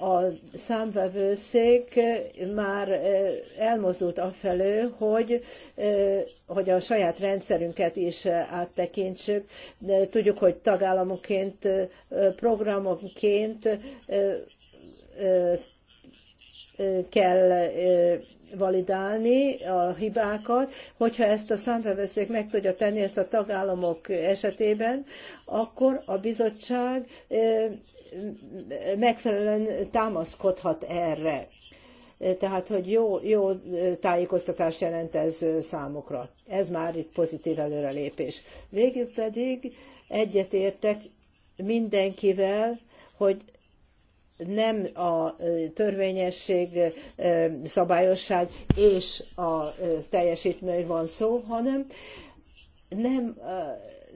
a számvevőszék már elmozdult afelől, hogy, hogy a saját rendszerünket is áttekintsük. Tudjuk, hogy tagállamoként, programokként kell validálni a hibákat, hogyha ezt a számvevőszék meg tudja tenni ezt a tagállamok esetében, akkor a bizottság megfelelően támaszkodhat erre. Tehát, hogy jó, jó tájékoztatás jelent ez számukra. Ez már itt pozitív előrelépés. Végül pedig egyetértek mindenkivel, hogy nem a törvényesség, szabályosság és a teljesítmény van szó, hanem nem,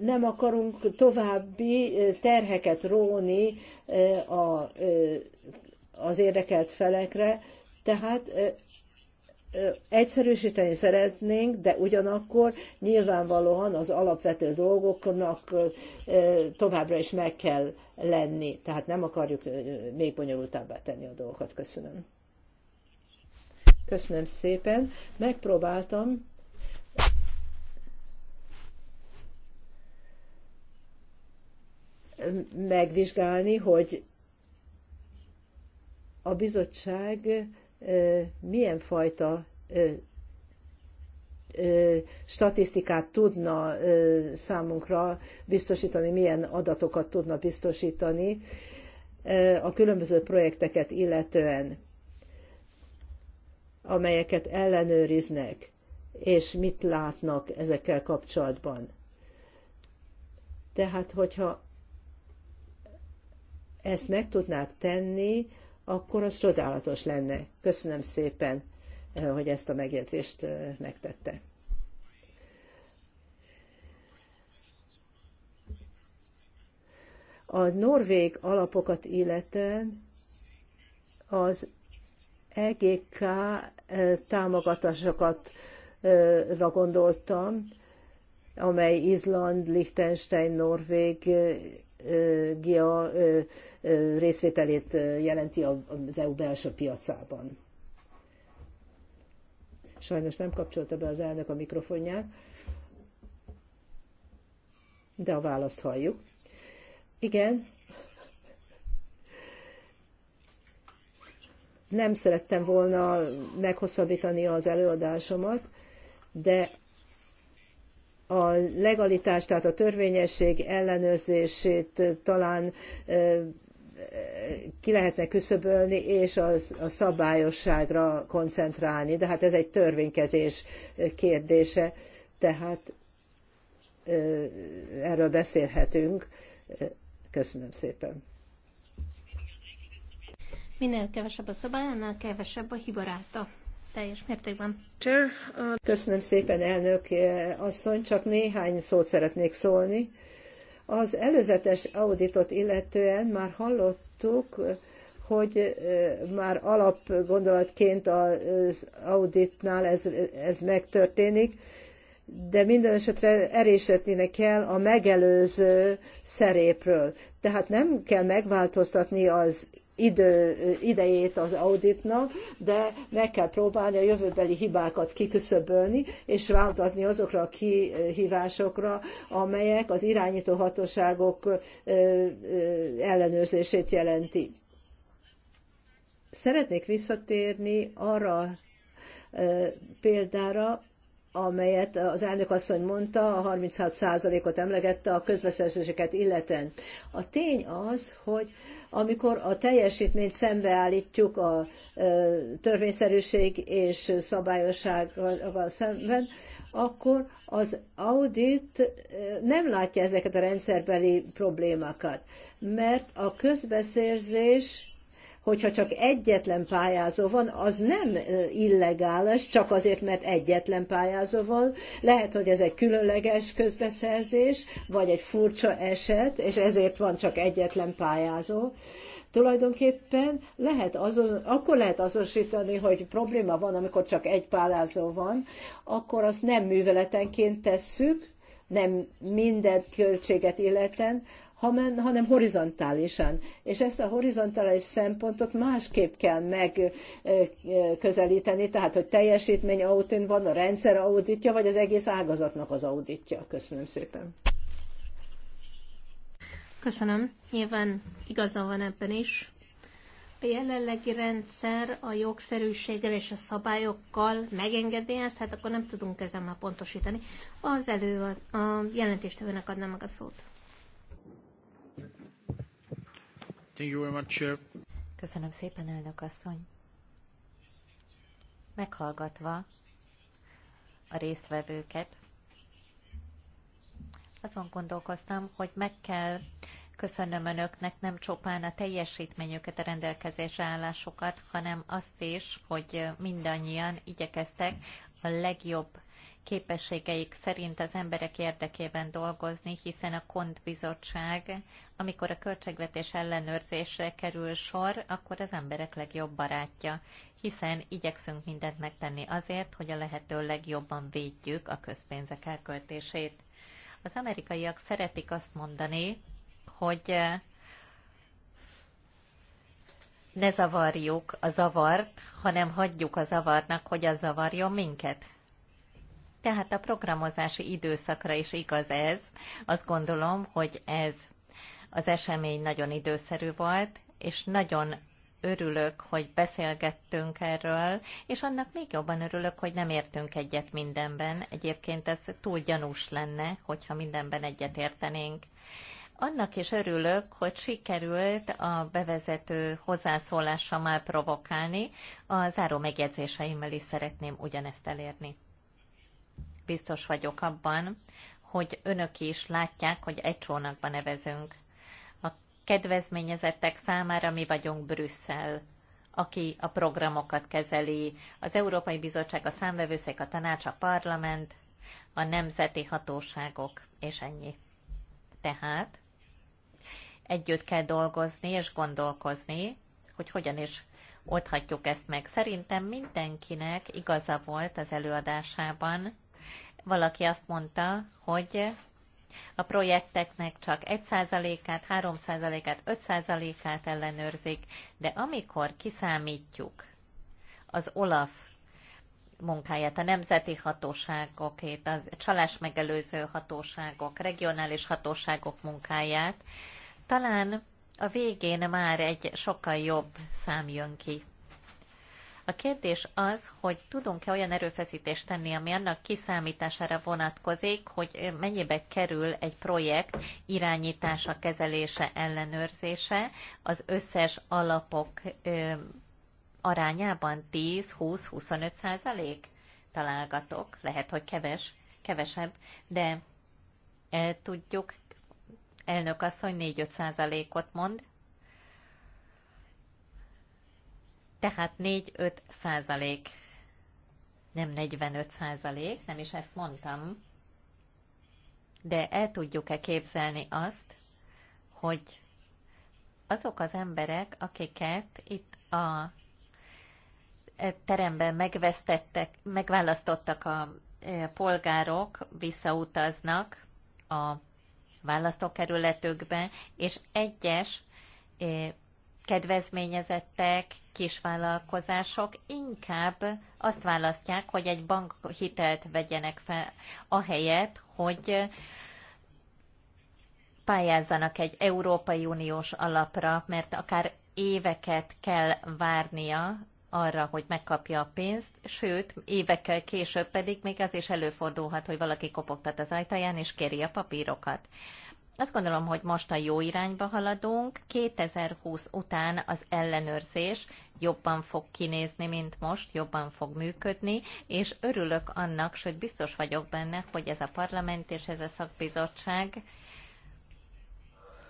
nem akarunk további terheket róni a, az érdekelt felekre, tehát egyszerűsíteni szeretnénk, de ugyanakkor nyilvánvalóan az alapvető dolgoknak továbbra is meg kell lenni. Tehát nem akarjuk még bonyolultabbá tenni a dolgokat. Köszönöm. Köszönöm szépen. Megpróbáltam megvizsgálni, hogy a bizottság milyen fajta statisztikát tudna számunkra biztosítani, milyen adatokat tudna biztosítani a különböző projekteket illetően, amelyeket ellenőriznek, és mit látnak ezekkel kapcsolatban. Tehát, hogyha ezt meg tudnák tenni, akkor az csodálatos lenne. Köszönöm szépen hogy ezt a megjegyzést megtette. A norvég alapokat illetően az EGK támogatásokat gondoltam, amely Izland, Liechtenstein, Norvégia részvételét jelenti az EU belső piacában. Sajnos nem kapcsolta be az elnök a mikrofonját, de a választ halljuk. Igen, nem szerettem volna meghosszabbítani az előadásomat, de a legalitás, tehát a törvényesség ellenőrzését talán ki lehetne küszöbölni, és az, a szabályosságra koncentrálni. De hát ez egy törvénykezés kérdése, tehát erről beszélhetünk. Köszönöm szépen. Minél kevesebb a szabály, annál kevesebb a hibaráta. Teljes mértékben. Uh, Köszönöm szépen, elnök eh, asszony, csak néhány szót szeretnék szólni az előzetes auditot illetően már hallottuk, hogy már alapgondolatként az auditnál ez, ez megtörténik, de minden esetre erősödnie kell a megelőző szerépről. Tehát nem kell megváltoztatni az idő, idejét az auditnak, de meg kell próbálni a jövőbeli hibákat kiküszöbölni, és változni azokra a kihívásokra, amelyek az irányító hatóságok ellenőrzését jelenti. Szeretnék visszatérni arra példára, amelyet az elnök asszony mondta, a 36%-ot emlegette a közbeszerzéseket illeten. A tény az, hogy amikor a teljesítményt szembeállítjuk a törvényszerűség és szabályossággal szemben, akkor az audit nem látja ezeket a rendszerbeli problémákat, mert a közbeszerzés hogyha csak egyetlen pályázó van, az nem illegális, csak azért, mert egyetlen pályázó van. Lehet, hogy ez egy különleges közbeszerzés, vagy egy furcsa eset, és ezért van csak egyetlen pályázó tulajdonképpen lehet azon, akkor lehet azonosítani, hogy probléma van, amikor csak egy pályázó van, akkor azt nem műveletenként tesszük, nem minden költséget illeten, hanem horizontálisan. És ezt a horizontális szempontot másképp kell megközelíteni, tehát hogy teljesítmény autón van, a rendszer auditja, vagy az egész ágazatnak az auditja. Köszönöm szépen. Köszönöm. Nyilván igaza van ebben is. A jelenlegi rendszer a jogszerűséggel és a szabályokkal megengedi ezt, hát akkor nem tudunk ezen már pontosítani. Az elő a, a jelentéstevőnek adnám meg a szót. Thank you very much, Chair. Köszönöm szépen, elnök asszony. Meghallgatva a résztvevőket, azon gondolkoztam, hogy meg kell köszönöm önöknek nem csupán a teljesítményüket, a rendelkezésre állásokat, hanem azt is, hogy mindannyian igyekeztek a legjobb képességeik szerint az emberek érdekében dolgozni, hiszen a KONT bizottság, amikor a költségvetés ellenőrzésre kerül sor, akkor az emberek legjobb barátja, hiszen igyekszünk mindent megtenni azért, hogy a lehető legjobban védjük a közpénzek elköltését. Az amerikaiak szeretik azt mondani, hogy eh, ne zavarjuk a zavart, hanem hagyjuk a zavarnak, hogy az zavarjon minket. Tehát a programozási időszakra is igaz ez. Azt gondolom, hogy ez az esemény nagyon időszerű volt, és nagyon örülök, hogy beszélgettünk erről, és annak még jobban örülök, hogy nem értünk egyet mindenben. Egyébként ez túl gyanús lenne, hogyha mindenben egyet értenénk. Annak is örülök, hogy sikerült a bevezető már provokálni, a záró megjegyzéseimmel is szeretném ugyanezt elérni biztos vagyok abban, hogy önök is látják, hogy egy csónakba nevezünk. A kedvezményezettek számára mi vagyunk Brüsszel, aki a programokat kezeli, az Európai Bizottság, a számvevőszék, a tanács, a parlament, a nemzeti hatóságok, és ennyi. Tehát együtt kell dolgozni és gondolkozni, hogy hogyan is oldhatjuk ezt meg. Szerintem mindenkinek igaza volt az előadásában, valaki azt mondta, hogy a projekteknek csak 1%-át, 3%-át, 5%-át ellenőrzik, de amikor kiszámítjuk az OLAF munkáját, a nemzeti hatóságokét, az csalás megelőző hatóságok, regionális hatóságok munkáját, talán a végén már egy sokkal jobb szám jön ki. A kérdés az, hogy tudunk-e olyan erőfeszítést tenni, ami annak kiszámítására vonatkozik, hogy mennyibe kerül egy projekt irányítása, kezelése, ellenőrzése az összes alapok arányában 10-20-25 százalék találgatok, lehet, hogy keves, kevesebb, de el tudjuk, elnök asszony 4-5 százalékot mond, Tehát 4-5 százalék, nem 45 százalék, nem is ezt mondtam, de el tudjuk-e képzelni azt, hogy azok az emberek, akiket itt a e, teremben megvesztettek, megválasztottak a e, polgárok, visszautaznak a választókerületükbe, és egyes e, kedvezményezettek, kisvállalkozások inkább azt választják, hogy egy bankhitelt vegyenek fel, a helyet, hogy pályázzanak egy Európai Uniós alapra, mert akár éveket kell várnia arra, hogy megkapja a pénzt, sőt, évekkel később pedig még az is előfordulhat, hogy valaki kopogtat az ajtaján és kéri a papírokat. Azt gondolom, hogy most a jó irányba haladunk. 2020 után az ellenőrzés jobban fog kinézni, mint most, jobban fog működni, és örülök annak, sőt biztos vagyok benne, hogy ez a parlament és ez a szakbizottság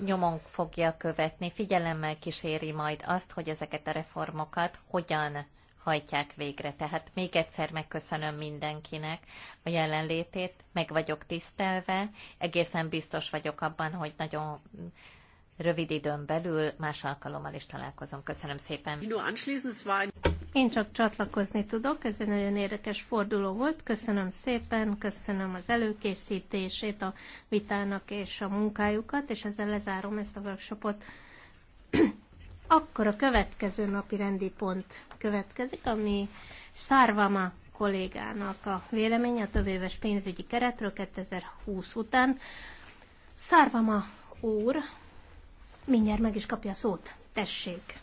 nyomon fogja követni, figyelemmel kíséri majd azt, hogy ezeket a reformokat hogyan hajtják végre. Tehát még egyszer megköszönöm mindenkinek a jelenlétét, meg vagyok tisztelve, egészen biztos vagyok abban, hogy nagyon rövid időn belül más alkalommal is találkozom. Köszönöm szépen. Én csak csatlakozni tudok, ez egy nagyon érdekes forduló volt. Köszönöm szépen, köszönöm az előkészítését, a vitának és a munkájukat, és ezzel lezárom ezt a workshopot. Akkor a következő napi rendi pont következik, ami Szárvama kollégának a véleménye a többéves pénzügyi keretről 2020 után. Szárvama úr, mindjárt meg is kapja a szót. Tessék!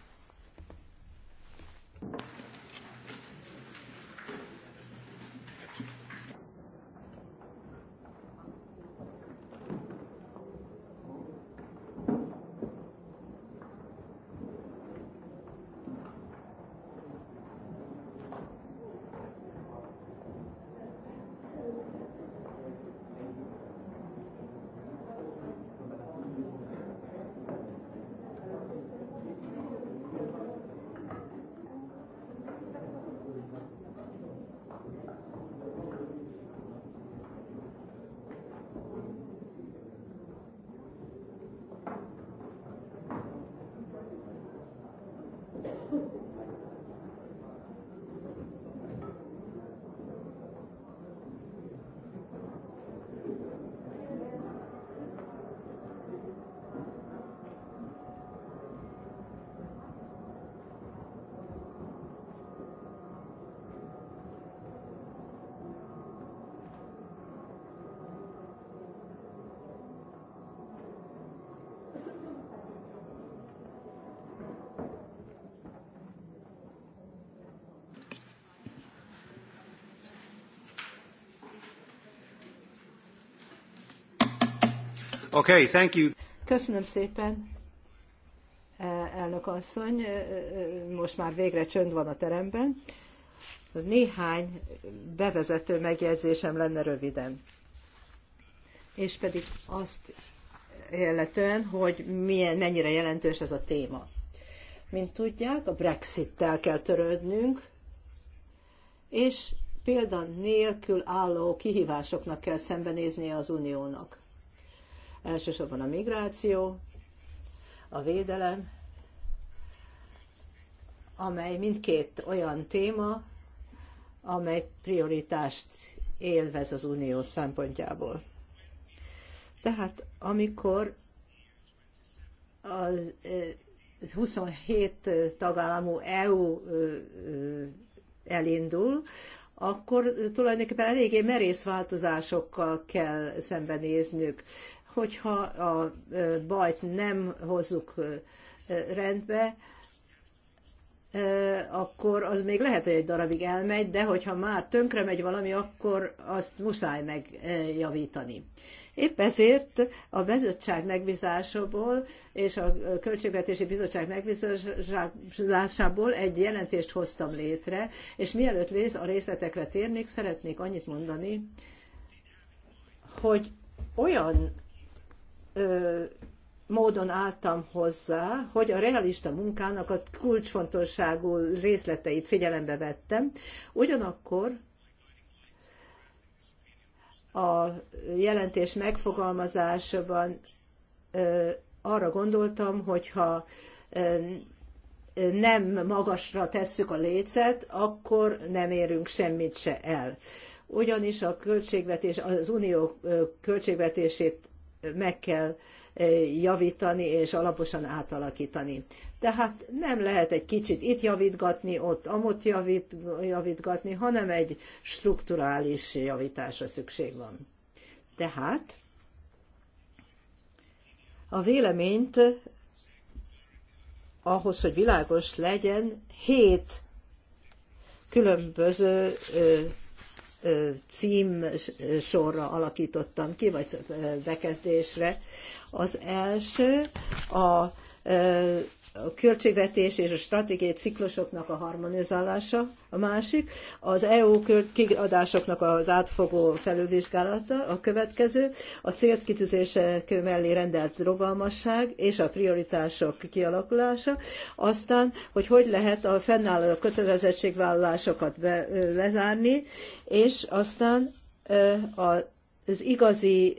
Okay, thank you. Köszönöm szépen, eh, elnök asszony. Eh, eh, most már végre csönd van a teremben. Néhány bevezető megjegyzésem lenne röviden. És pedig azt illetően, hogy milyen, mennyire jelentős ez a téma. Mint tudják, a Brexit-tel kell törődnünk, és példa nélkül álló kihívásoknak kell szembenéznie az uniónak. Elsősorban a migráció, a védelem, amely mindkét olyan téma, amely prioritást élvez az unió szempontjából. Tehát amikor a 27 tagállamú EU elindul, akkor tulajdonképpen eléggé merész változásokkal kell szembenéznünk hogyha a bajt nem hozzuk rendbe, akkor az még lehet, hogy egy darabig elmegy, de hogyha már tönkre megy valami, akkor azt muszáj megjavítani. Épp ezért a bizottság megbízásából és a Költségvetési Bizottság megbízásából egy jelentést hoztam létre, és mielőtt a részletekre térnék, szeretnék annyit mondani, hogy olyan módon álltam hozzá, hogy a realista munkának a kulcsfontosságú részleteit figyelembe vettem, ugyanakkor a jelentés megfogalmazásában arra gondoltam, hogyha nem magasra tesszük a lécet, akkor nem érünk semmit se el. Ugyanis a költségvetés, az unió költségvetését meg kell e, javítani és alaposan átalakítani. Tehát nem lehet egy kicsit itt javítgatni, ott amott javít, javítgatni, hanem egy strukturális javításra szükség van. Tehát a véleményt ahhoz, hogy világos legyen, hét különböző címsorra sorra alakítottam ki, vagy bekezdésre. Az első a a költségvetés és a stratégiai ciklusoknak a harmonizálása, a másik, az EU kiadásoknak az átfogó felülvizsgálata, a következő, a célkitűzések mellé rendelt rugalmasság és a prioritások kialakulása, aztán, hogy hogy lehet a fennálló kötelezettségvállalásokat be, lezárni, és aztán a az igazi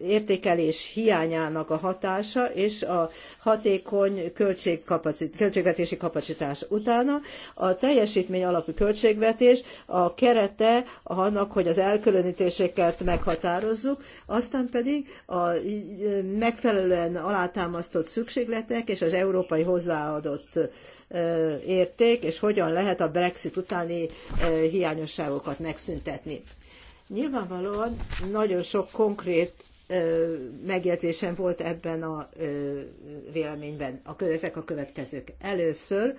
értékelés hiányának a hatása és a hatékony költségvetési kapacitás utána. A teljesítmény alapú költségvetés a kerete annak, hogy az elkülönítéseket meghatározzuk, aztán pedig a megfelelően alátámasztott szükségletek és az európai hozzáadott érték, és hogyan lehet a Brexit utáni hiányosságokat megszüntetni. Nyilvánvalóan nagyon sok konkrét megjegyzésem volt ebben a véleményben. A, ezek a következők. Először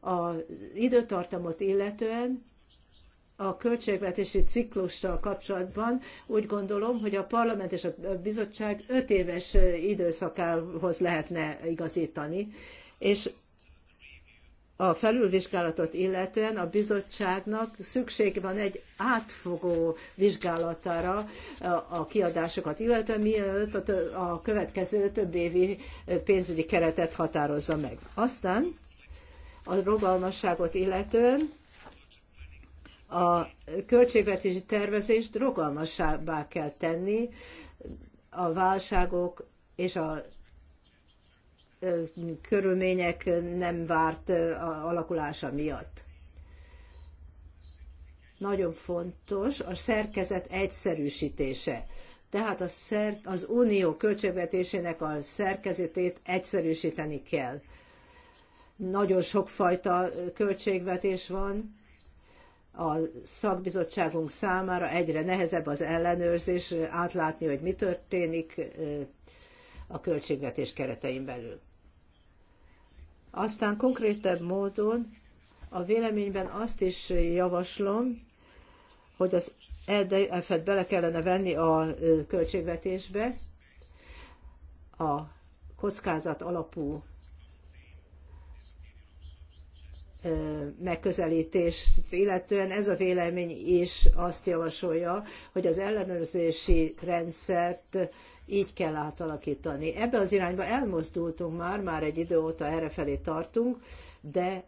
az időtartamot illetően a költségvetési ciklussal kapcsolatban úgy gondolom, hogy a parlament és a bizottság öt éves időszakához lehetne igazítani, és a felülvizsgálatot illetően a bizottságnak szükség van egy átfogó vizsgálatára a kiadásokat, illetően mielőtt a következő több évi pénzügyi keretet határozza meg. Aztán a rogalmasságot illetően a költségvetési tervezést rogalmasabbá kell tenni a válságok és a körülmények nem várt alakulása miatt. Nagyon fontos a szerkezet egyszerűsítése. Tehát a szer, az unió költségvetésének a szerkezetét egyszerűsíteni kell. Nagyon sokfajta költségvetés van, a szakbizottságunk számára egyre nehezebb az ellenőrzés, átlátni, hogy mi történik a költségvetés keretein belül. Aztán konkrétebb módon a véleményben azt is javaslom, hogy az EDF-et bele kellene venni a költségvetésbe, a kockázat alapú megközelítést illetően ez a vélemény is azt javasolja, hogy az ellenőrzési rendszert így kell átalakítani. Ebbe az irányba elmozdultunk már, már egy idő óta errefelé tartunk, de,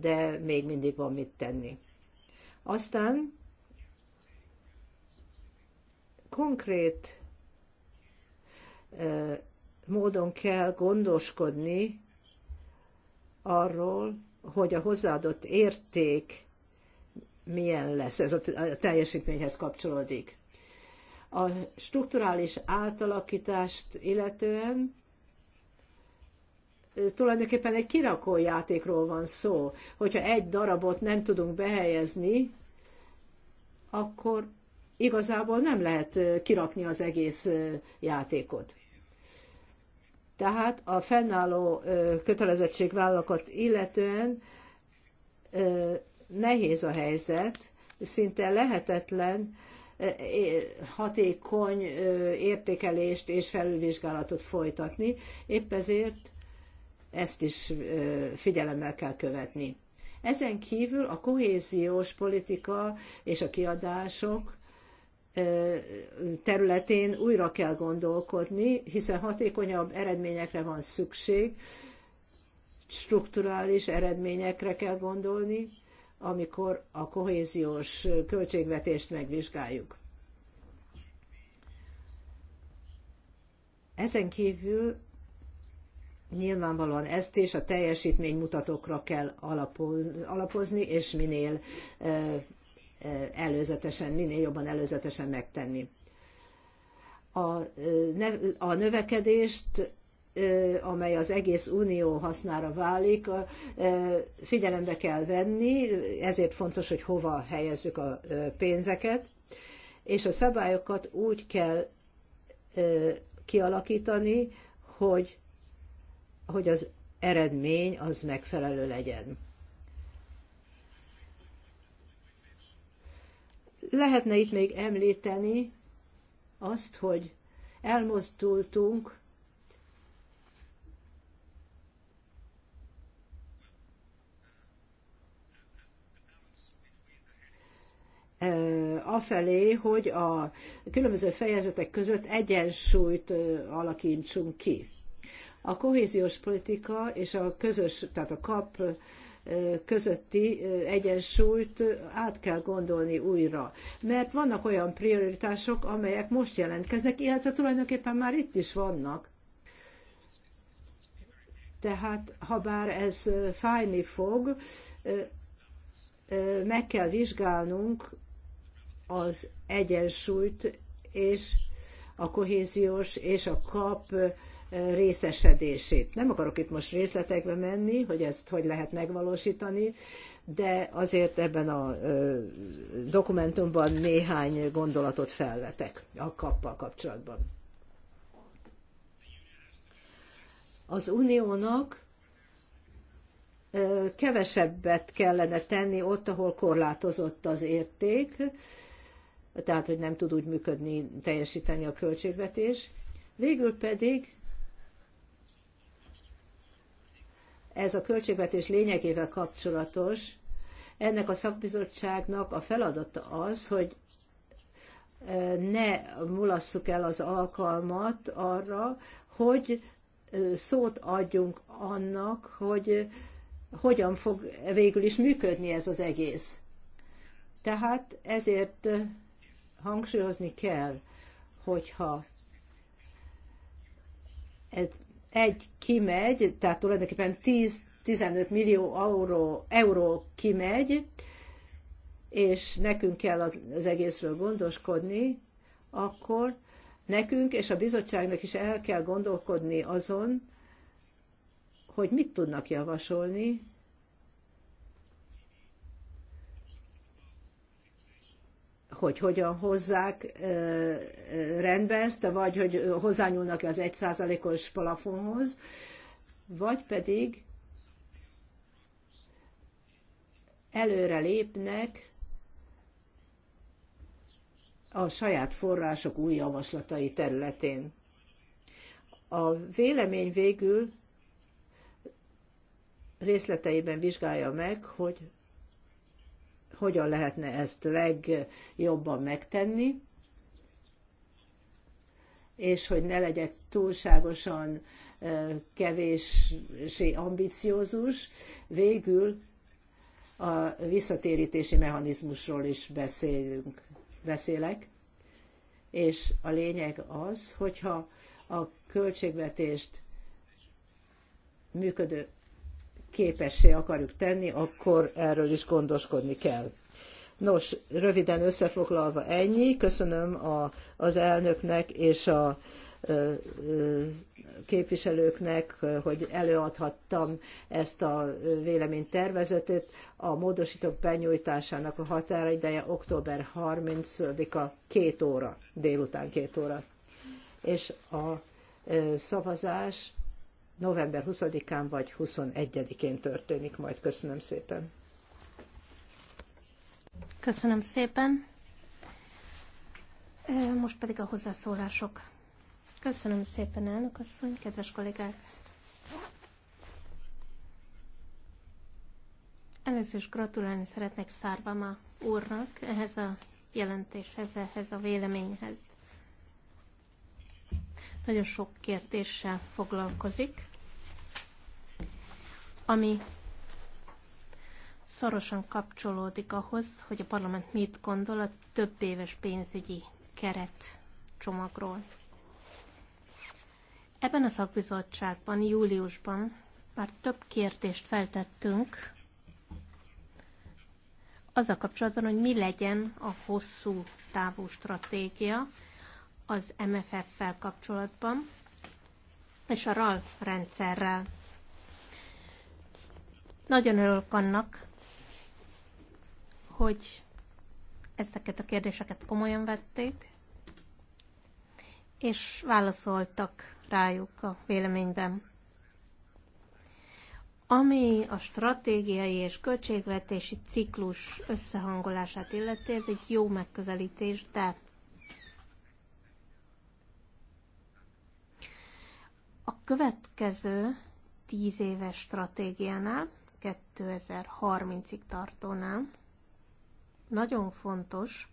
de még mindig van mit tenni. Aztán konkrét módon kell gondoskodni arról, hogy a hozzáadott érték milyen lesz, ez a teljesítményhez kapcsolódik a strukturális átalakítást illetően tulajdonképpen egy játékról van szó. Hogyha egy darabot nem tudunk behelyezni, akkor igazából nem lehet kirakni az egész játékot. Tehát a fennálló kötelezettségvállalakat illetően nehéz a helyzet, szinte lehetetlen hatékony értékelést és felülvizsgálatot folytatni. Épp ezért ezt is figyelemmel kell követni. Ezen kívül a kohéziós politika és a kiadások területén újra kell gondolkodni, hiszen hatékonyabb eredményekre van szükség, strukturális eredményekre kell gondolni, amikor a kohéziós költségvetést megvizsgáljuk. Ezen kívül nyilvánvalóan ezt is a teljesítménymutatókra kell alapozni, és minél előzetesen, minél jobban előzetesen megtenni. A, a növekedést amely az egész unió hasznára válik, figyelembe kell venni, ezért fontos, hogy hova helyezzük a pénzeket, és a szabályokat úgy kell kialakítani, hogy, hogy az eredmény az megfelelő legyen. Lehetne itt még említeni azt, hogy elmozdultunk afelé, hogy a különböző fejezetek között egyensúlyt alakítsunk ki. A kohéziós politika és a közös, tehát a kap közötti egyensúlyt át kell gondolni újra. Mert vannak olyan prioritások, amelyek most jelentkeznek, illetve tulajdonképpen már itt is vannak. Tehát, ha bár ez fájni fog, meg kell vizsgálnunk az egyensúlyt és a kohéziós és a kap részesedését. Nem akarok itt most részletekbe menni, hogy ezt hogy lehet megvalósítani, de azért ebben a dokumentumban néhány gondolatot felvetek a kappal kapcsolatban. Az uniónak kevesebbet kellene tenni ott, ahol korlátozott az érték, tehát hogy nem tud úgy működni, teljesíteni a költségvetés. Végül pedig ez a költségvetés lényegével kapcsolatos. Ennek a szakbizottságnak a feladata az, hogy e, ne mulasszuk el az alkalmat arra, hogy e, szót adjunk annak, hogy e, hogyan fog végül is működni ez az egész. Tehát ezért hangsúlyozni kell, hogyha egy kimegy, tehát tulajdonképpen 10-15 millió euró, euró kimegy, és nekünk kell az egészről gondoskodni, akkor nekünk és a bizottságnak is el kell gondolkodni azon, hogy mit tudnak javasolni, hogy hogyan hozzák rendbe ezt, vagy hogy hozzányúlnak az 1%-os plafonhoz, vagy pedig előre lépnek a saját források új javaslatai területén. A vélemény végül részleteiben vizsgálja meg, hogy hogyan lehetne ezt legjobban megtenni, és hogy ne legyek túlságosan kevéssé ambiciózus, végül a visszatérítési mechanizmusról is beszélünk, beszélek, és a lényeg az, hogyha a költségvetést működő képessé akarjuk tenni, akkor erről is gondoskodni kell. Nos, röviden összefoglalva ennyi. Köszönöm a, az elnöknek és a ö, ö, képviselőknek, hogy előadhattam ezt a véleménytervezetet. A módosítók benyújtásának a határideje október 30-a két óra, délután két óra. És a szavazás november 20-án vagy 21-én történik majd. Köszönöm szépen. Köszönöm szépen. Most pedig a hozzászólások. Köszönöm szépen, elnök asszony, kedves kollégák! Először is gratulálni szeretnék Szárvama úrnak ehhez a jelentéshez, ehhez a véleményhez nagyon sok kérdéssel foglalkozik, ami szorosan kapcsolódik ahhoz, hogy a parlament mit gondol a több éves pénzügyi keret csomagról. Ebben a szakbizottságban, júliusban már több kérdést feltettünk azzal kapcsolatban, hogy mi legyen a hosszú távú stratégia, az MFF-fel kapcsolatban, és a RAL rendszerrel. Nagyon örülök annak, hogy ezeket a kérdéseket komolyan vették, és válaszoltak rájuk a véleményben. Ami a stratégiai és költségvetési ciklus összehangolását illeti, ez egy jó megközelítés, de A következő tíz éves stratégiánál, 2030-ig tartónál, nagyon fontos,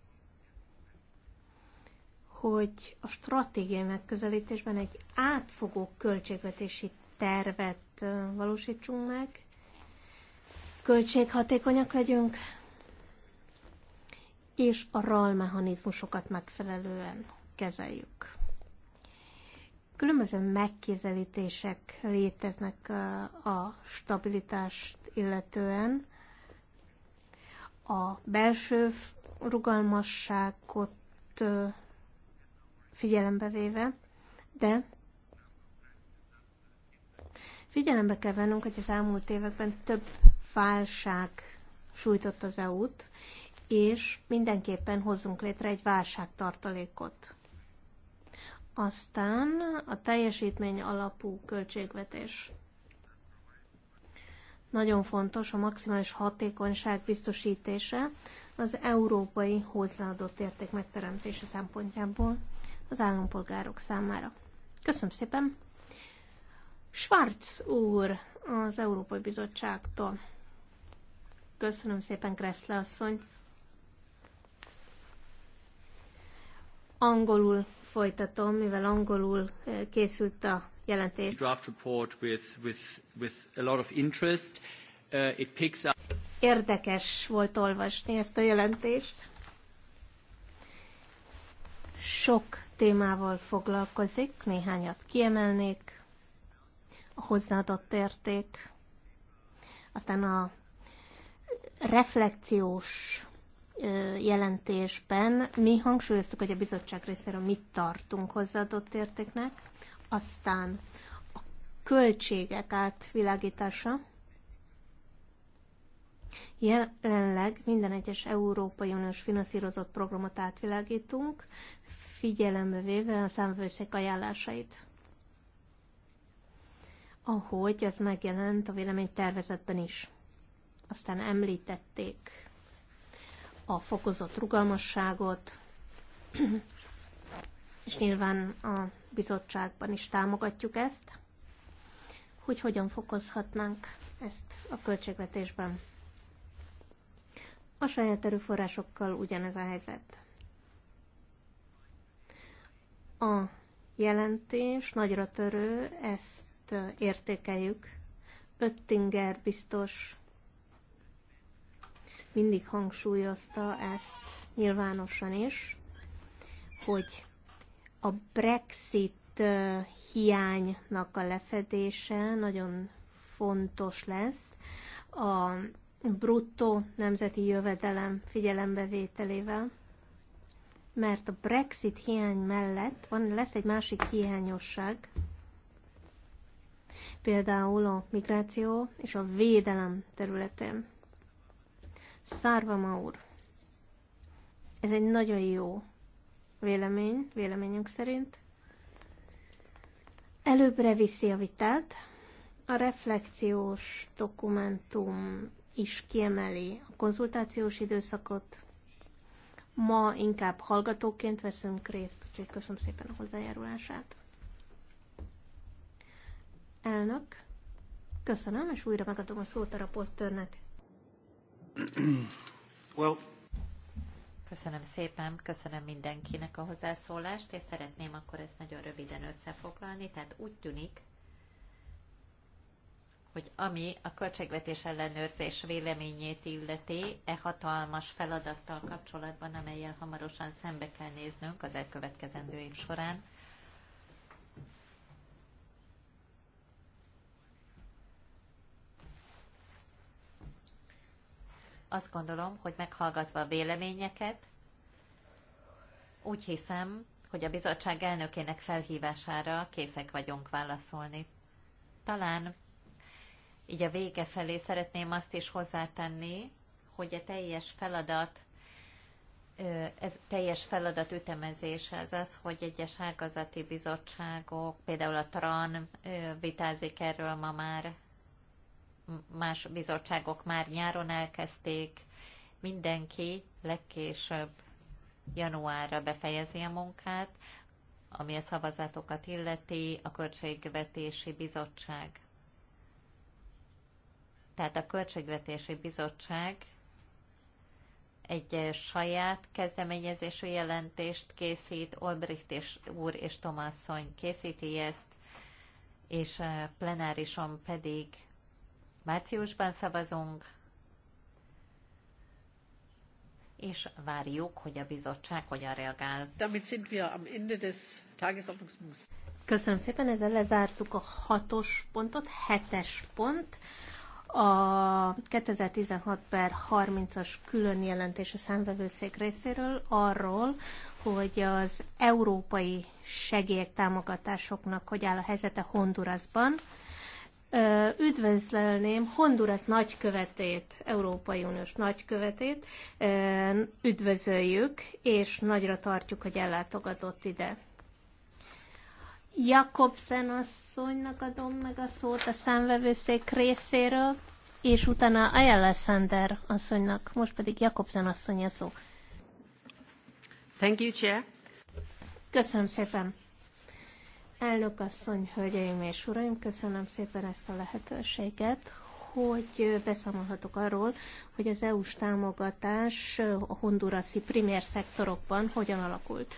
hogy a stratégiai megközelítésben egy átfogó költségvetési tervet valósítsunk meg, költséghatékonyak legyünk, és a RAL mechanizmusokat megfelelően kezeljük. Különböző megközelítések léteznek a stabilitást illetően. A belső rugalmasságot figyelembe véve, de figyelembe kell vennünk, hogy az elmúlt években több válság sújtott az EU-t, és mindenképpen hozzunk létre egy válságtartalékot. Aztán a teljesítmény alapú költségvetés. Nagyon fontos a maximális hatékonyság biztosítése az európai hozzáadott érték megteremtése szempontjából az állampolgárok számára. Köszönöm szépen! Schwarz úr az Európai Bizottságtól. Köszönöm szépen, Kressle asszony. Angolul folytatom, mivel angolul eh, készült a jelentés. Draft report with, with, with a lot of interest. Uh, it picks up... Érdekes volt olvasni ezt a jelentést. Sok témával foglalkozik, néhányat kiemelnék, a hozzáadott érték, aztán a reflekciós jelentésben mi hangsúlyoztuk, hogy a bizottság részéről mit tartunk hozzáadott értéknek, aztán a költségek átvilágítása. Jelenleg minden egyes Európai Uniós finanszírozott programot átvilágítunk, figyelembe véve a számvőszék ajánlásait. Ahogy ez megjelent a véleménytervezetben is. Aztán említették a fokozott rugalmasságot, és nyilván a bizottságban is támogatjuk ezt, hogy hogyan fokozhatnánk ezt a költségvetésben. A saját erőforrásokkal ugyanez a helyzet. A jelentés nagyra törő, ezt értékeljük. Öttinger biztos mindig hangsúlyozta ezt nyilvánosan is, hogy a Brexit hiánynak a lefedése nagyon fontos lesz a bruttó nemzeti jövedelem figyelembevételével, mert a Brexit hiány mellett van, lesz egy másik hiányosság, például a migráció és a védelem területén. Szárvama úr, ez egy nagyon jó vélemény, véleményünk szerint. Előbbre viszi a vitát. A reflexiós dokumentum is kiemeli a konzultációs időszakot. Ma inkább hallgatóként veszünk részt, úgyhogy köszönöm szépen a hozzájárulását. Elnök, köszönöm, és újra megadom a szót a raportőrnek. well. Köszönöm szépen, köszönöm mindenkinek a hozzászólást, és szeretném akkor ezt nagyon röviden összefoglalni. Tehát úgy tűnik, hogy ami a költségvetés ellenőrzés véleményét illeti, e hatalmas feladattal kapcsolatban, amelyel hamarosan szembe kell néznünk az elkövetkezendő év során, Azt gondolom, hogy meghallgatva a véleményeket, úgy hiszem, hogy a bizottság elnökének felhívására készek vagyunk válaszolni. Talán így a vége felé szeretném azt is hozzátenni, hogy a teljes feladat ez teljes feladat ütemezése az az, hogy egyes ágazati bizottságok, például a TRAN vitázik erről ma már más bizottságok már nyáron elkezdték, mindenki legkésőbb januárra befejezi a munkát, ami a szavazatokat illeti, a Költségvetési Bizottság. Tehát a Költségvetési Bizottság egy saját kezdeményezésű jelentést készít, Olbricht és úr és Tomasszony készíti ezt, és eh, plenárison pedig Márciusban szavazunk, és várjuk, hogy a bizottság hogyan reagál. Damit am Ende des Köszönöm szépen, ezzel lezártuk a hatos pontot, hetes pont. A 2016 per 30-as külön jelentés a számvevőszék részéről arról, hogy az európai segélyek támogatásoknak hogy áll a helyzete Hondurasban üdvözlelném Honduras nagykövetét, Európai Uniós nagykövetét, üdvözöljük, és nagyra tartjuk, hogy ellátogatott ide. Jakobsen asszonynak adom meg a szót a számvevőszék részéről, és utána Ayala Sander asszonynak, most pedig Jakobsen asszony a szó. Thank you, Chair. Köszönöm szépen. Elnök asszony, hölgyeim és uraim, köszönöm szépen ezt a lehetőséget, hogy beszámolhatok arról, hogy az EU-s támogatás a honduraszi primér szektorokban hogyan alakult.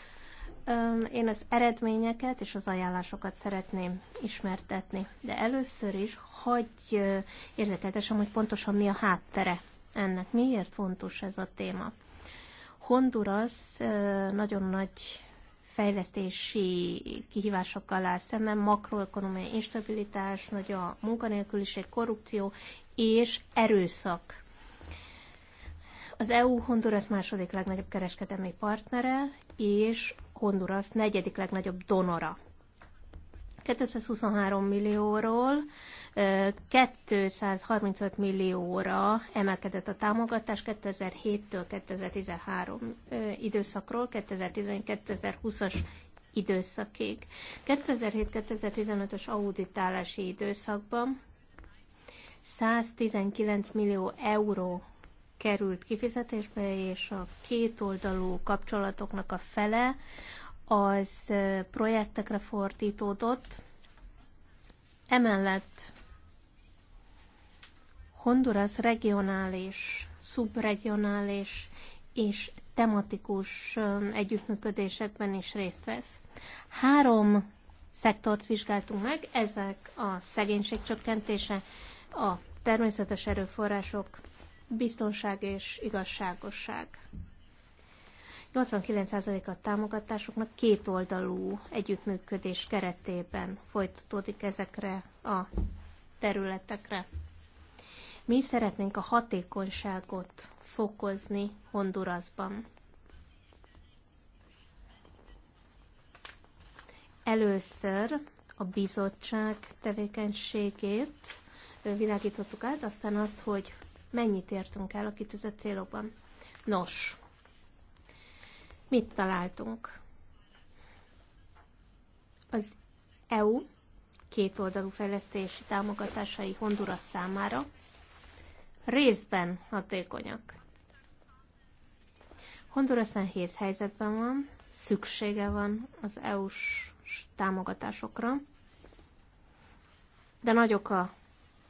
Én az eredményeket és az ajánlásokat szeretném ismertetni, de először is hogy érdekeltesem, hogy pontosan mi a háttere ennek, miért fontos ez a téma. Honduras nagyon nagy fejlesztési kihívásokkal áll szemben, makroekonomiai instabilitás, nagy a munkanélküliség, korrupció és erőszak. Az EU Honduras második legnagyobb kereskedelmi partnere, és Honduras negyedik legnagyobb donora. 223 millióról 235 millióra emelkedett a támogatás 2007-től 2013 időszakról 2012 2020 as időszakig. 2007-2015-ös auditálási időszakban 119 millió euró került kifizetésbe, és a kétoldalú kapcsolatoknak a fele az projektekre fordítódott. Emellett Honduras regionális, szubregionális és tematikus együttműködésekben is részt vesz. Három szektort vizsgáltunk meg, ezek a szegénység csökkentése, a természetes erőforrások, biztonság és igazságosság. 89% a támogatásoknak kétoldalú együttműködés keretében folytatódik ezekre a területekre. Mi szeretnénk a hatékonyságot fokozni Hondurasban. Először a bizottság tevékenységét világítottuk át, aztán azt, hogy mennyit értünk el a kitűzött célokban. Nos, Mit találtunk? Az EU kétoldalú fejlesztési támogatásai Honduras számára részben hatékonyak. Honduras nehéz helyzetben van, szüksége van az EU-s támogatásokra, de nagyok a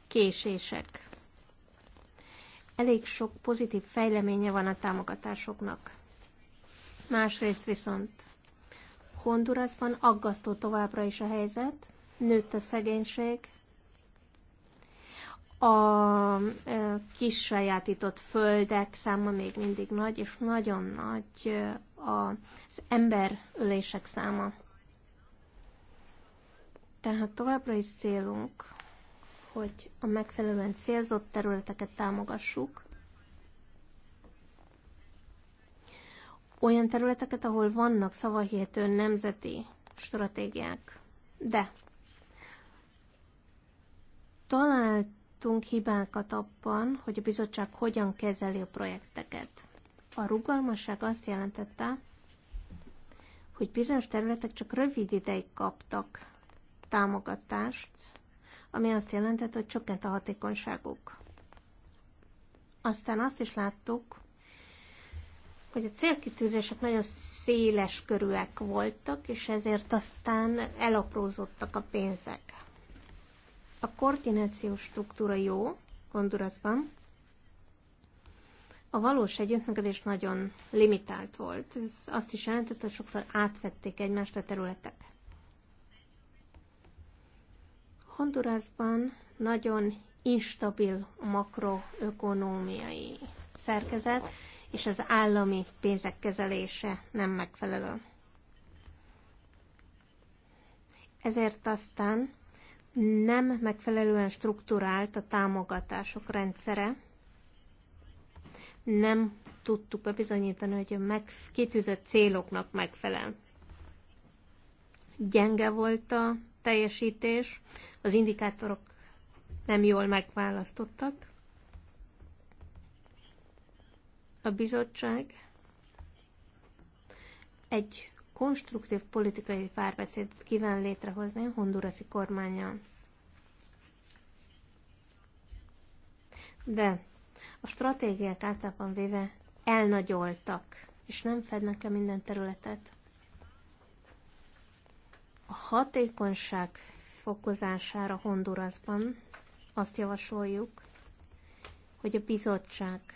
késések. Elég sok pozitív fejleménye van a támogatásoknak. Másrészt viszont Hondurasban aggasztó továbbra is a helyzet, nőtt a szegénység, a kis sajátított földek száma még mindig nagy, és nagyon nagy az emberölések száma. Tehát továbbra is célunk, hogy a megfelelően célzott területeket támogassuk, olyan területeket, ahol vannak szavahihető nemzeti stratégiák. De találtunk hibákat abban, hogy a bizottság hogyan kezeli a projekteket. A rugalmasság azt jelentette, hogy bizonyos területek csak rövid ideig kaptak támogatást, ami azt jelentette, hogy csökkent a hatékonyságuk. Aztán azt is láttuk, hogy a célkitűzések nagyon széles körűek voltak, és ezért aztán elaprózottak a pénzek. A koordinációs struktúra jó Hondurasban. A valós együttműködés nagyon limitált volt. Ez azt is jelentett, hogy sokszor átvették egymást a területek. Hondurasban nagyon instabil a makroökonómiai szerkezet, és az állami pénzek kezelése nem megfelelő. Ezért aztán nem megfelelően struktúrált a támogatások rendszere, nem tudtuk bebizonyítani, hogy a meg, kitűzött céloknak megfelel. Gyenge volt a teljesítés, az indikátorok nem jól megválasztottak, A bizottság egy konstruktív politikai párbeszédet kíván létrehozni a hondurasi kormányjal. De a stratégiák általában véve elnagyoltak, és nem fednek le minden területet. A hatékonyság fokozására Hondurasban azt javasoljuk, hogy a bizottság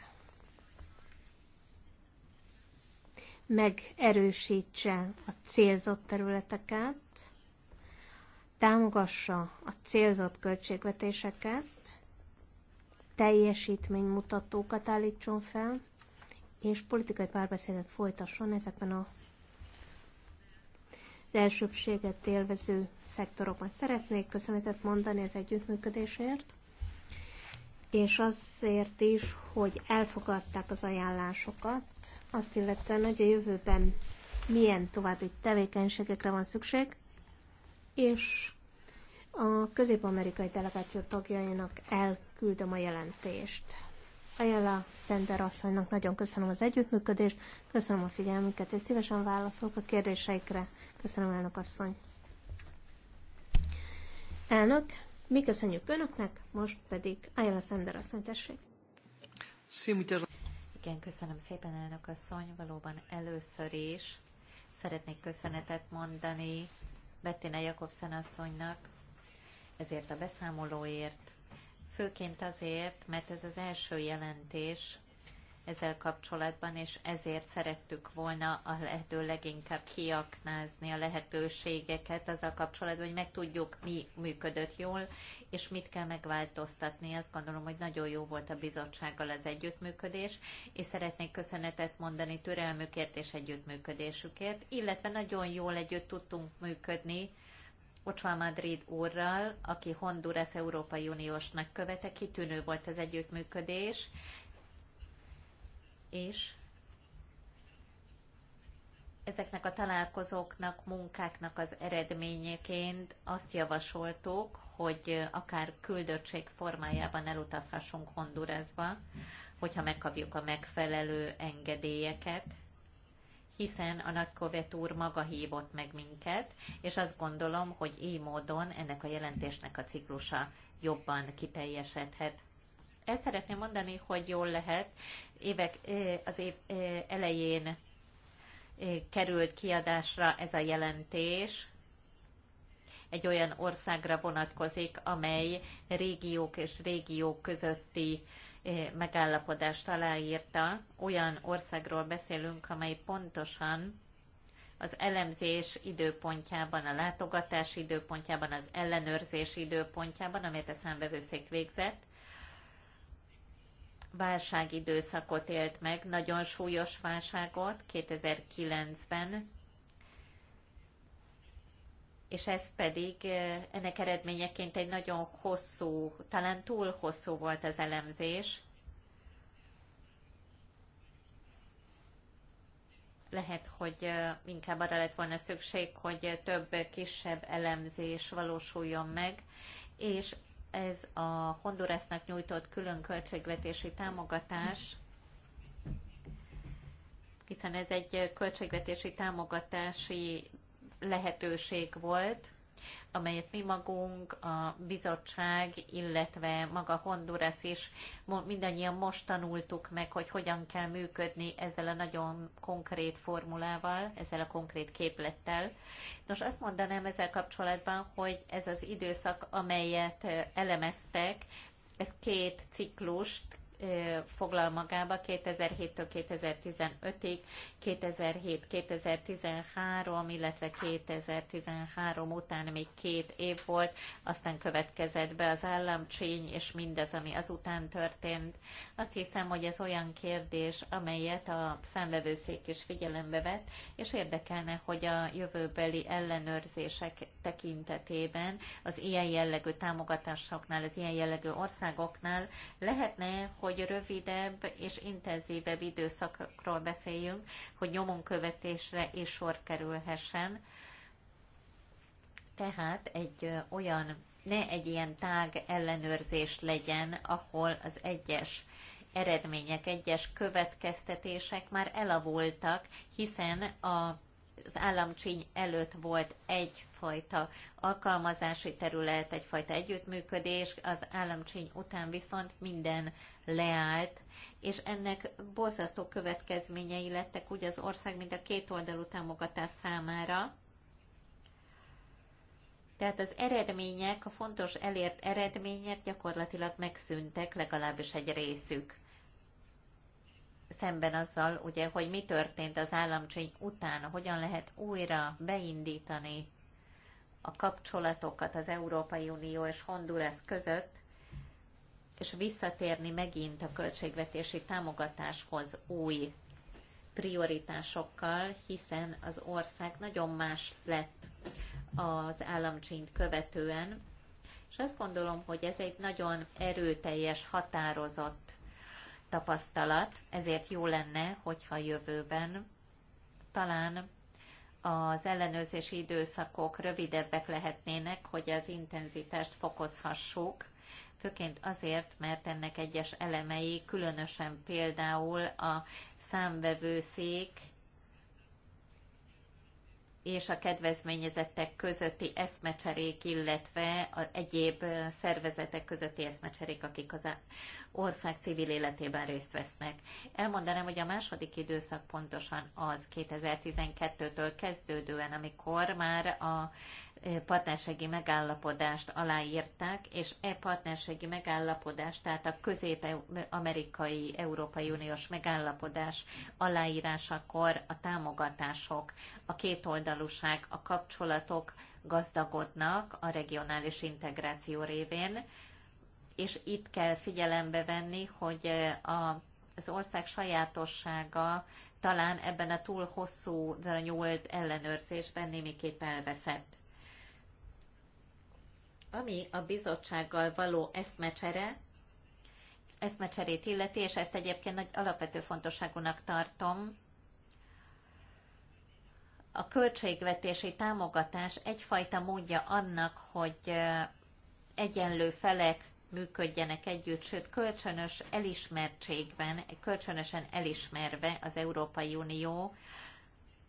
megerősítse a célzott területeket, támogassa a célzott költségvetéseket, teljesítménymutatókat állítson fel, és politikai párbeszédet folytasson ezekben a az elsőbséget élvező szektorokban. Szeretnék köszönetet mondani az együttműködésért és azért is, hogy elfogadták az ajánlásokat, azt illetően, hogy a jövőben milyen további tevékenységekre van szükség, és a közép-amerikai delegáció tagjainak elküldöm a jelentést. Ajala Szender asszonynak nagyon köszönöm az együttműködést, köszönöm a figyelmüket, és szívesen válaszolok a kérdéseikre. Köszönöm, elnök asszony. Elnök, mi köszönjük Önöknek, most pedig Ayala Szender asszony, tessék. Igen, köszönöm szépen, elnök asszony. Valóban először is szeretnék köszönetet mondani Bettina Jakobszen asszonynak ezért a beszámolóért, főként azért, mert ez az első jelentés ezzel kapcsolatban, és ezért szerettük volna a lehető leginkább kiaknázni a lehetőségeket azzal kapcsolatban, hogy meg tudjuk, mi működött jól, és mit kell megváltoztatni. Azt gondolom, hogy nagyon jó volt a bizottsággal az együttműködés, és szeretnék köszönetet mondani türelmükért és együttműködésükért, illetve nagyon jól együtt tudtunk működni Ocsal Madrid úrral, aki Honduras Európai Uniósnak követe, kitűnő volt az együttműködés, és ezeknek a találkozóknak, munkáknak az eredményeként azt javasoltuk, hogy akár küldöttség formájában elutazhassunk Hondurasba, hogyha megkapjuk a megfelelő engedélyeket, hiszen a nagykövet úr maga hívott meg minket, és azt gondolom, hogy így módon ennek a jelentésnek a ciklusa jobban kiteljesedhet. El szeretném mondani, hogy jól lehet, évek, az év elején került kiadásra ez a jelentés. Egy olyan országra vonatkozik, amely régiók és régiók közötti megállapodást aláírta. Olyan országról beszélünk, amely pontosan az elemzés időpontjában, a látogatás időpontjában, az ellenőrzés időpontjában, amelyet a számbevőszék végzett, válságidőszakot élt meg, nagyon súlyos válságot 2009-ben, és ez pedig eh, ennek eredményeként egy nagyon hosszú, talán túl hosszú volt az elemzés. Lehet, hogy eh, inkább arra lett volna szükség, hogy több kisebb elemzés valósuljon meg, és ez a Hondurasnak nyújtott külön költségvetési támogatás, hiszen ez egy költségvetési támogatási lehetőség volt, amelyet mi magunk, a bizottság, illetve maga Honduras is mindannyian most tanultuk meg, hogy hogyan kell működni ezzel a nagyon konkrét formulával, ezzel a konkrét képlettel. Nos, azt mondanám ezzel kapcsolatban, hogy ez az időszak, amelyet elemeztek, ez két ciklust, foglal magába 2007-től 2015-ig, 2007-2013, illetve 2013 után még két év volt, aztán következett be az államcsény, és mindez, ami azután történt. Azt hiszem, hogy ez olyan kérdés, amelyet a számvevőszék is figyelembe vett, és érdekelne, hogy a jövőbeli ellenőrzések tekintetében az ilyen jellegű támogatásoknál, az ilyen jellegű országoknál lehetne, hogy hogy rövidebb és intenzívebb időszakról beszéljünk, hogy nyomonkövetésre és sor kerülhessen. Tehát egy olyan, ne egy ilyen tág ellenőrzés legyen, ahol az egyes eredmények, egyes következtetések már elavultak, hiszen a az államcsíny előtt volt egyfajta alkalmazási terület, egyfajta együttműködés, az államcsíny után viszont minden leállt, és ennek borzasztó következményei lettek úgy az ország, mint a két oldalú támogatás számára. Tehát az eredmények, a fontos elért eredmények gyakorlatilag megszűntek, legalábbis egy részük. Szemben azzal, ugye, hogy mi történt az államcsíny után, hogyan lehet újra beindítani a kapcsolatokat az Európai Unió és Honduras között, és visszatérni megint a költségvetési támogatáshoz új prioritásokkal, hiszen az ország nagyon más lett az államcsint követően, és azt gondolom, hogy ez egy nagyon erőteljes, határozott tapasztalat, ezért jó lenne, hogyha jövőben talán az ellenőrzési időszakok rövidebbek lehetnének, hogy az intenzitást fokozhassuk, főként azért, mert ennek egyes elemei, különösen például a számvevőszék és a kedvezményezettek közötti eszmecserék, illetve az egyéb szervezetek közötti eszmecserék, akik az ország civil életében részt vesznek. Elmondanám, hogy a második időszak pontosan az 2012-től kezdődően, amikor már a E, partnerségi megállapodást aláírták, és e partnerségi megállapodás, tehát a közép-amerikai Európai Uniós megállapodás aláírásakor a támogatások, a kétoldalúság, a kapcsolatok gazdagodnak a regionális integráció révén, és itt kell figyelembe venni, hogy e, a az ország sajátossága talán ebben a túl hosszú nyúlt ellenőrzésben némiképp elveszett ami a bizottsággal való eszmecsere, eszmecserét illeti, és ezt egyébként nagy alapvető fontosságúnak tartom, a költségvetési támogatás egyfajta módja annak, hogy egyenlő felek működjenek együtt, sőt kölcsönös elismertségben, kölcsönösen elismerve az Európai Unió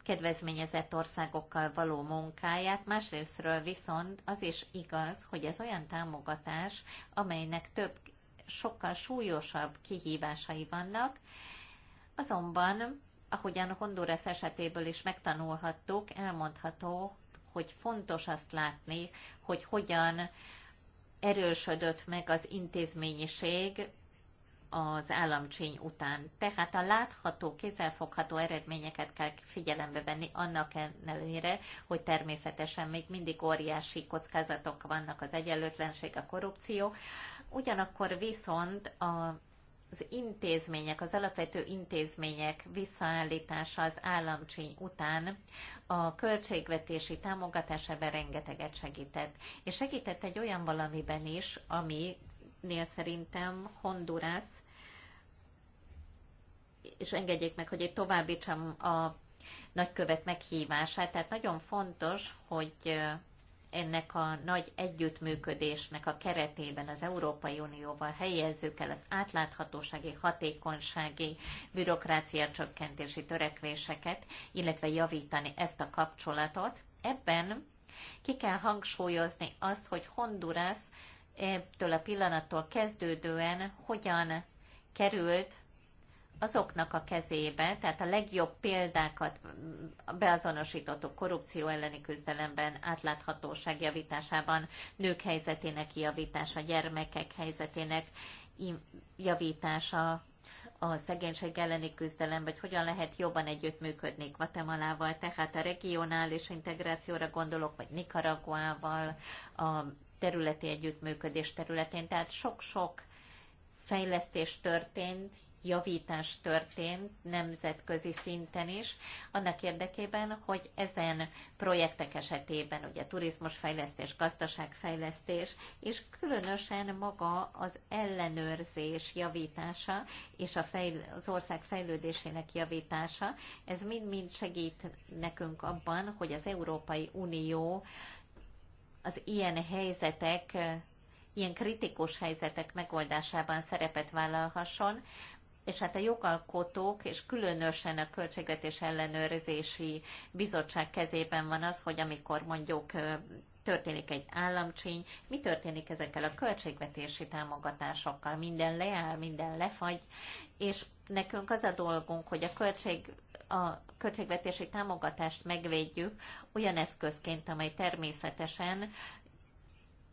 kedvezményezett országokkal való munkáját, másrésztről viszont az is igaz, hogy ez olyan támogatás, amelynek több, sokkal súlyosabb kihívásai vannak, azonban, ahogyan Honduras esetéből is megtanulhattuk, elmondható, hogy fontos azt látni, hogy hogyan erősödött meg az intézményiség az államcsény után. Tehát a látható, kézzelfogható eredményeket kell figyelembe venni annak ellenére, hogy természetesen még mindig óriási kockázatok vannak az egyenlőtlenség, a korrupció. Ugyanakkor viszont a az intézmények, az alapvető intézmények visszaállítása az államcsíny után a költségvetési támogatás ebben rengeteget segített. És segített egy olyan valamiben is, ami szerintem Honduras és engedjék meg, hogy itt továbbítsam a nagykövet meghívását. Tehát nagyon fontos, hogy ennek a nagy együttműködésnek a keretében az Európai Unióval helyezzük el az átláthatósági, hatékonysági, bürokrácia csökkentési törekvéseket, illetve javítani ezt a kapcsolatot. Ebben ki kell hangsúlyozni azt, hogy Honduras ettől a pillanattól kezdődően hogyan került azoknak a kezébe, tehát a legjobb példákat beazonosítottuk korrupció elleni küzdelemben, átláthatóság javításában, nők helyzetének javítása, gyermekek helyzetének javítása, a szegénység elleni küzdelem, vagy hogyan lehet jobban együttműködni Guatemalával, tehát a regionális integrációra gondolok, vagy Nicaraguával, a területi együttműködés területén. Tehát sok-sok fejlesztés történt, javítás történt nemzetközi szinten is, annak érdekében, hogy ezen projektek esetében, ugye turizmusfejlesztés, gazdaságfejlesztés, és különösen maga az ellenőrzés javítása és a fejl- az ország fejlődésének javítása, ez mind-mind segít nekünk abban, hogy az Európai Unió az ilyen helyzetek, ilyen kritikus helyzetek megoldásában szerepet vállalhasson, és hát a jogalkotók, és különösen a Költségvetés Ellenőrzési Bizottság kezében van az, hogy amikor mondjuk történik egy államcsíny, mi történik ezekkel a költségvetési támogatásokkal, minden leáll, minden lefagy, és nekünk az a dolgunk, hogy a költség a költségvetési támogatást megvédjük olyan eszközként, amely természetesen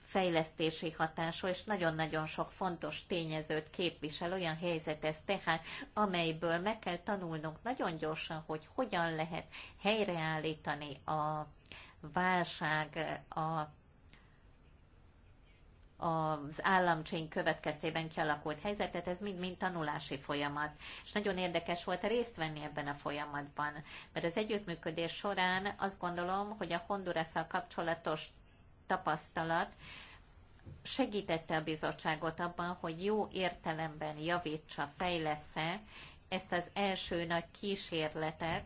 fejlesztési hatású, és nagyon-nagyon sok fontos tényezőt képvisel, olyan helyzet ez tehát, amelyből meg kell tanulnunk nagyon gyorsan, hogy hogyan lehet helyreállítani a válság, a az államcsény következtében kialakult helyzetet, ez mind-mind tanulási folyamat. És nagyon érdekes volt részt venni ebben a folyamatban, mert az együttműködés során azt gondolom, hogy a honduras kapcsolatos tapasztalat segítette a bizottságot abban, hogy jó értelemben javítsa, fejlesz -e ezt az első nagy kísérletet,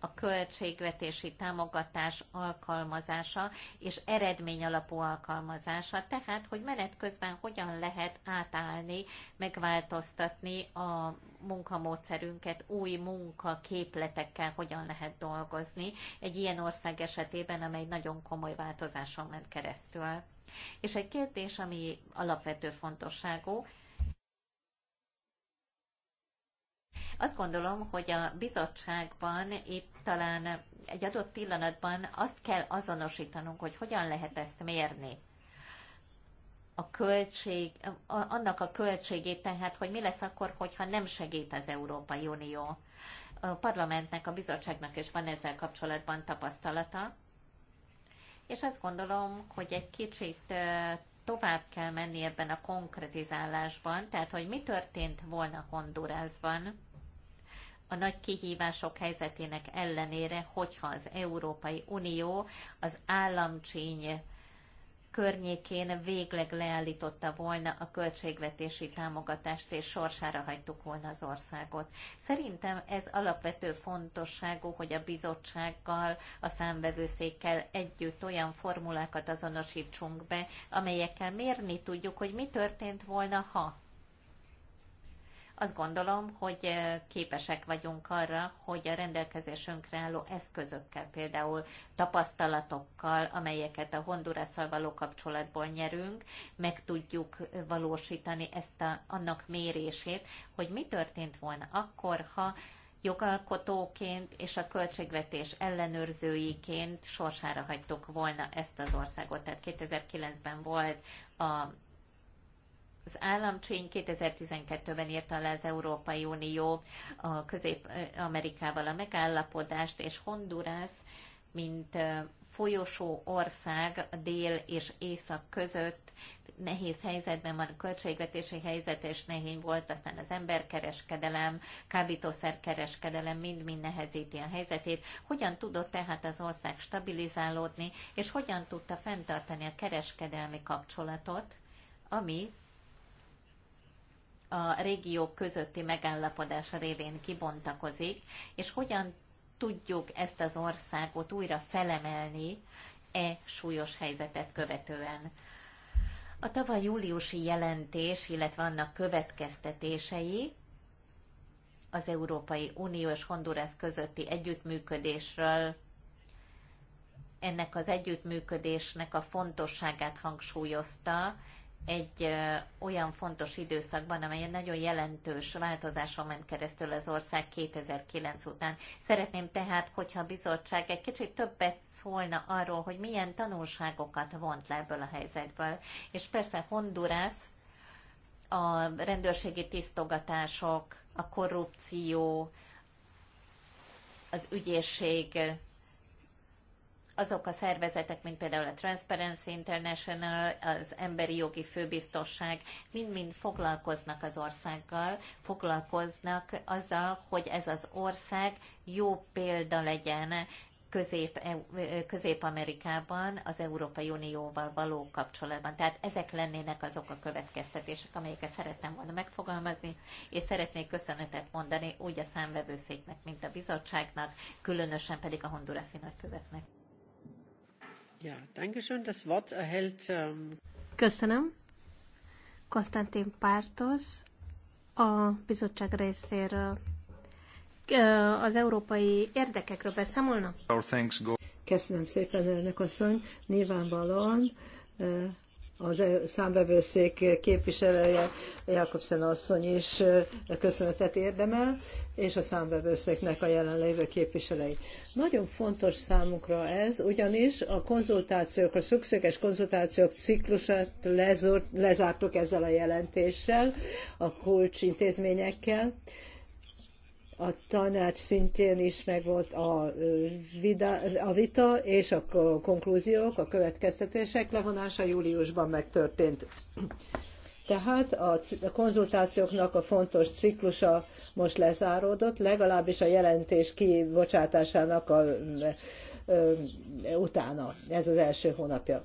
a költségvetési támogatás alkalmazása és eredmény alapú alkalmazása, tehát hogy menet közben hogyan lehet átállni, megváltoztatni a munkamódszerünket, új munkaképletekkel hogyan lehet dolgozni egy ilyen ország esetében, amely nagyon komoly változáson ment keresztül. És egy kérdés, ami alapvető fontosságú, Azt gondolom, hogy a bizottságban itt talán egy adott pillanatban azt kell azonosítanunk, hogy hogyan lehet ezt mérni a költség, annak a költségét, tehát hogy mi lesz akkor, hogyha nem segít az Európai Unió. A parlamentnek, a bizottságnak is van ezzel kapcsolatban tapasztalata, és azt gondolom, hogy egy kicsit tovább kell menni ebben a konkretizálásban, tehát hogy mi történt volna Hondurasban, a nagy kihívások helyzetének ellenére, hogyha az Európai Unió az államcsíny környékén végleg leállította volna a költségvetési támogatást, és sorsára hagytuk volna az országot. Szerintem ez alapvető fontosságú, hogy a bizottsággal, a számvevőszékkel együtt olyan formulákat azonosítsunk be, amelyekkel mérni tudjuk, hogy mi történt volna, ha azt gondolom, hogy képesek vagyunk arra, hogy a rendelkezésünkre álló eszközökkel, például tapasztalatokkal, amelyeket a Hondurasszal való kapcsolatból nyerünk, meg tudjuk valósítani ezt a, annak mérését, hogy mi történt volna akkor, ha jogalkotóként és a költségvetés ellenőrzőiként sorsára hagytuk volna ezt az országot. Tehát 2009-ben volt a az államcsény 2012-ben írta le az Európai Unió a Közép-Amerikával a megállapodást, és Honduras, mint folyosó ország dél és észak között nehéz helyzetben van, a költségvetési helyzet és nehéz volt, aztán az emberkereskedelem, kábítószerkereskedelem mind-mind nehezíti a helyzetét. Hogyan tudott tehát az ország stabilizálódni, és hogyan tudta fenntartani a kereskedelmi kapcsolatot, ami a régiók közötti megállapodás révén kibontakozik, és hogyan tudjuk ezt az országot újra felemelni e súlyos helyzetet követően. A tavaly júliusi jelentés, illetve annak következtetései az Európai Unió és Honduras közötti együttműködésről ennek az együttműködésnek a fontosságát hangsúlyozta, egy olyan fontos időszakban, amelyen nagyon jelentős változáson ment keresztül az ország 2009 után. Szeretném tehát, hogyha a bizottság egy kicsit többet szólna arról, hogy milyen tanulságokat vont le ebből a helyzetből. És persze Honduras a rendőrségi tisztogatások, a korrupció, az ügyészség azok a szervezetek, mint például a Transparency International, az Emberi Jogi Főbiztosság, mind-mind foglalkoznak az országgal, foglalkoznak azzal, hogy ez az ország jó példa legyen Közép, Közép-Amerikában az Európai Unióval való kapcsolatban. Tehát ezek lennének azok a következtetések, amelyeket szerettem volna megfogalmazni, és szeretnék köszönetet mondani úgy a számvevőszéknek, mint a bizottságnak, különösen pedig a Hondurasi nagykövetnek. Ja, danke schön. Das Wort erhält... Um... Köszönöm. Konstantin Pártos a bizottság részéről az európai érdekekről beszámolnak? Köszönöm szépen, elnök asszony. Nyilvánvalóan az számvevőszék képviselője, Jakobszen asszony is köszönetet érdemel, és a számvevőszéknek a jelenlévő képviselői. Nagyon fontos számunkra ez, ugyanis a a szükséges konzultációk ciklusát lezártuk ezzel a jelentéssel, a kulcsintézményekkel, a tanács szintjén is megvolt a, a vita és a konklúziók, a következtetések levonása júliusban megtörtént. Tehát a konzultációknak a fontos ciklusa most lezáródott, legalábbis a jelentés kibocsátásának a, utána. Ez az első hónapja.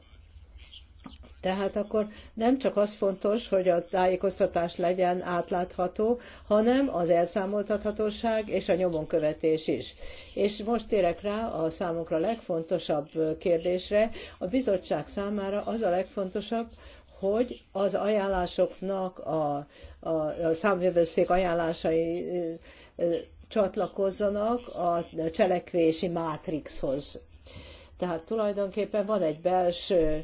Tehát akkor nem csak az fontos, hogy a tájékoztatás legyen átlátható, hanem az elszámoltathatóság és a nyomonkövetés is. És most térek rá a számunkra legfontosabb kérdésre. A bizottság számára az a legfontosabb, hogy az ajánlásoknak, a, a, a számvevőszék ajánlásai csatlakozzanak a cselekvési mátrixhoz tehát tulajdonképpen van egy belső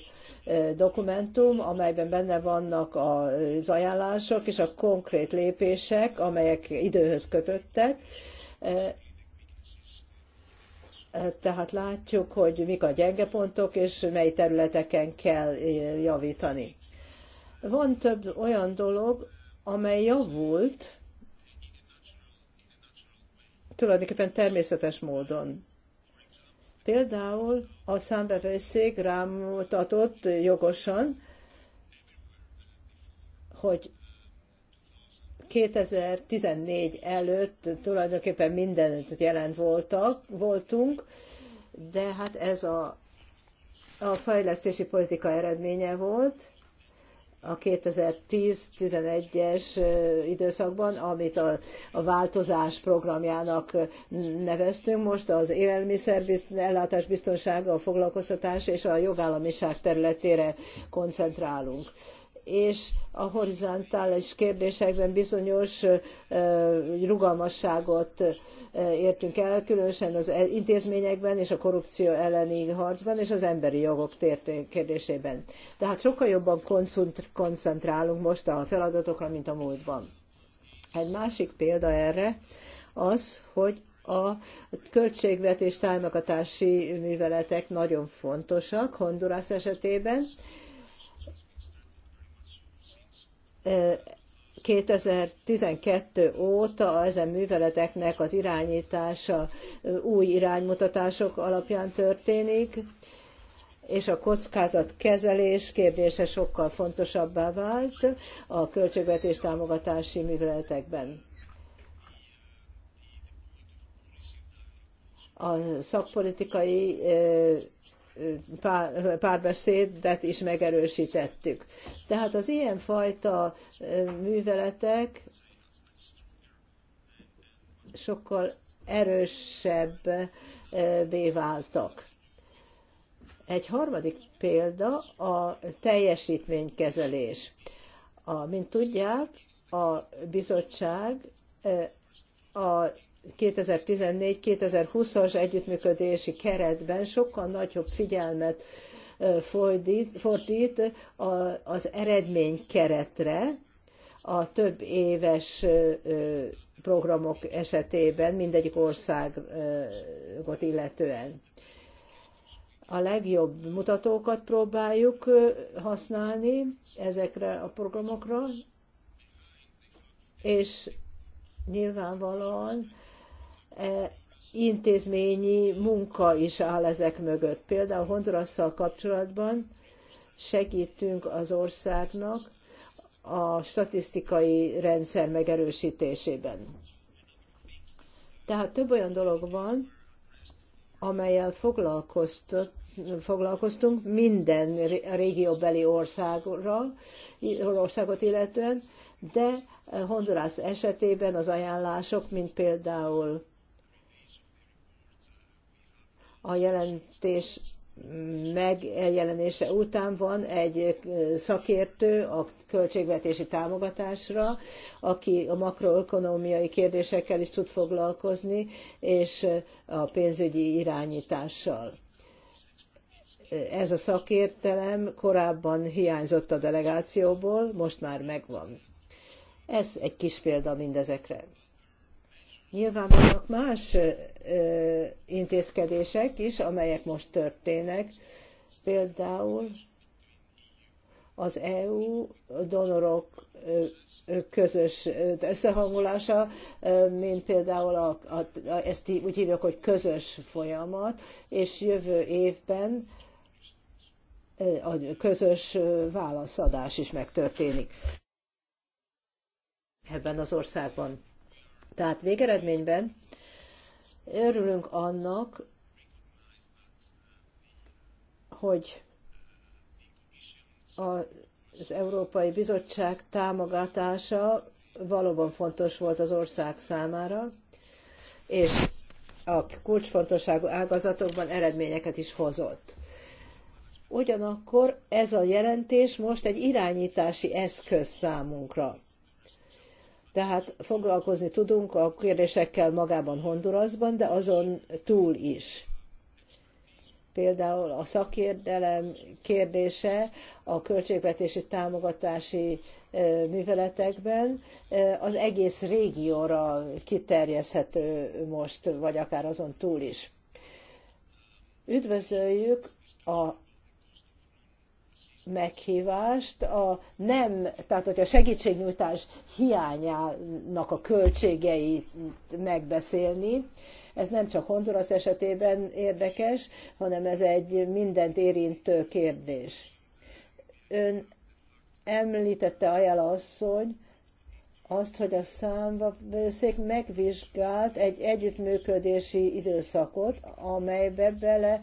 dokumentum, amelyben benne vannak az ajánlások és a konkrét lépések, amelyek időhöz kötöttek. Tehát látjuk, hogy mik a gyenge pontok, és mely területeken kell javítani. Van több olyan dolog, amely javult, tulajdonképpen természetes módon. Például a számbevőszék mutatott jogosan, hogy 2014 előtt tulajdonképpen mindenütt jelent voltak, voltunk, de hát ez a, a fejlesztési politika eredménye volt, a 2010-11-es időszakban, amit a, a változás programjának neveztünk. Most az élelmiszer ellátás biztonsága, a foglalkoztatás és a jogállamiság területére koncentrálunk és a horizontális kérdésekben bizonyos rugalmasságot értünk el, különösen az e- intézményekben és a korrupció elleni harcban és az emberi jogok kérdésében. Tehát sokkal jobban koncentrálunk most a feladatokra, mint a múltban. Egy másik példa erre az, hogy a költségvetés támogatási műveletek nagyon fontosak Honduras esetében, 2012 óta ezen műveleteknek az irányítása új iránymutatások alapján történik, és a kockázat kezelés kérdése sokkal fontosabbá vált a költségvetés támogatási műveletekben. A szakpolitikai pár, párbeszédet is megerősítettük. Tehát az ilyenfajta műveletek sokkal erősebbé váltak. Egy harmadik példa a teljesítménykezelés. A, mint tudják, a bizottság a 2014-2020-as együttműködési keretben sokkal nagyobb figyelmet fordít, fordít az eredmény keretre a több éves programok esetében mindegyik országot illetően. A legjobb mutatókat próbáljuk használni ezekre a programokra, és nyilvánvalóan intézményi munka is áll ezek mögött. Például Hondurasszal kapcsolatban segítünk az országnak a statisztikai rendszer megerősítésében. Tehát több olyan dolog van, amelyel foglalkoztunk minden régióbeli országra, országot illetően, de Honduras esetében az ajánlások, mint például a jelentés megjelenése után van egy szakértő a költségvetési támogatásra, aki a makroökonomiai kérdésekkel is tud foglalkozni, és a pénzügyi irányítással. Ez a szakértelem korábban hiányzott a delegációból, most már megvan. Ez egy kis példa mindezekre. Nyilván vannak más intézkedések is, amelyek most történnek. Például az EU donorok közös összehangolása, mint például a, a, ezt úgy hívjuk, hogy közös folyamat, és jövő évben a közös válaszadás is megtörténik ebben az országban. Tehát végeredményben örülünk annak, hogy az Európai Bizottság támogatása valóban fontos volt az ország számára, és a kulcsfontosságú ágazatokban eredményeket is hozott. Ugyanakkor ez a jelentés most egy irányítási eszköz számunkra. Tehát foglalkozni tudunk a kérdésekkel magában Hondurasban, de azon túl is. Például a szakérdelem kérdése a költségvetési támogatási műveletekben az egész régióra kiterjeszhető most, vagy akár azon túl is. Üdvözöljük a meghívást, a nem, tehát hogy a segítségnyújtás hiányának a költségeit megbeszélni. Ez nem csak Honduras esetében érdekes, hanem ez egy mindent érintő kérdés. Ön említette Ajala asszony, azt, hogy a számvevőszék megvizsgált egy együttműködési időszakot, amelybe bele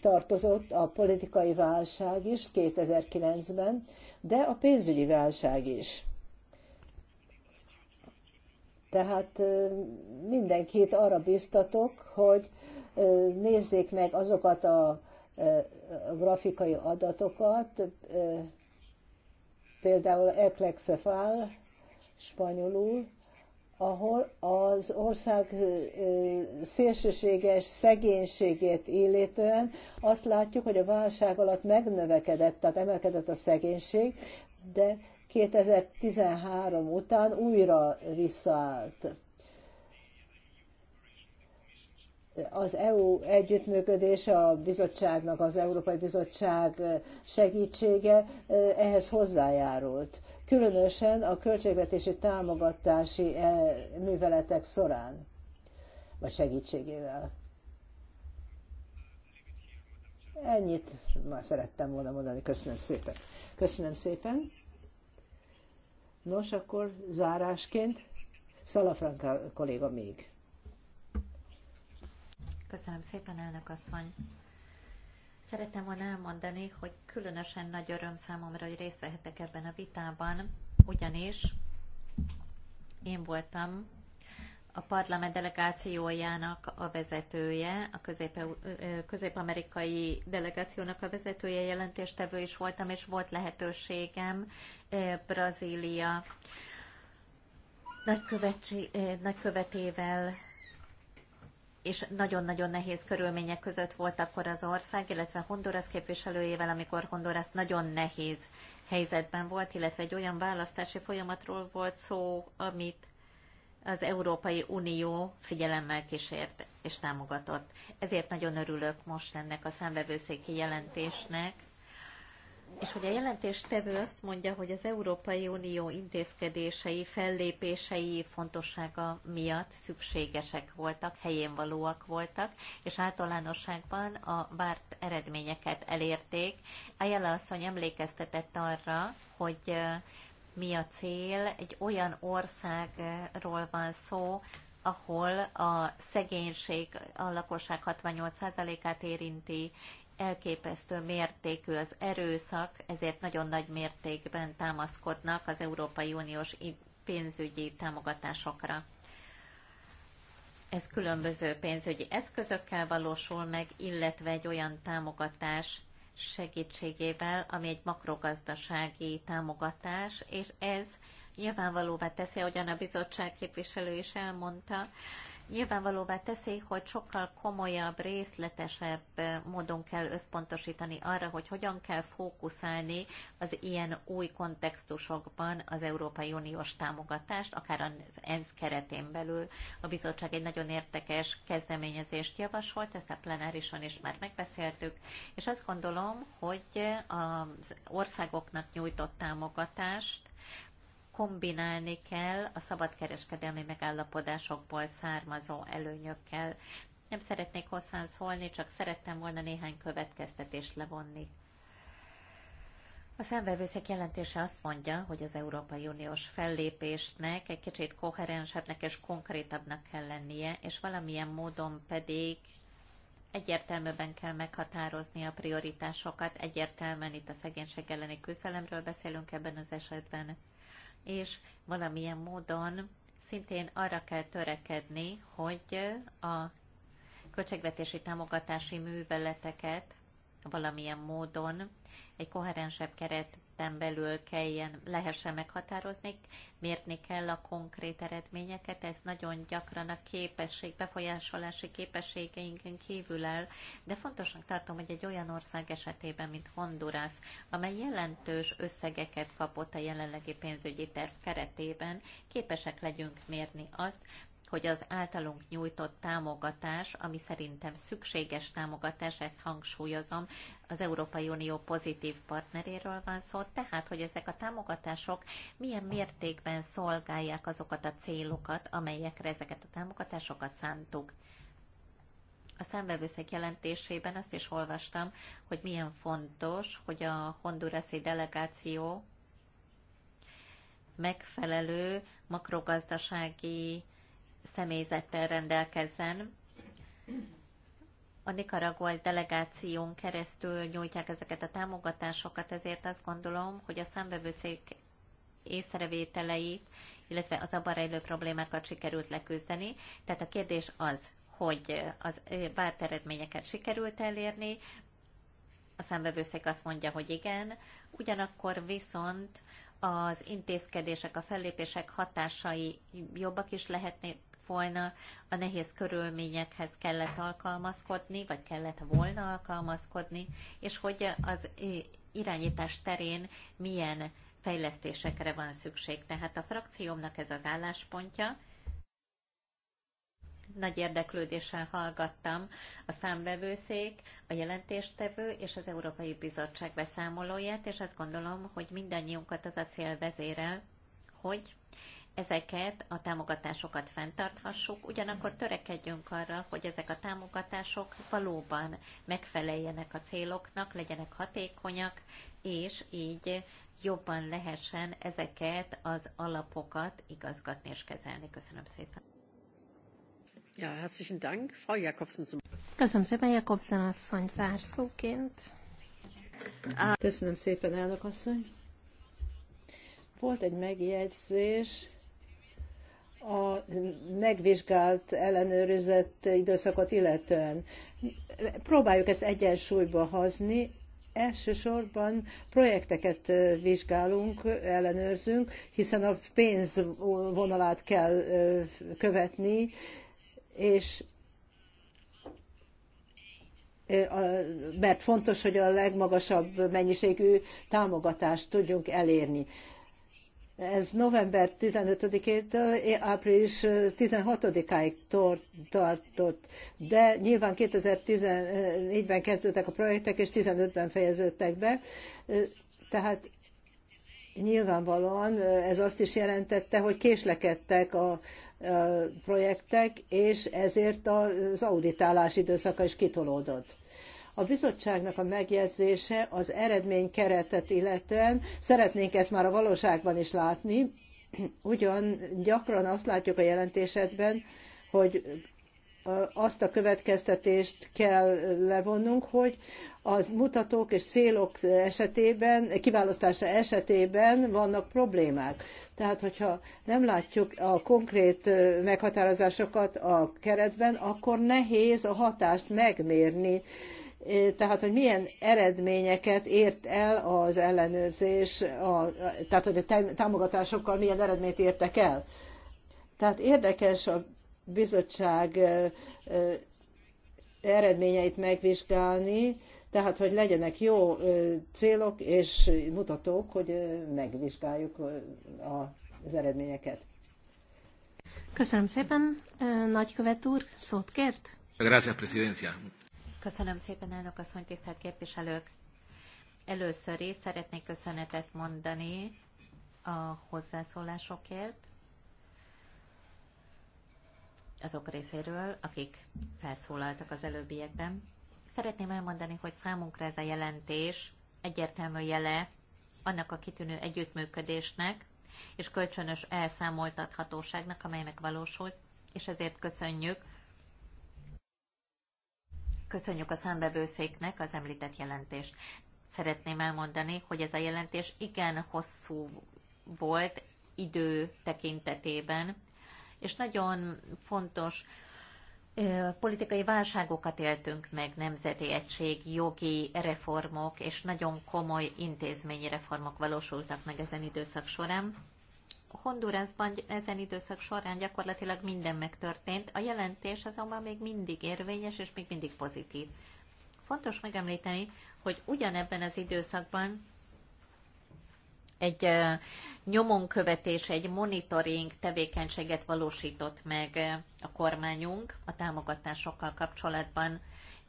tartozott a politikai válság is 2009-ben, de a pénzügyi válság is. Tehát mindenkit arra biztatok, hogy nézzék meg azokat a grafikai adatokat, például Eklexefál, spanyolul, ahol az ország szélsőséges szegénységét illetően azt látjuk, hogy a válság alatt megnövekedett, tehát emelkedett a szegénység, de 2013 után újra visszaállt. Az EU együttműködése, a bizottságnak, az Európai Bizottság segítsége ehhez hozzájárult különösen a költségvetési támogatási eh, műveletek során, vagy segítségével. Ennyit már szerettem volna mondani. Köszönöm szépen. Köszönöm szépen. Nos, akkor zárásként Szalafranka kolléga még. Köszönöm szépen, elnök asszony. Szeretem volna elmondani, hogy különösen nagy öröm számomra, hogy részt vehetek ebben a vitában, ugyanis én voltam a parlament delegációjának a vezetője, a közép-amerikai delegációnak a vezetője, jelentéstevő is voltam, és volt lehetőségem Brazília nagykövetével és nagyon-nagyon nehéz körülmények között volt akkor az ország, illetve Honduras képviselőjével, amikor Honduras nagyon nehéz helyzetben volt, illetve egy olyan választási folyamatról volt szó, amit az Európai Unió figyelemmel kísért és támogatott. Ezért nagyon örülök most ennek a számvevőszéki jelentésnek, és hogy a jelentéstevő azt mondja, hogy az Európai Unió intézkedései, fellépései fontossága miatt szükségesek voltak, helyén valóak voltak, és általánosságban a várt eredményeket elérték. A asszony emlékeztetett arra, hogy mi a cél, egy olyan országról van szó, ahol a szegénység a lakosság 68%-át érinti, elképesztő mértékű az erőszak, ezért nagyon nagy mértékben támaszkodnak az Európai Uniós pénzügyi támogatásokra. Ez különböző pénzügyi eszközökkel valósul meg, illetve egy olyan támogatás segítségével, ami egy makrogazdasági támogatás, és ez nyilvánvalóvá teszi, ahogyan a bizottság képviselő is elmondta, nyilvánvalóvá teszi, hogy sokkal komolyabb, részletesebb módon kell összpontosítani arra, hogy hogyan kell fókuszálni az ilyen új kontextusokban az Európai Uniós támogatást, akár az ENSZ keretén belül. A bizottság egy nagyon érdekes kezdeményezést javasolt, ezt a plenárison is már megbeszéltük, és azt gondolom, hogy az országoknak nyújtott támogatást kombinálni kell a szabadkereskedelmi megállapodásokból származó előnyökkel. Nem szeretnék hosszan szólni, csak szerettem volna néhány következtetést levonni. A szemvevőszék jelentése azt mondja, hogy az Európai Uniós fellépésnek egy kicsit koherensebbnek és konkrétabbnak kell lennie, és valamilyen módon pedig egyértelműben kell meghatározni a prioritásokat, egyértelműen itt a szegénység elleni küzdelemről beszélünk ebben az esetben, és valamilyen módon szintén arra kell törekedni, hogy a költségvetési támogatási műveleteket valamilyen módon egy koherensebb keret ketten belül kelljen, lehessen meghatározni, mérni kell a konkrét eredményeket, ez nagyon gyakran a képesség, befolyásolási képességeinken kívül áll, de fontosnak tartom, hogy egy olyan ország esetében, mint Honduras, amely jelentős összegeket kapott a jelenlegi pénzügyi terv keretében, képesek legyünk mérni azt, hogy az általunk nyújtott támogatás, ami szerintem szükséges támogatás, ezt hangsúlyozom, az Európai Unió pozitív partneréről van szó, tehát, hogy ezek a támogatások milyen mértékben szolgálják azokat a célokat, amelyekre ezeket a támogatásokat szántuk. A számvevőszék jelentésében azt is olvastam, hogy milyen fontos, hogy a honduraszi delegáció megfelelő makrogazdasági személyzettel rendelkezzen. A Nicaragua delegáción keresztül nyújtják ezeket a támogatásokat, ezért azt gondolom, hogy a számbevőszék észrevételeit, illetve az abban rejlő problémákat sikerült leküzdeni. Tehát a kérdés az, hogy az várt eredményeket sikerült elérni, a számbevőszék azt mondja, hogy igen, ugyanakkor viszont az intézkedések, a fellépések hatásai jobbak is lehetnek, volna, a nehéz körülményekhez kellett alkalmazkodni, vagy kellett volna alkalmazkodni, és hogy az irányítás terén milyen fejlesztésekre van szükség. Tehát a frakciómnak ez az álláspontja. Nagy érdeklődéssel hallgattam a számbevőszék, a jelentéstevő és az Európai Bizottság beszámolóját, és azt gondolom, hogy mindannyiunkat az a cél vezérel, hogy ezeket a támogatásokat fenntarthassuk, ugyanakkor törekedjünk arra, hogy ezek a támogatások valóban megfeleljenek a céloknak, legyenek hatékonyak, és így jobban lehessen ezeket az alapokat igazgatni és kezelni. Köszönöm szépen. Ja, herzlichen Dank. Frau Jakobsen. Köszönöm szépen, Jakobsen asszony zárszóként. Köszönöm szépen, elnök asszony. Volt egy megjegyzés a megvizsgált, ellenőrizett időszakot illetően. Próbáljuk ezt egyensúlyba hozni, elsősorban projekteket vizsgálunk, ellenőrzünk, hiszen a pénz vonalát kell követni, és mert fontos, hogy a legmagasabb mennyiségű támogatást tudjunk elérni. Ez november 15-től április 16-áig tartott, de nyilván 2014-ben kezdődtek a projektek, és 15-ben fejeződtek be, tehát nyilvánvalóan ez azt is jelentette, hogy késlekedtek a projektek, és ezért az auditálás időszaka is kitolódott. A bizottságnak a megjegyzése az eredménykeretet illetően szeretnénk ezt már a valóságban is látni, ugyan gyakran azt látjuk a jelentésedben, hogy azt a következtetést kell levonnunk, hogy az mutatók és célok esetében, kiválasztása esetében vannak problémák. Tehát, hogyha nem látjuk a konkrét meghatározásokat a keretben, akkor nehéz a hatást megmérni tehát hogy milyen eredményeket ért el az ellenőrzés, a, tehát hogy a támogatásokkal milyen eredményt értek el. Tehát érdekes a bizottság eredményeit megvizsgálni, tehát hogy legyenek jó célok és mutatók, hogy megvizsgáljuk az eredményeket. Köszönöm szépen. Nagykövet úr, szót kért? Gracias, presidencia. Köszönöm szépen, elnök asszony, tisztelt képviselők! Először is szeretnék köszönetet mondani a hozzászólásokért azok részéről, akik felszólaltak az előbbiekben. Szeretném elmondani, hogy számunkra ez a jelentés egyértelmű jele annak a kitűnő együttműködésnek és kölcsönös elszámoltathatóságnak, amely megvalósult, és ezért köszönjük Köszönjük a számbevőszéknek az említett jelentést. Szeretném elmondani, hogy ez a jelentés igen hosszú volt idő tekintetében, és nagyon fontos politikai válságokat éltünk meg, nemzeti egység, jogi reformok és nagyon komoly intézményi reformok valósultak meg ezen időszak során. Hondurasban ezen időszak során gyakorlatilag minden megtörtént, a jelentés azonban még mindig érvényes és még mindig pozitív. Fontos megemlíteni, hogy ugyanebben az időszakban egy nyomonkövetés, egy monitoring tevékenységet valósított meg a kormányunk a támogatásokkal kapcsolatban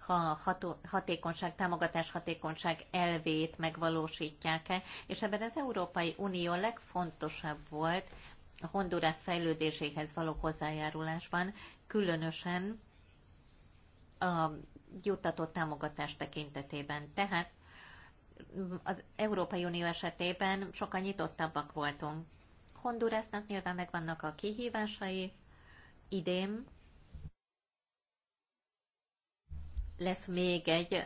ha ható, hatékonyság, támogatás hatékonyság elvét megvalósítják-e, és ebben az Európai Unió legfontosabb volt a Honduras fejlődéséhez való hozzájárulásban, különösen a juttatott támogatás tekintetében. Tehát az Európai Unió esetében sokkal nyitottabbak voltunk. Hondurasnak nyilván megvannak a kihívásai. Idén lesz még egy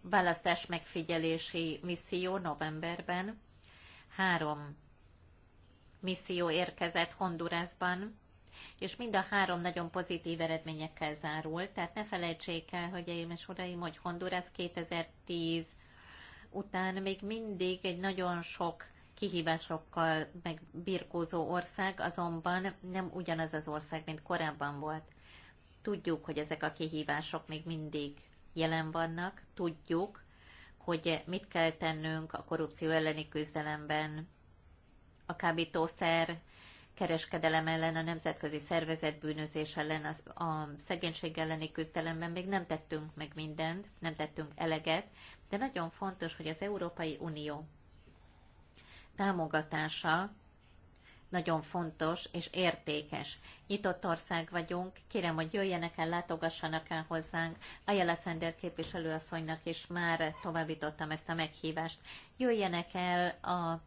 választás megfigyelési misszió novemberben. Három misszió érkezett Hondurasban, és mind a három nagyon pozitív eredményekkel zárult. Tehát ne felejtsék el, hölgyeim és uraim, hogy Honduras 2010 után még mindig egy nagyon sok kihívásokkal megbirkózó ország, azonban nem ugyanaz az ország, mint korábban volt. Tudjuk, hogy ezek a kihívások még mindig jelen vannak, tudjuk, hogy mit kell tennünk a korrupció elleni küzdelemben, a kábítószer kereskedelem ellen, a nemzetközi szervezet bűnözés ellen, a szegénység elleni küzdelemben még nem tettünk meg mindent, nem tettünk eleget, de nagyon fontos, hogy az Európai Unió támogatása nagyon fontos és értékes. Nyitott ország vagyunk, kérem, hogy jöjjenek el, látogassanak el hozzánk. A Szendel képviselőasszonynak is már továbbítottam ezt a meghívást. Jöjjenek el a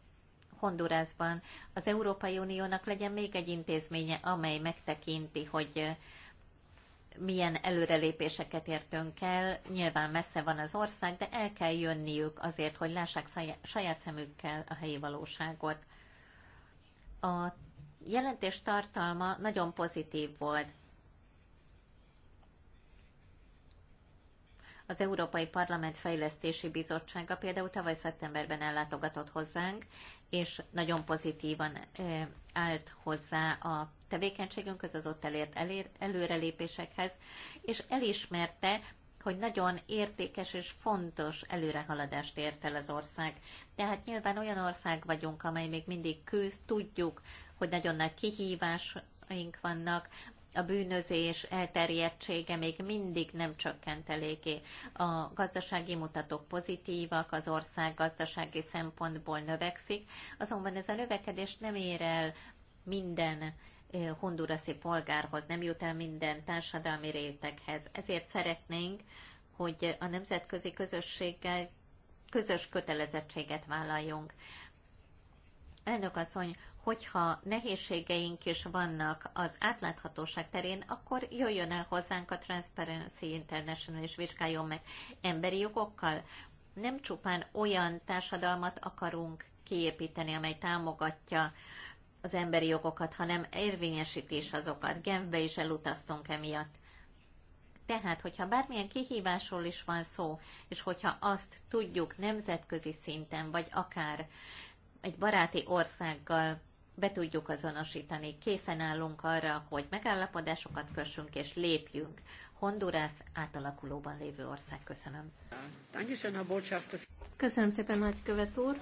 Hondurasban. Az Európai Uniónak legyen még egy intézménye, amely megtekinti, hogy milyen előrelépéseket értünk el. Nyilván messze van az ország, de el kell jönniük azért, hogy lássák saját szemükkel a helyi valóságot. A jelentés tartalma nagyon pozitív volt. Az Európai Parlament Fejlesztési Bizottsága például tavaly szeptemberben ellátogatott hozzánk, és nagyon pozitívan állt hozzá a tevékenységünk, az ott elért előrelépésekhez, és elismerte, hogy nagyon értékes és fontos előrehaladást ért el az ország. De hát nyilván olyan ország vagyunk, amely még mindig küzd, tudjuk, hogy nagyon nagy kihívásaink vannak, a bűnözés elterjedtsége még mindig nem csökkent eléggé. A gazdasági mutatók pozitívak, az ország gazdasági szempontból növekszik, azonban ez a növekedés nem ér el minden Hondurasi polgárhoz, nem jut el minden társadalmi réteghez. Ezért szeretnénk, hogy a nemzetközi közösséggel közös kötelezettséget vállaljunk. Elnök asszony, hogyha nehézségeink is vannak az átláthatóság terén, akkor jöjjön el hozzánk a Transparency International és vizsgáljon meg emberi jogokkal. Nem csupán olyan társadalmat akarunk kiépíteni, amely támogatja az emberi jogokat, hanem érvényesítés azokat. Genfbe is elutaztunk emiatt. Tehát, hogyha bármilyen kihívásról is van szó, és hogyha azt tudjuk nemzetközi szinten, vagy akár egy baráti országgal be tudjuk azonosítani, készen állunk arra, hogy megállapodásokat kössünk és lépjünk. Honduras átalakulóban lévő ország. Köszönöm. Köszönöm szépen, nagykövet úr.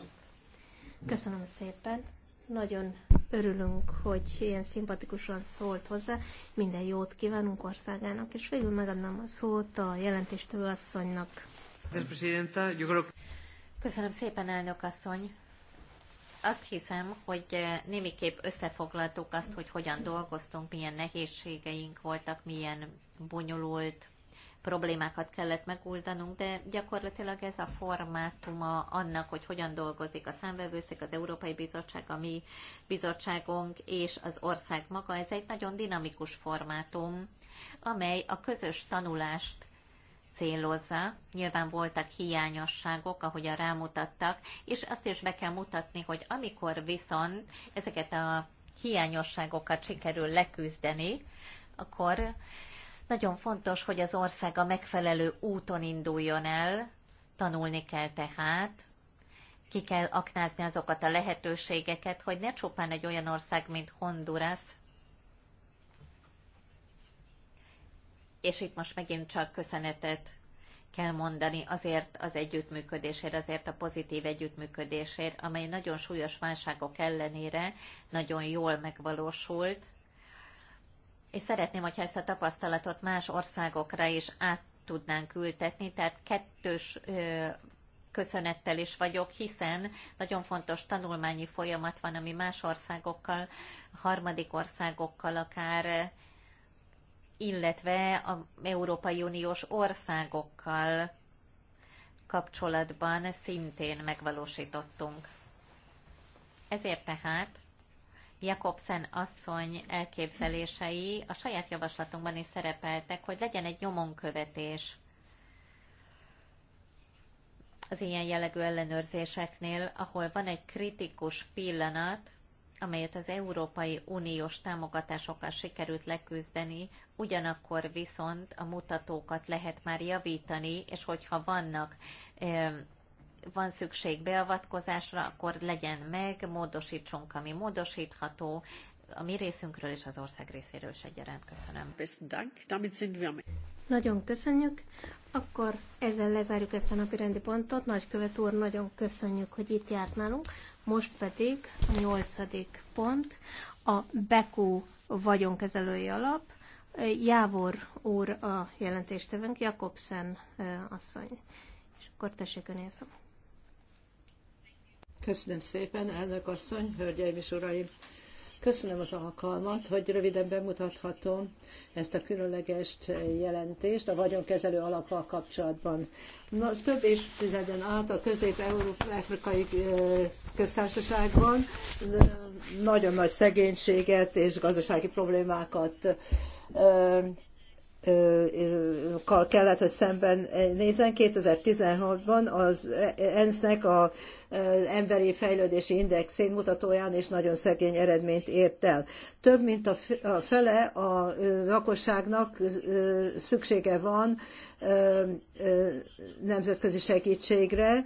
Köszönöm szépen nagyon örülünk, hogy ilyen szimpatikusan szólt hozzá. Minden jót kívánunk országának, és végül megadnám a szót a jelentéstevő asszonynak. Köszönöm szépen, elnök asszony! Azt hiszem, hogy eh, némiképp összefoglaltuk azt, hogy hogyan dolgoztunk, milyen nehézségeink voltak, milyen bonyolult problémákat kellett megoldanunk, de gyakorlatilag ez a formátuma annak, hogy hogyan dolgozik a számvevőszék, az Európai Bizottság, a mi bizottságunk és az ország maga. Ez egy nagyon dinamikus formátum, amely a közös tanulást célozza. Nyilván voltak hiányosságok, ahogyan rámutattak, és azt is be kell mutatni, hogy amikor viszont ezeket a hiányosságokat sikerül leküzdeni, akkor nagyon fontos, hogy az ország a megfelelő úton induljon el, tanulni kell tehát, ki kell aknázni azokat a lehetőségeket, hogy ne csupán egy olyan ország, mint Honduras, és itt most megint csak köszönetet kell mondani azért az együttműködésért, azért a pozitív együttműködésért, amely nagyon súlyos válságok ellenére nagyon jól megvalósult, és szeretném, hogyha ezt a tapasztalatot más országokra is át tudnánk ültetni, tehát kettős köszönettel is vagyok, hiszen nagyon fontos tanulmányi folyamat van, ami más országokkal, harmadik országokkal akár, illetve az Európai Uniós országokkal kapcsolatban szintén megvalósítottunk. Ezért tehát Jakobsen asszony elképzelései a saját javaslatunkban is szerepeltek, hogy legyen egy nyomonkövetés az ilyen jellegű ellenőrzéseknél, ahol van egy kritikus pillanat, amelyet az Európai Uniós támogatásokkal sikerült leküzdeni, ugyanakkor viszont a mutatókat lehet már javítani, és hogyha vannak van szükség beavatkozásra, akkor legyen meg, módosítsunk, ami módosítható, a mi részünkről és az ország részéről is egyaránt köszönöm. Nagyon köszönjük. Akkor ezzel lezárjuk ezt a napi rendi pontot. Nagykövet úr, nagyon köszönjük, hogy itt járt nálunk. Most pedig a nyolcadik pont, a BEKU vagyonkezelői alap. Jávor úr a jelentéstevőnk, Jakobsen asszony. És akkor tessék önél szó. Köszönöm szépen, elnök asszony, hölgyeim és uraim! Köszönöm az alkalmat, hogy röviden bemutathatom ezt a különleges jelentést a vagyonkezelő alapval kapcsolatban. Na, több évtizeden át a közép európai köztársaságban nagyon nagy szegénységet és gazdasági problémákat kal kellett, hogy szemben nézen. 2016-ban az ENSZ-nek a emberi fejlődési indexén mutatóján is nagyon szegény eredményt ért el. Több mint a fele a lakosságnak szüksége van nemzetközi segítségre.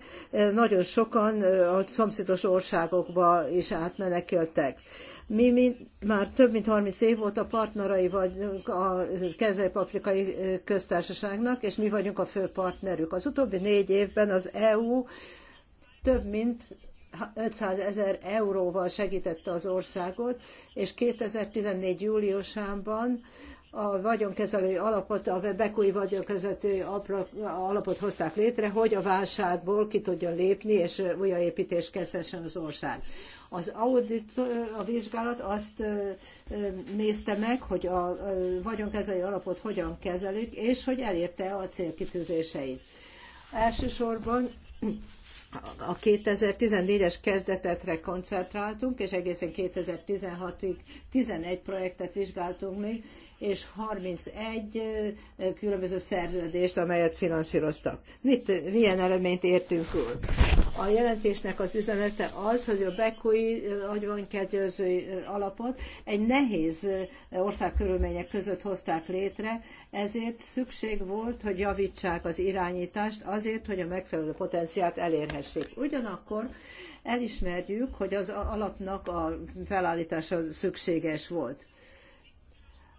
Nagyon sokan a szomszédos országokba is átmenekültek. Mi, mi már több mint 30 év a partnerai vagyunk a Kezelép-Afrikai Köztársaságnak, és mi vagyunk a fő partnerük. Az utóbbi négy évben az EU több mint 500 ezer euróval segítette az országot, és 2014. júliusában a vagyonkezelő alapot, a bekúi vagyonkezelő alapot hozták létre, hogy a válságból ki tudjon lépni, és újraépítés kezdhessen az ország. Az audit, a vizsgálat azt nézte meg, hogy a vagyonkezelő alapot hogyan kezelik, és hogy elérte a célkitűzéseit. Elsősorban a 2014-es kezdetetre koncentráltunk, és egészen 2016-ig 11 projektet vizsgáltunk még, és 31 különböző szerződést, amelyet finanszíroztak. Mit, milyen eredményt értünk A jelentésnek az üzenete az, hogy a Bekói agyonkedőző alapot egy nehéz országkörülmények között hozták létre, ezért szükség volt, hogy javítsák az irányítást azért, hogy a megfelelő potenciát elérhessék. Ugyanakkor elismerjük, hogy az alapnak a felállítása szükséges volt.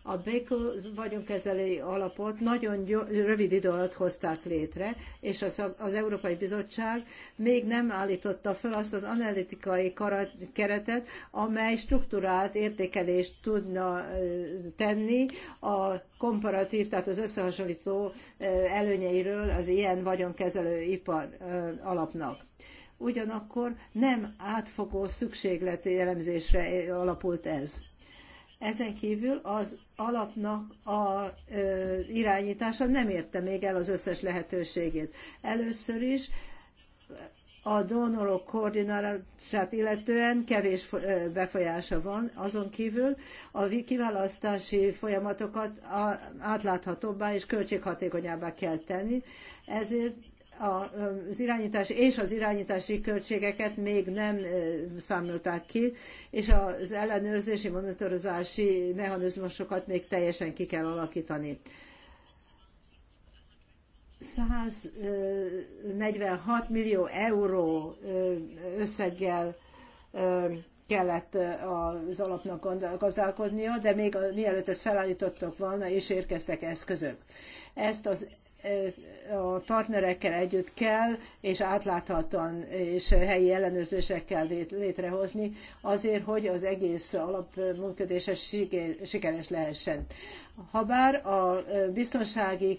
A Béko vagyonkezelői alapot nagyon rövid idő alatt hozták létre, és az, az Európai Bizottság még nem állította fel azt az analitikai keretet, amely strukturált értékelést tudna tenni a komparatív, tehát az összehasonlító előnyeiről az ilyen vagyonkezelő ipar alapnak ugyanakkor nem átfogó szükségleti elemzésre alapult ez. Ezen kívül az alapnak a ö, irányítása nem érte még el az összes lehetőségét. Először is a donorok koordinálását illetően kevés befolyása van, azon kívül a kiválasztási folyamatokat átláthatóbbá és költséghatékonyabbá kell tenni, ezért az irányítás és az irányítási költségeket még nem számolták ki, és az ellenőrzési, monitorozási mechanizmusokat még teljesen ki kell alakítani. 146 millió euró összeggel kellett az alapnak gazdálkodnia, de még mielőtt ezt felállítottak volna, és érkeztek eszközök. Ezt az a partnerekkel együtt kell, és átláthatóan és helyi ellenőrzésekkel létrehozni, azért, hogy az egész alap működése sikeres lehessen. Habár a biztonsági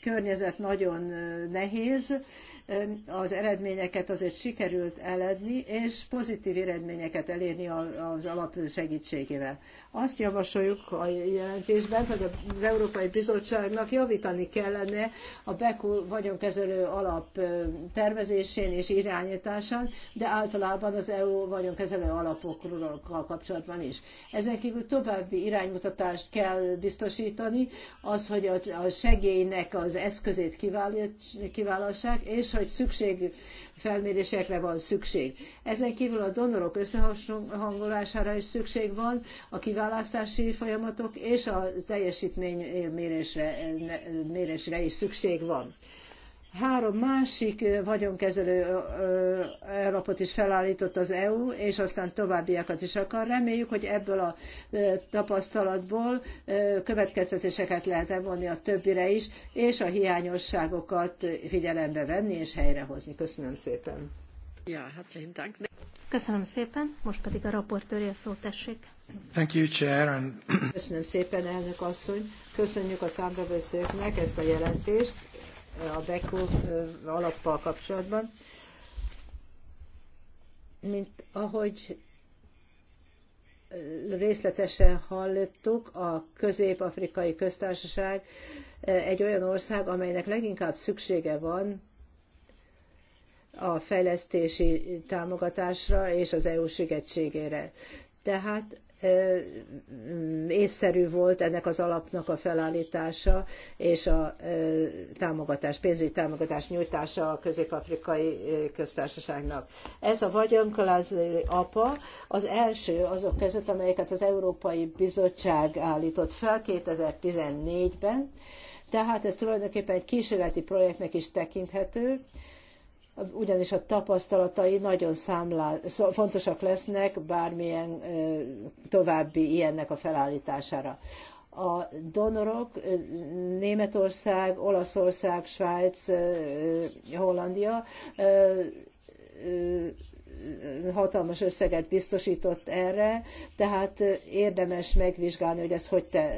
környezet nagyon nehéz, az eredményeket azért sikerült eledni, és pozitív eredményeket elérni az alap segítségével. Azt javasoljuk a jelentésben, hogy az Európai Bizottságnak javítani kellene a BECU vagyonkezelő alap tervezésén és irányításán, de általában az EU vagyonkezelő alapokról kapcsolatban is. Ezen kívül további iránymutatást kell biztosítani, az, hogy a segélynek az eszközét kiválassák, és hogy szükség felmérésekre van szükség. Ezen kívül a donorok összehangolására is szükség van, a kiválasztási folyamatok és a teljesítmény mérésre is szükség van. Három másik vagyonkezelő Európot is felállított az EU, és aztán továbbiakat is akar. Reméljük, hogy ebből a tapasztalatból következtetéseket lehet vonni a többire is, és a hiányosságokat figyelembe venni és helyrehozni. Köszönöm szépen. Ja, herzlichen Dank. Köszönöm szépen, most pedig a raportőri a szó tessék. Thank you, Chair. And... Köszönöm szépen, elnök asszony. Köszönjük a számbevőszőknek ezt a jelentést a Beko alappal kapcsolatban, mint ahogy részletesen hallottuk, a Közép-Afrikai Köztársaság egy olyan ország, amelynek leginkább szüksége van a fejlesztési támogatásra és az EU sigetségére. Tehát mm, észszerű volt ennek az alapnak a felállítása és a támogatás, pénzügyi támogatás nyújtása a közép-afrikai köztársaságnak. Ez a vagyonkolázói apa az első azok között, amelyeket az Európai Bizottság állított fel 2014-ben, tehát ez tulajdonképpen egy kísérleti projektnek is tekinthető, ugyanis a tapasztalatai nagyon számlá, fontosak lesznek bármilyen további ilyennek a felállítására. A donorok Németország, Olaszország, Svájc, Hollandia hatalmas összeget biztosított erre, tehát érdemes megvizsgálni, hogy ezt hogy te,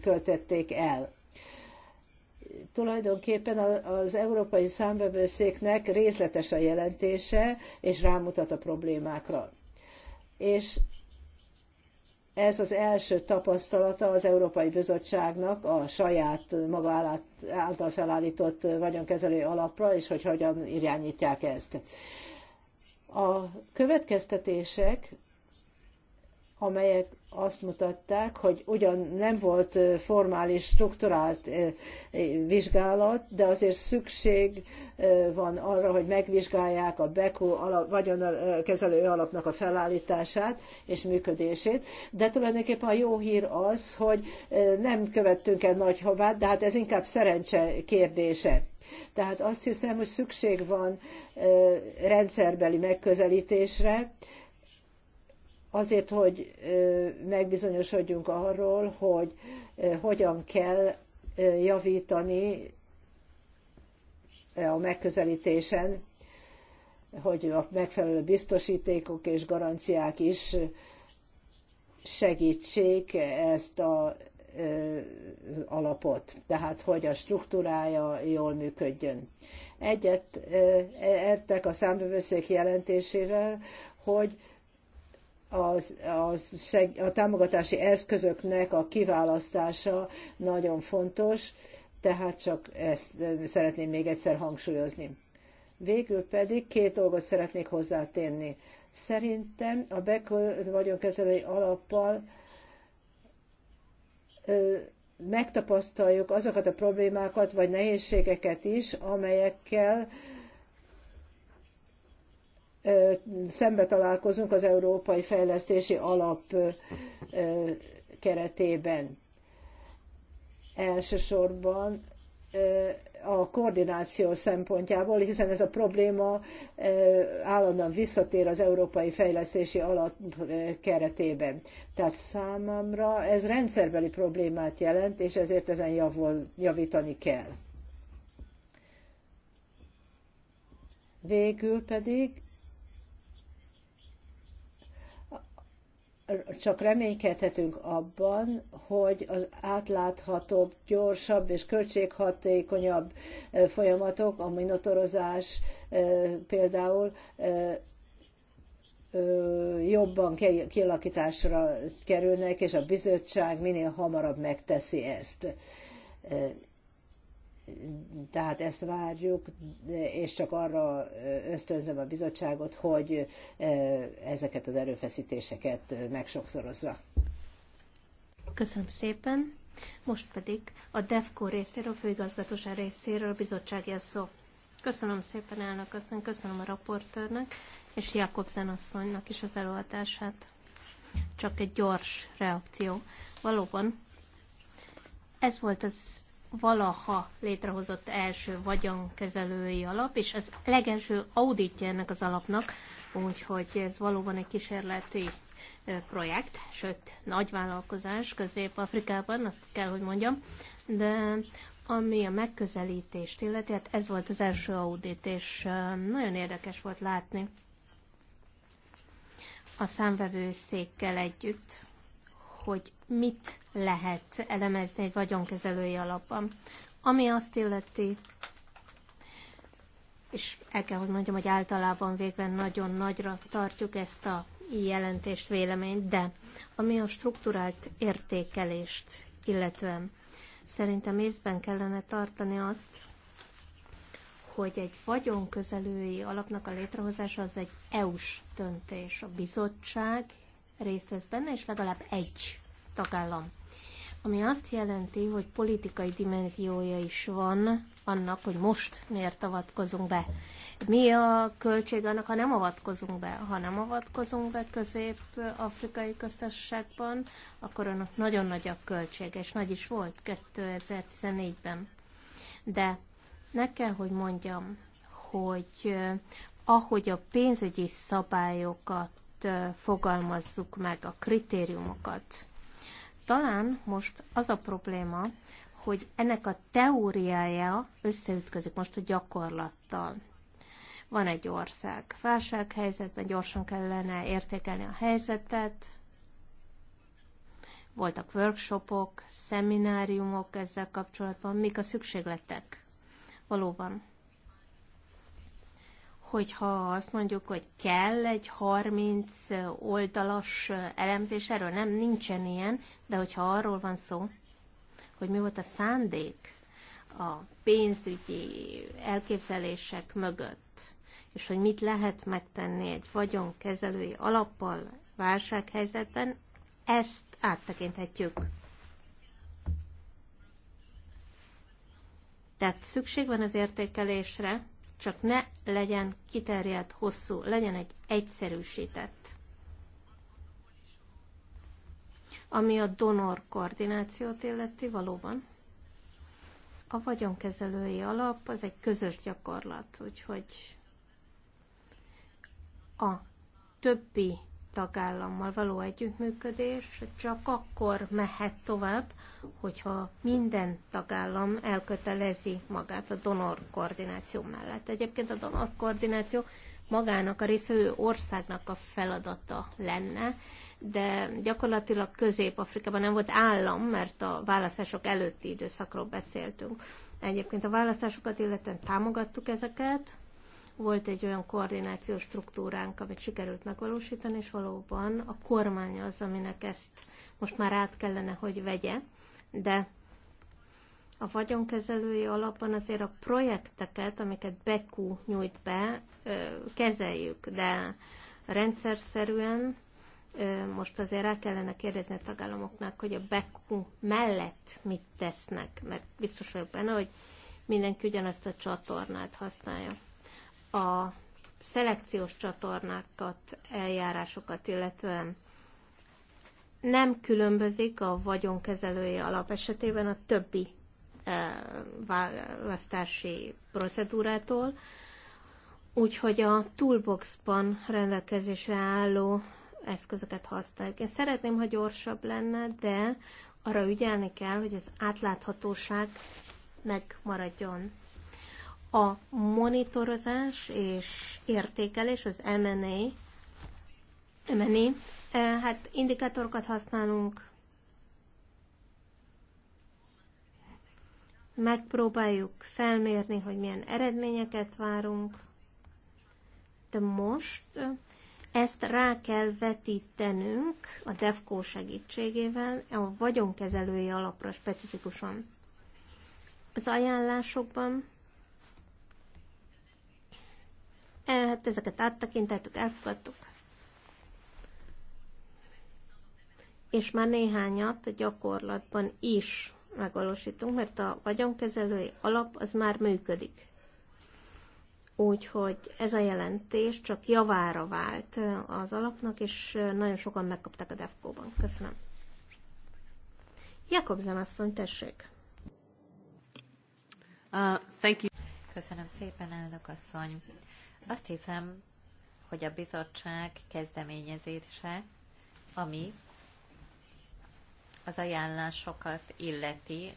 költötték el tulajdonképpen az Európai Számvevőszéknek részletes a jelentése, és rámutat a problémákra. És ez az első tapasztalata az Európai Bizottságnak a saját maga által felállított vagyonkezelő alapra, és hogy hogyan irányítják ezt. A következtetések amelyek azt mutatták, hogy ugyan nem volt formális, strukturált vizsgálat, de azért szükség van arra, hogy megvizsgálják a BECO alap, vagyonkezelő alapnak a felállítását és működését. De tulajdonképpen a jó hír az, hogy nem követtünk el nagy havát, de hát ez inkább szerencse kérdése. Tehát azt hiszem, hogy szükség van rendszerbeli megközelítésre, azért, hogy megbizonyosodjunk arról, hogy hogyan kell javítani a megközelítésen, hogy a megfelelő biztosítékok és garanciák is segítsék ezt a alapot, tehát hogy a struktúrája jól működjön. Egyet értek a számbevőszék jelentésével, hogy az, az seg, a támogatási eszközöknek a kiválasztása nagyon fontos, tehát csak ezt szeretném még egyszer hangsúlyozni. Végül pedig két dolgot szeretnék hozzátenni. Szerintem a BEC vagyonkezelői alappal ö, megtapasztaljuk azokat a problémákat vagy nehézségeket is, amelyekkel ö, szembe találkozunk az Európai Fejlesztési Alap keretében. Elsősorban a koordináció szempontjából, hiszen ez a probléma állandóan visszatér az Európai Fejlesztési Alap keretében. Tehát számomra ez rendszerbeli problémát jelent, és ezért ezen javul, javítani kell. Végül pedig csak reménykedhetünk abban, hogy az átláthatóbb, gyorsabb és költséghatékonyabb folyamatok, a minotorozás például jobban kialakításra kerülnek, és a bizottság minél hamarabb megteszi ezt tehát ezt várjuk, és csak arra ösztönzöm a bizottságot, hogy ezeket az erőfeszítéseket megsokszorozza. Köszönöm szépen. Most pedig a DEFCO részéről, a főigazgatóság részéről a bizottsági szó. Köszönöm szépen elnök asszony, köszönöm a raportőrnek és Jakob Zenasszonynak is az előadását. Csak egy gyors reakció. Valóban ez volt az valaha létrehozott első vagyonkezelői alap, és ez legelső auditja ennek az alapnak, úgyhogy ez valóban egy kísérleti projekt, sőt, nagy vállalkozás Közép-Afrikában, azt kell, hogy mondjam, de ami a megközelítést illeti, hát ez volt az első audit, és nagyon érdekes volt látni a számvevőszékkel együtt, hogy mit lehet elemezni egy vagyonkezelői alapban. Ami azt illeti, és el kell, hogy mondjam, hogy általában végben nagyon nagyra tartjuk ezt a jelentést, véleményt, de ami a strukturált értékelést illetően szerintem észben kellene tartani azt, hogy egy vagyonközelői alapnak a létrehozása az egy EU-s döntés. A bizottság részt vesz benne, és legalább egy tagállam. Ami azt jelenti, hogy politikai dimenziója is van annak, hogy most miért avatkozunk be. Mi a költség annak, ha nem avatkozunk be? Ha nem avatkozunk be Közép-Afrikai Köztársaságban, akkor annak nagyon nagy a költség, és nagy is volt 2014-ben. De ne kell, hogy mondjam, hogy eh, ahogy a pénzügyi szabályokat fogalmazzuk meg a kritériumokat. Talán most az a probléma, hogy ennek a teóriája összeütközik most a gyakorlattal. Van egy ország válsághelyzetben, gyorsan kellene értékelni a helyzetet, voltak workshopok, szemináriumok ezzel kapcsolatban, mik a szükségletek. Valóban hogyha azt mondjuk, hogy kell egy 30 oldalas elemzés, erről nem, nincsen ilyen, de hogyha arról van szó, hogy mi volt a szándék a pénzügyi elképzelések mögött, és hogy mit lehet megtenni egy vagyonkezelői alappal válsághelyzetben, ezt áttekinthetjük. Tehát szükség van az értékelésre, csak ne legyen kiterjedt, hosszú, legyen egy egyszerűsített. Ami a donor koordinációt illeti, valóban a vagyonkezelői alap az egy közös gyakorlat, úgyhogy a többi tagállammal való együttműködés csak akkor mehet tovább, hogyha minden tagállam elkötelezi magát a donor koordináció mellett. Egyébként a donor koordináció magának a részvevő országnak a feladata lenne, de gyakorlatilag Közép-Afrikában nem volt állam, mert a választások előtti időszakról beszéltünk. Egyébként a választásokat illetően támogattuk ezeket, volt egy olyan koordinációs struktúránk, amit sikerült megvalósítani, és valóban a kormány az, aminek ezt most már át kellene, hogy vegye, de a vagyonkezelői alapban azért a projekteket, amiket Beku nyújt be, kezeljük, de rendszer szerűen most azért rá kellene kérdezni a tagállamoknak, hogy a Beku mellett mit tesznek, mert biztos vagyok benne, hogy mindenki ugyanazt a csatornát használja a szelekciós csatornákat, eljárásokat, illetően nem különbözik a vagyonkezelői alap esetében a többi e, választási procedúrától, úgyhogy a toolboxban rendelkezésre álló eszközöket használjuk. Én szeretném, ha gyorsabb lenne, de arra ügyelni kell, hogy az átláthatóság megmaradjon. A monitorozás és értékelés, az M&A, M&A eh, hát indikátorokat használunk, megpróbáljuk felmérni, hogy milyen eredményeket várunk, de most eh, ezt rá kell vetítenünk a DEFCO segítségével a vagyonkezelői alapra specifikusan. Az ajánlásokban E, hát ezeket áttekintettük, elfogadtuk. És már néhányat gyakorlatban is megvalósítunk, mert a vagyonkezelői alap az már működik. Úgyhogy ez a jelentés csak javára vált az alapnak, és nagyon sokan megkapták a DEFCO-ban. Köszönöm. Jakobzen asszony, tessék. Uh, thank you. Köszönöm szépen, elnök asszony. Azt hiszem, hogy a bizottság kezdeményezése, ami az ajánlásokat illeti,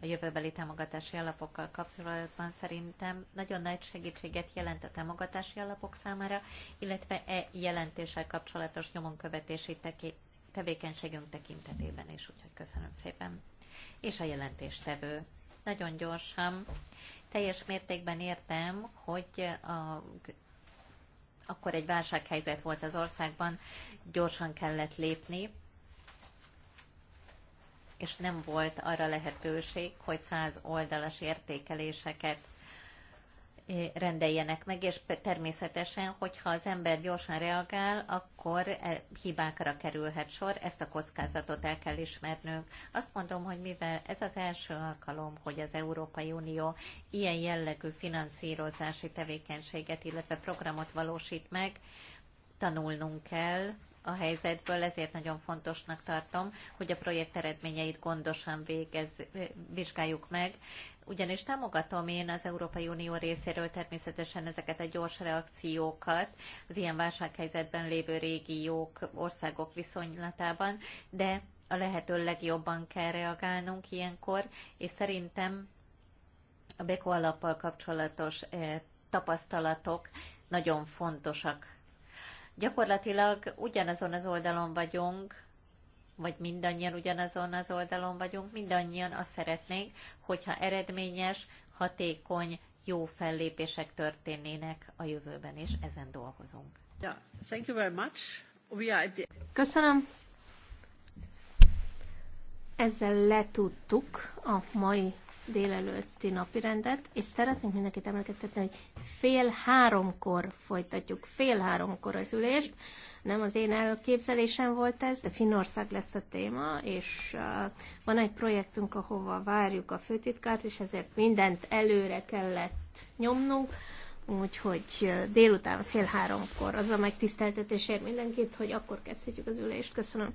a jövőbeli támogatási alapokkal kapcsolatban szerintem nagyon nagy segítséget jelent a támogatási alapok számára, illetve e jelentéssel kapcsolatos nyomonkövetési teki- tevékenységünk tekintetében is, úgyhogy köszönöm szépen. És a jelentéstevő. Nagyon gyorsan teljes mértékben értem, hogy a, akkor egy válsághelyzet volt az országban, gyorsan kellett lépni, és nem volt arra lehetőség, hogy száz oldalas értékeléseket rendeljenek meg, és természetesen, hogyha az ember gyorsan reagál, akkor e, hibákra kerülhet sor, ezt a kockázatot el kell ismernünk. Azt mondom, hogy mivel ez az első alkalom, hogy az Európai Unió ilyen jellegű finanszírozási tevékenységet, illetve programot valósít meg, tanulnunk kell, a helyzetből, ezért nagyon fontosnak tartom, hogy a projekt eredményeit gondosan végez, vizsgáljuk meg, ugyanis támogatom én az Európai Unió részéről természetesen ezeket a gyors reakciókat az ilyen válsághelyzetben lévő régiók, országok viszonylatában, de a lehető legjobban kell reagálnunk ilyenkor, és szerintem a Beko alappal kapcsolatos eh, tapasztalatok nagyon fontosak. Gyakorlatilag ugyanazon az oldalon vagyunk, vagy mindannyian ugyanazon az oldalon vagyunk, mindannyian azt szeretnénk, hogyha eredményes, hatékony, jó fellépések történnének a jövőben, és ezen dolgozunk. Yeah, thank you very much. We are the... Köszönöm. Ezzel letudtuk a mai délelőtti napirendet, és szeretnénk mindenkit emlékeztetni, hogy fél háromkor folytatjuk, fél háromkor az ülést. Nem az én elképzelésem volt ez, de Finország lesz a téma, és uh, van egy projektünk, ahova várjuk a főtitkárt, és ezért mindent előre kellett nyomnunk, úgyhogy uh, délután fél háromkor az a megtiszteltetésért mindenkit, hogy akkor kezdhetjük az ülést. Köszönöm.